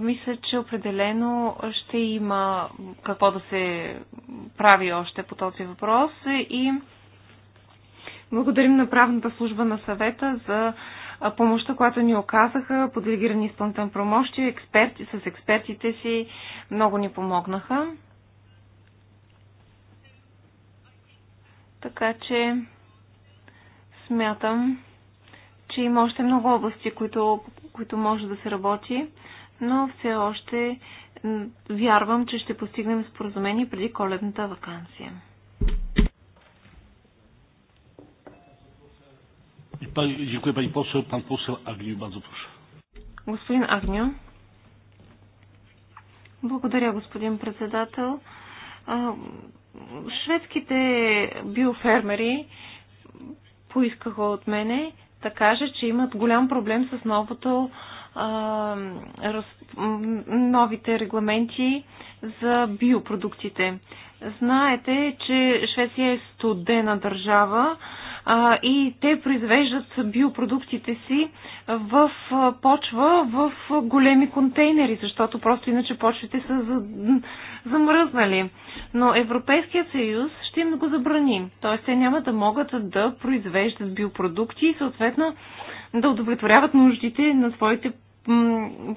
мисля, че определено ще има какво да се прави още по този въпрос и благодарим на правната служба на съвета за е, помощта, която ни оказаха по делегирани изпълнителни промощи, експерти, с експертите си много ни помогнаха. Така че смятам, че има още много области, които, които може да се работи, но все още вярвам, че ще постигнем споразумение преди коледната вакансия. Dziękuję Pani Господин Агню. Благодаря, господин председател. Шведските биофермери поискаха от мене да каже, че имат голям проблем с новото, а, раз, новите регламенти за биопродуктите. Знаете, че Швеция е студена държава а, и те произвеждат биопродуктите си в почва в големи контейнери, защото просто иначе почвите са за, замръзнали. Но Европейският съюз ще им го забрани. Т.е. те няма да могат да произвеждат биопродукти и съответно да удовлетворяват нуждите на своите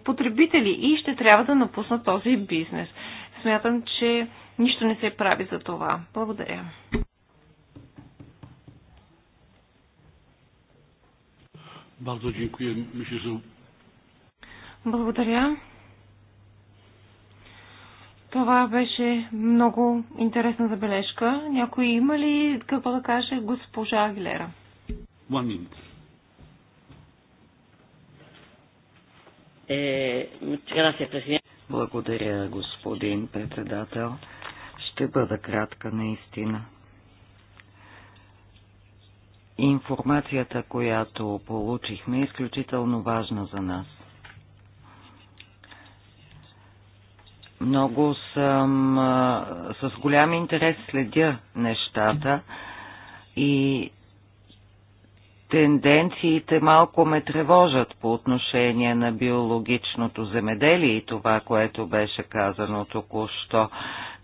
потребители и ще трябва да напуснат този бизнес. Смятам, че нищо не се прави за това. Благодаря.
Bardzo dziękuję. Myślę, że...
Благодаря. Това беше много интересна забележка. Някой има ли какво да каже госпожа Агилера?
One
minute.
Благодаря, господин председател. Ще бъда кратка наистина. Информацията, която получихме, е изключително важна за нас. Много съм с голям интерес следя нещата и тенденциите малко ме тревожат по отношение на биологичното земеделие и това, което беше казано току-що.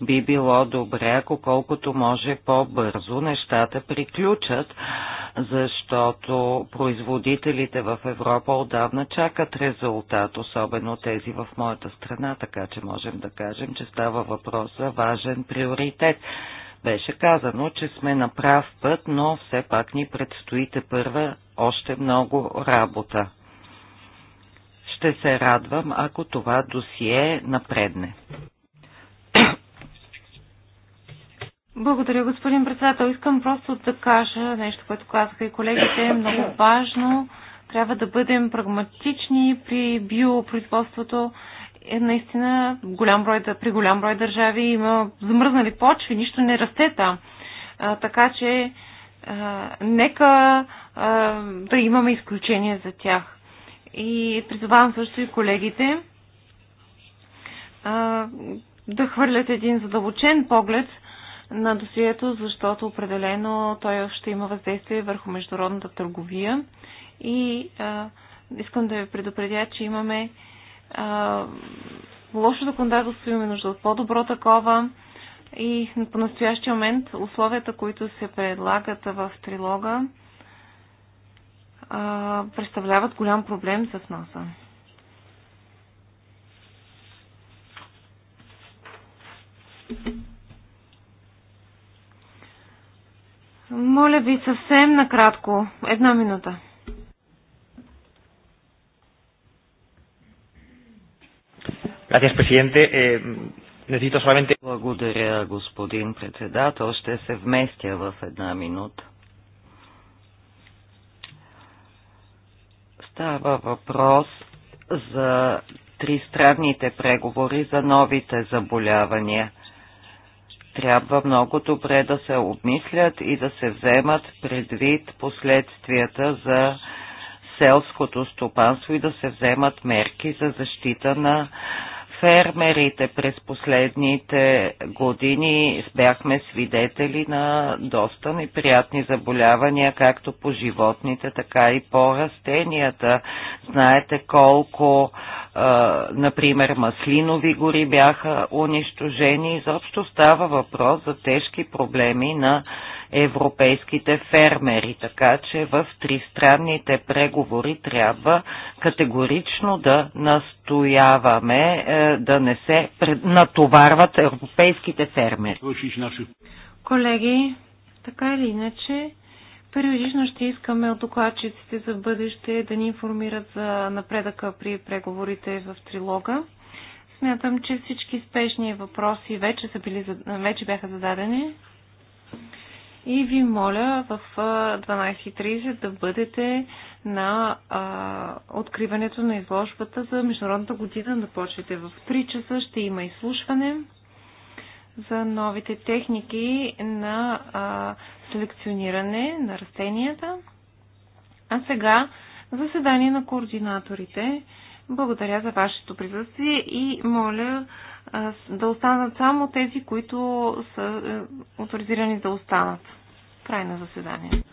Би било добре, ако колкото може по-бързо нещата приключат, защото производителите в Европа отдавна чакат резултат, особено тези в моята страна, така че можем да кажем, че става въпрос за важен приоритет. Беше казано, че сме на прав път, но все пак ни предстоите първа още много работа. Ще се радвам, ако това досие напредне.
Благодаря, господин председател. Искам просто да кажа нещо, което казаха и колегите. Е много важно. Трябва да бъдем прагматични при биопроизводството е наистина голям брой, при голям брой държави има замръзнали почви, нищо не расте там. А, така че а, нека а, да имаме изключение за тях. И призовавам също и колегите а, да хвърлят един задълбочен поглед на досието, защото определено той ще има въздействие върху международната търговия. И а, искам да ви предупредя, че имаме лошо законодателство, имаме нужда от по-добро такова и по настоящия момент условията, които се предлагат в трилога, а, представляват голям проблем за вноса. Моля ви съвсем накратко, една минута.
Gracias, presidente. Eh, necesito solamente... Благодаря, господин председател. Ще се вместя в една минута. Става въпрос за тристранните преговори за новите заболявания. Трябва много добре да се обмислят и да се вземат предвид последствията за селското стопанство и да се вземат мерки за защита на фермерите през последните години бяхме свидетели на доста неприятни заболявания, както по животните, така и по растенията. Знаете колко например, маслинови гори бяха унищожени. Изобщо става въпрос за тежки проблеми на европейските фермери, така че в тристранните преговори трябва категорично да настояваме е, да не се натоварват европейските фермери.
Колеги, така или иначе, Периодично ще искаме от докладчиците за бъдеще да ни информират за напредъка при преговорите в трилога. Смятам, че всички спешни въпроси вече, са били, вече бяха зададени. И ви моля в 12.30 да бъдете на а, откриването на изложбата за Международната година. Да почвате в 3 часа. Ще има изслушване за новите техники на а, селекциониране на растенията. А сега заседание на координаторите. Благодаря за вашето присъствие и моля а, да останат само тези, които са а, е, авторизирани да останат. Край на заседанието.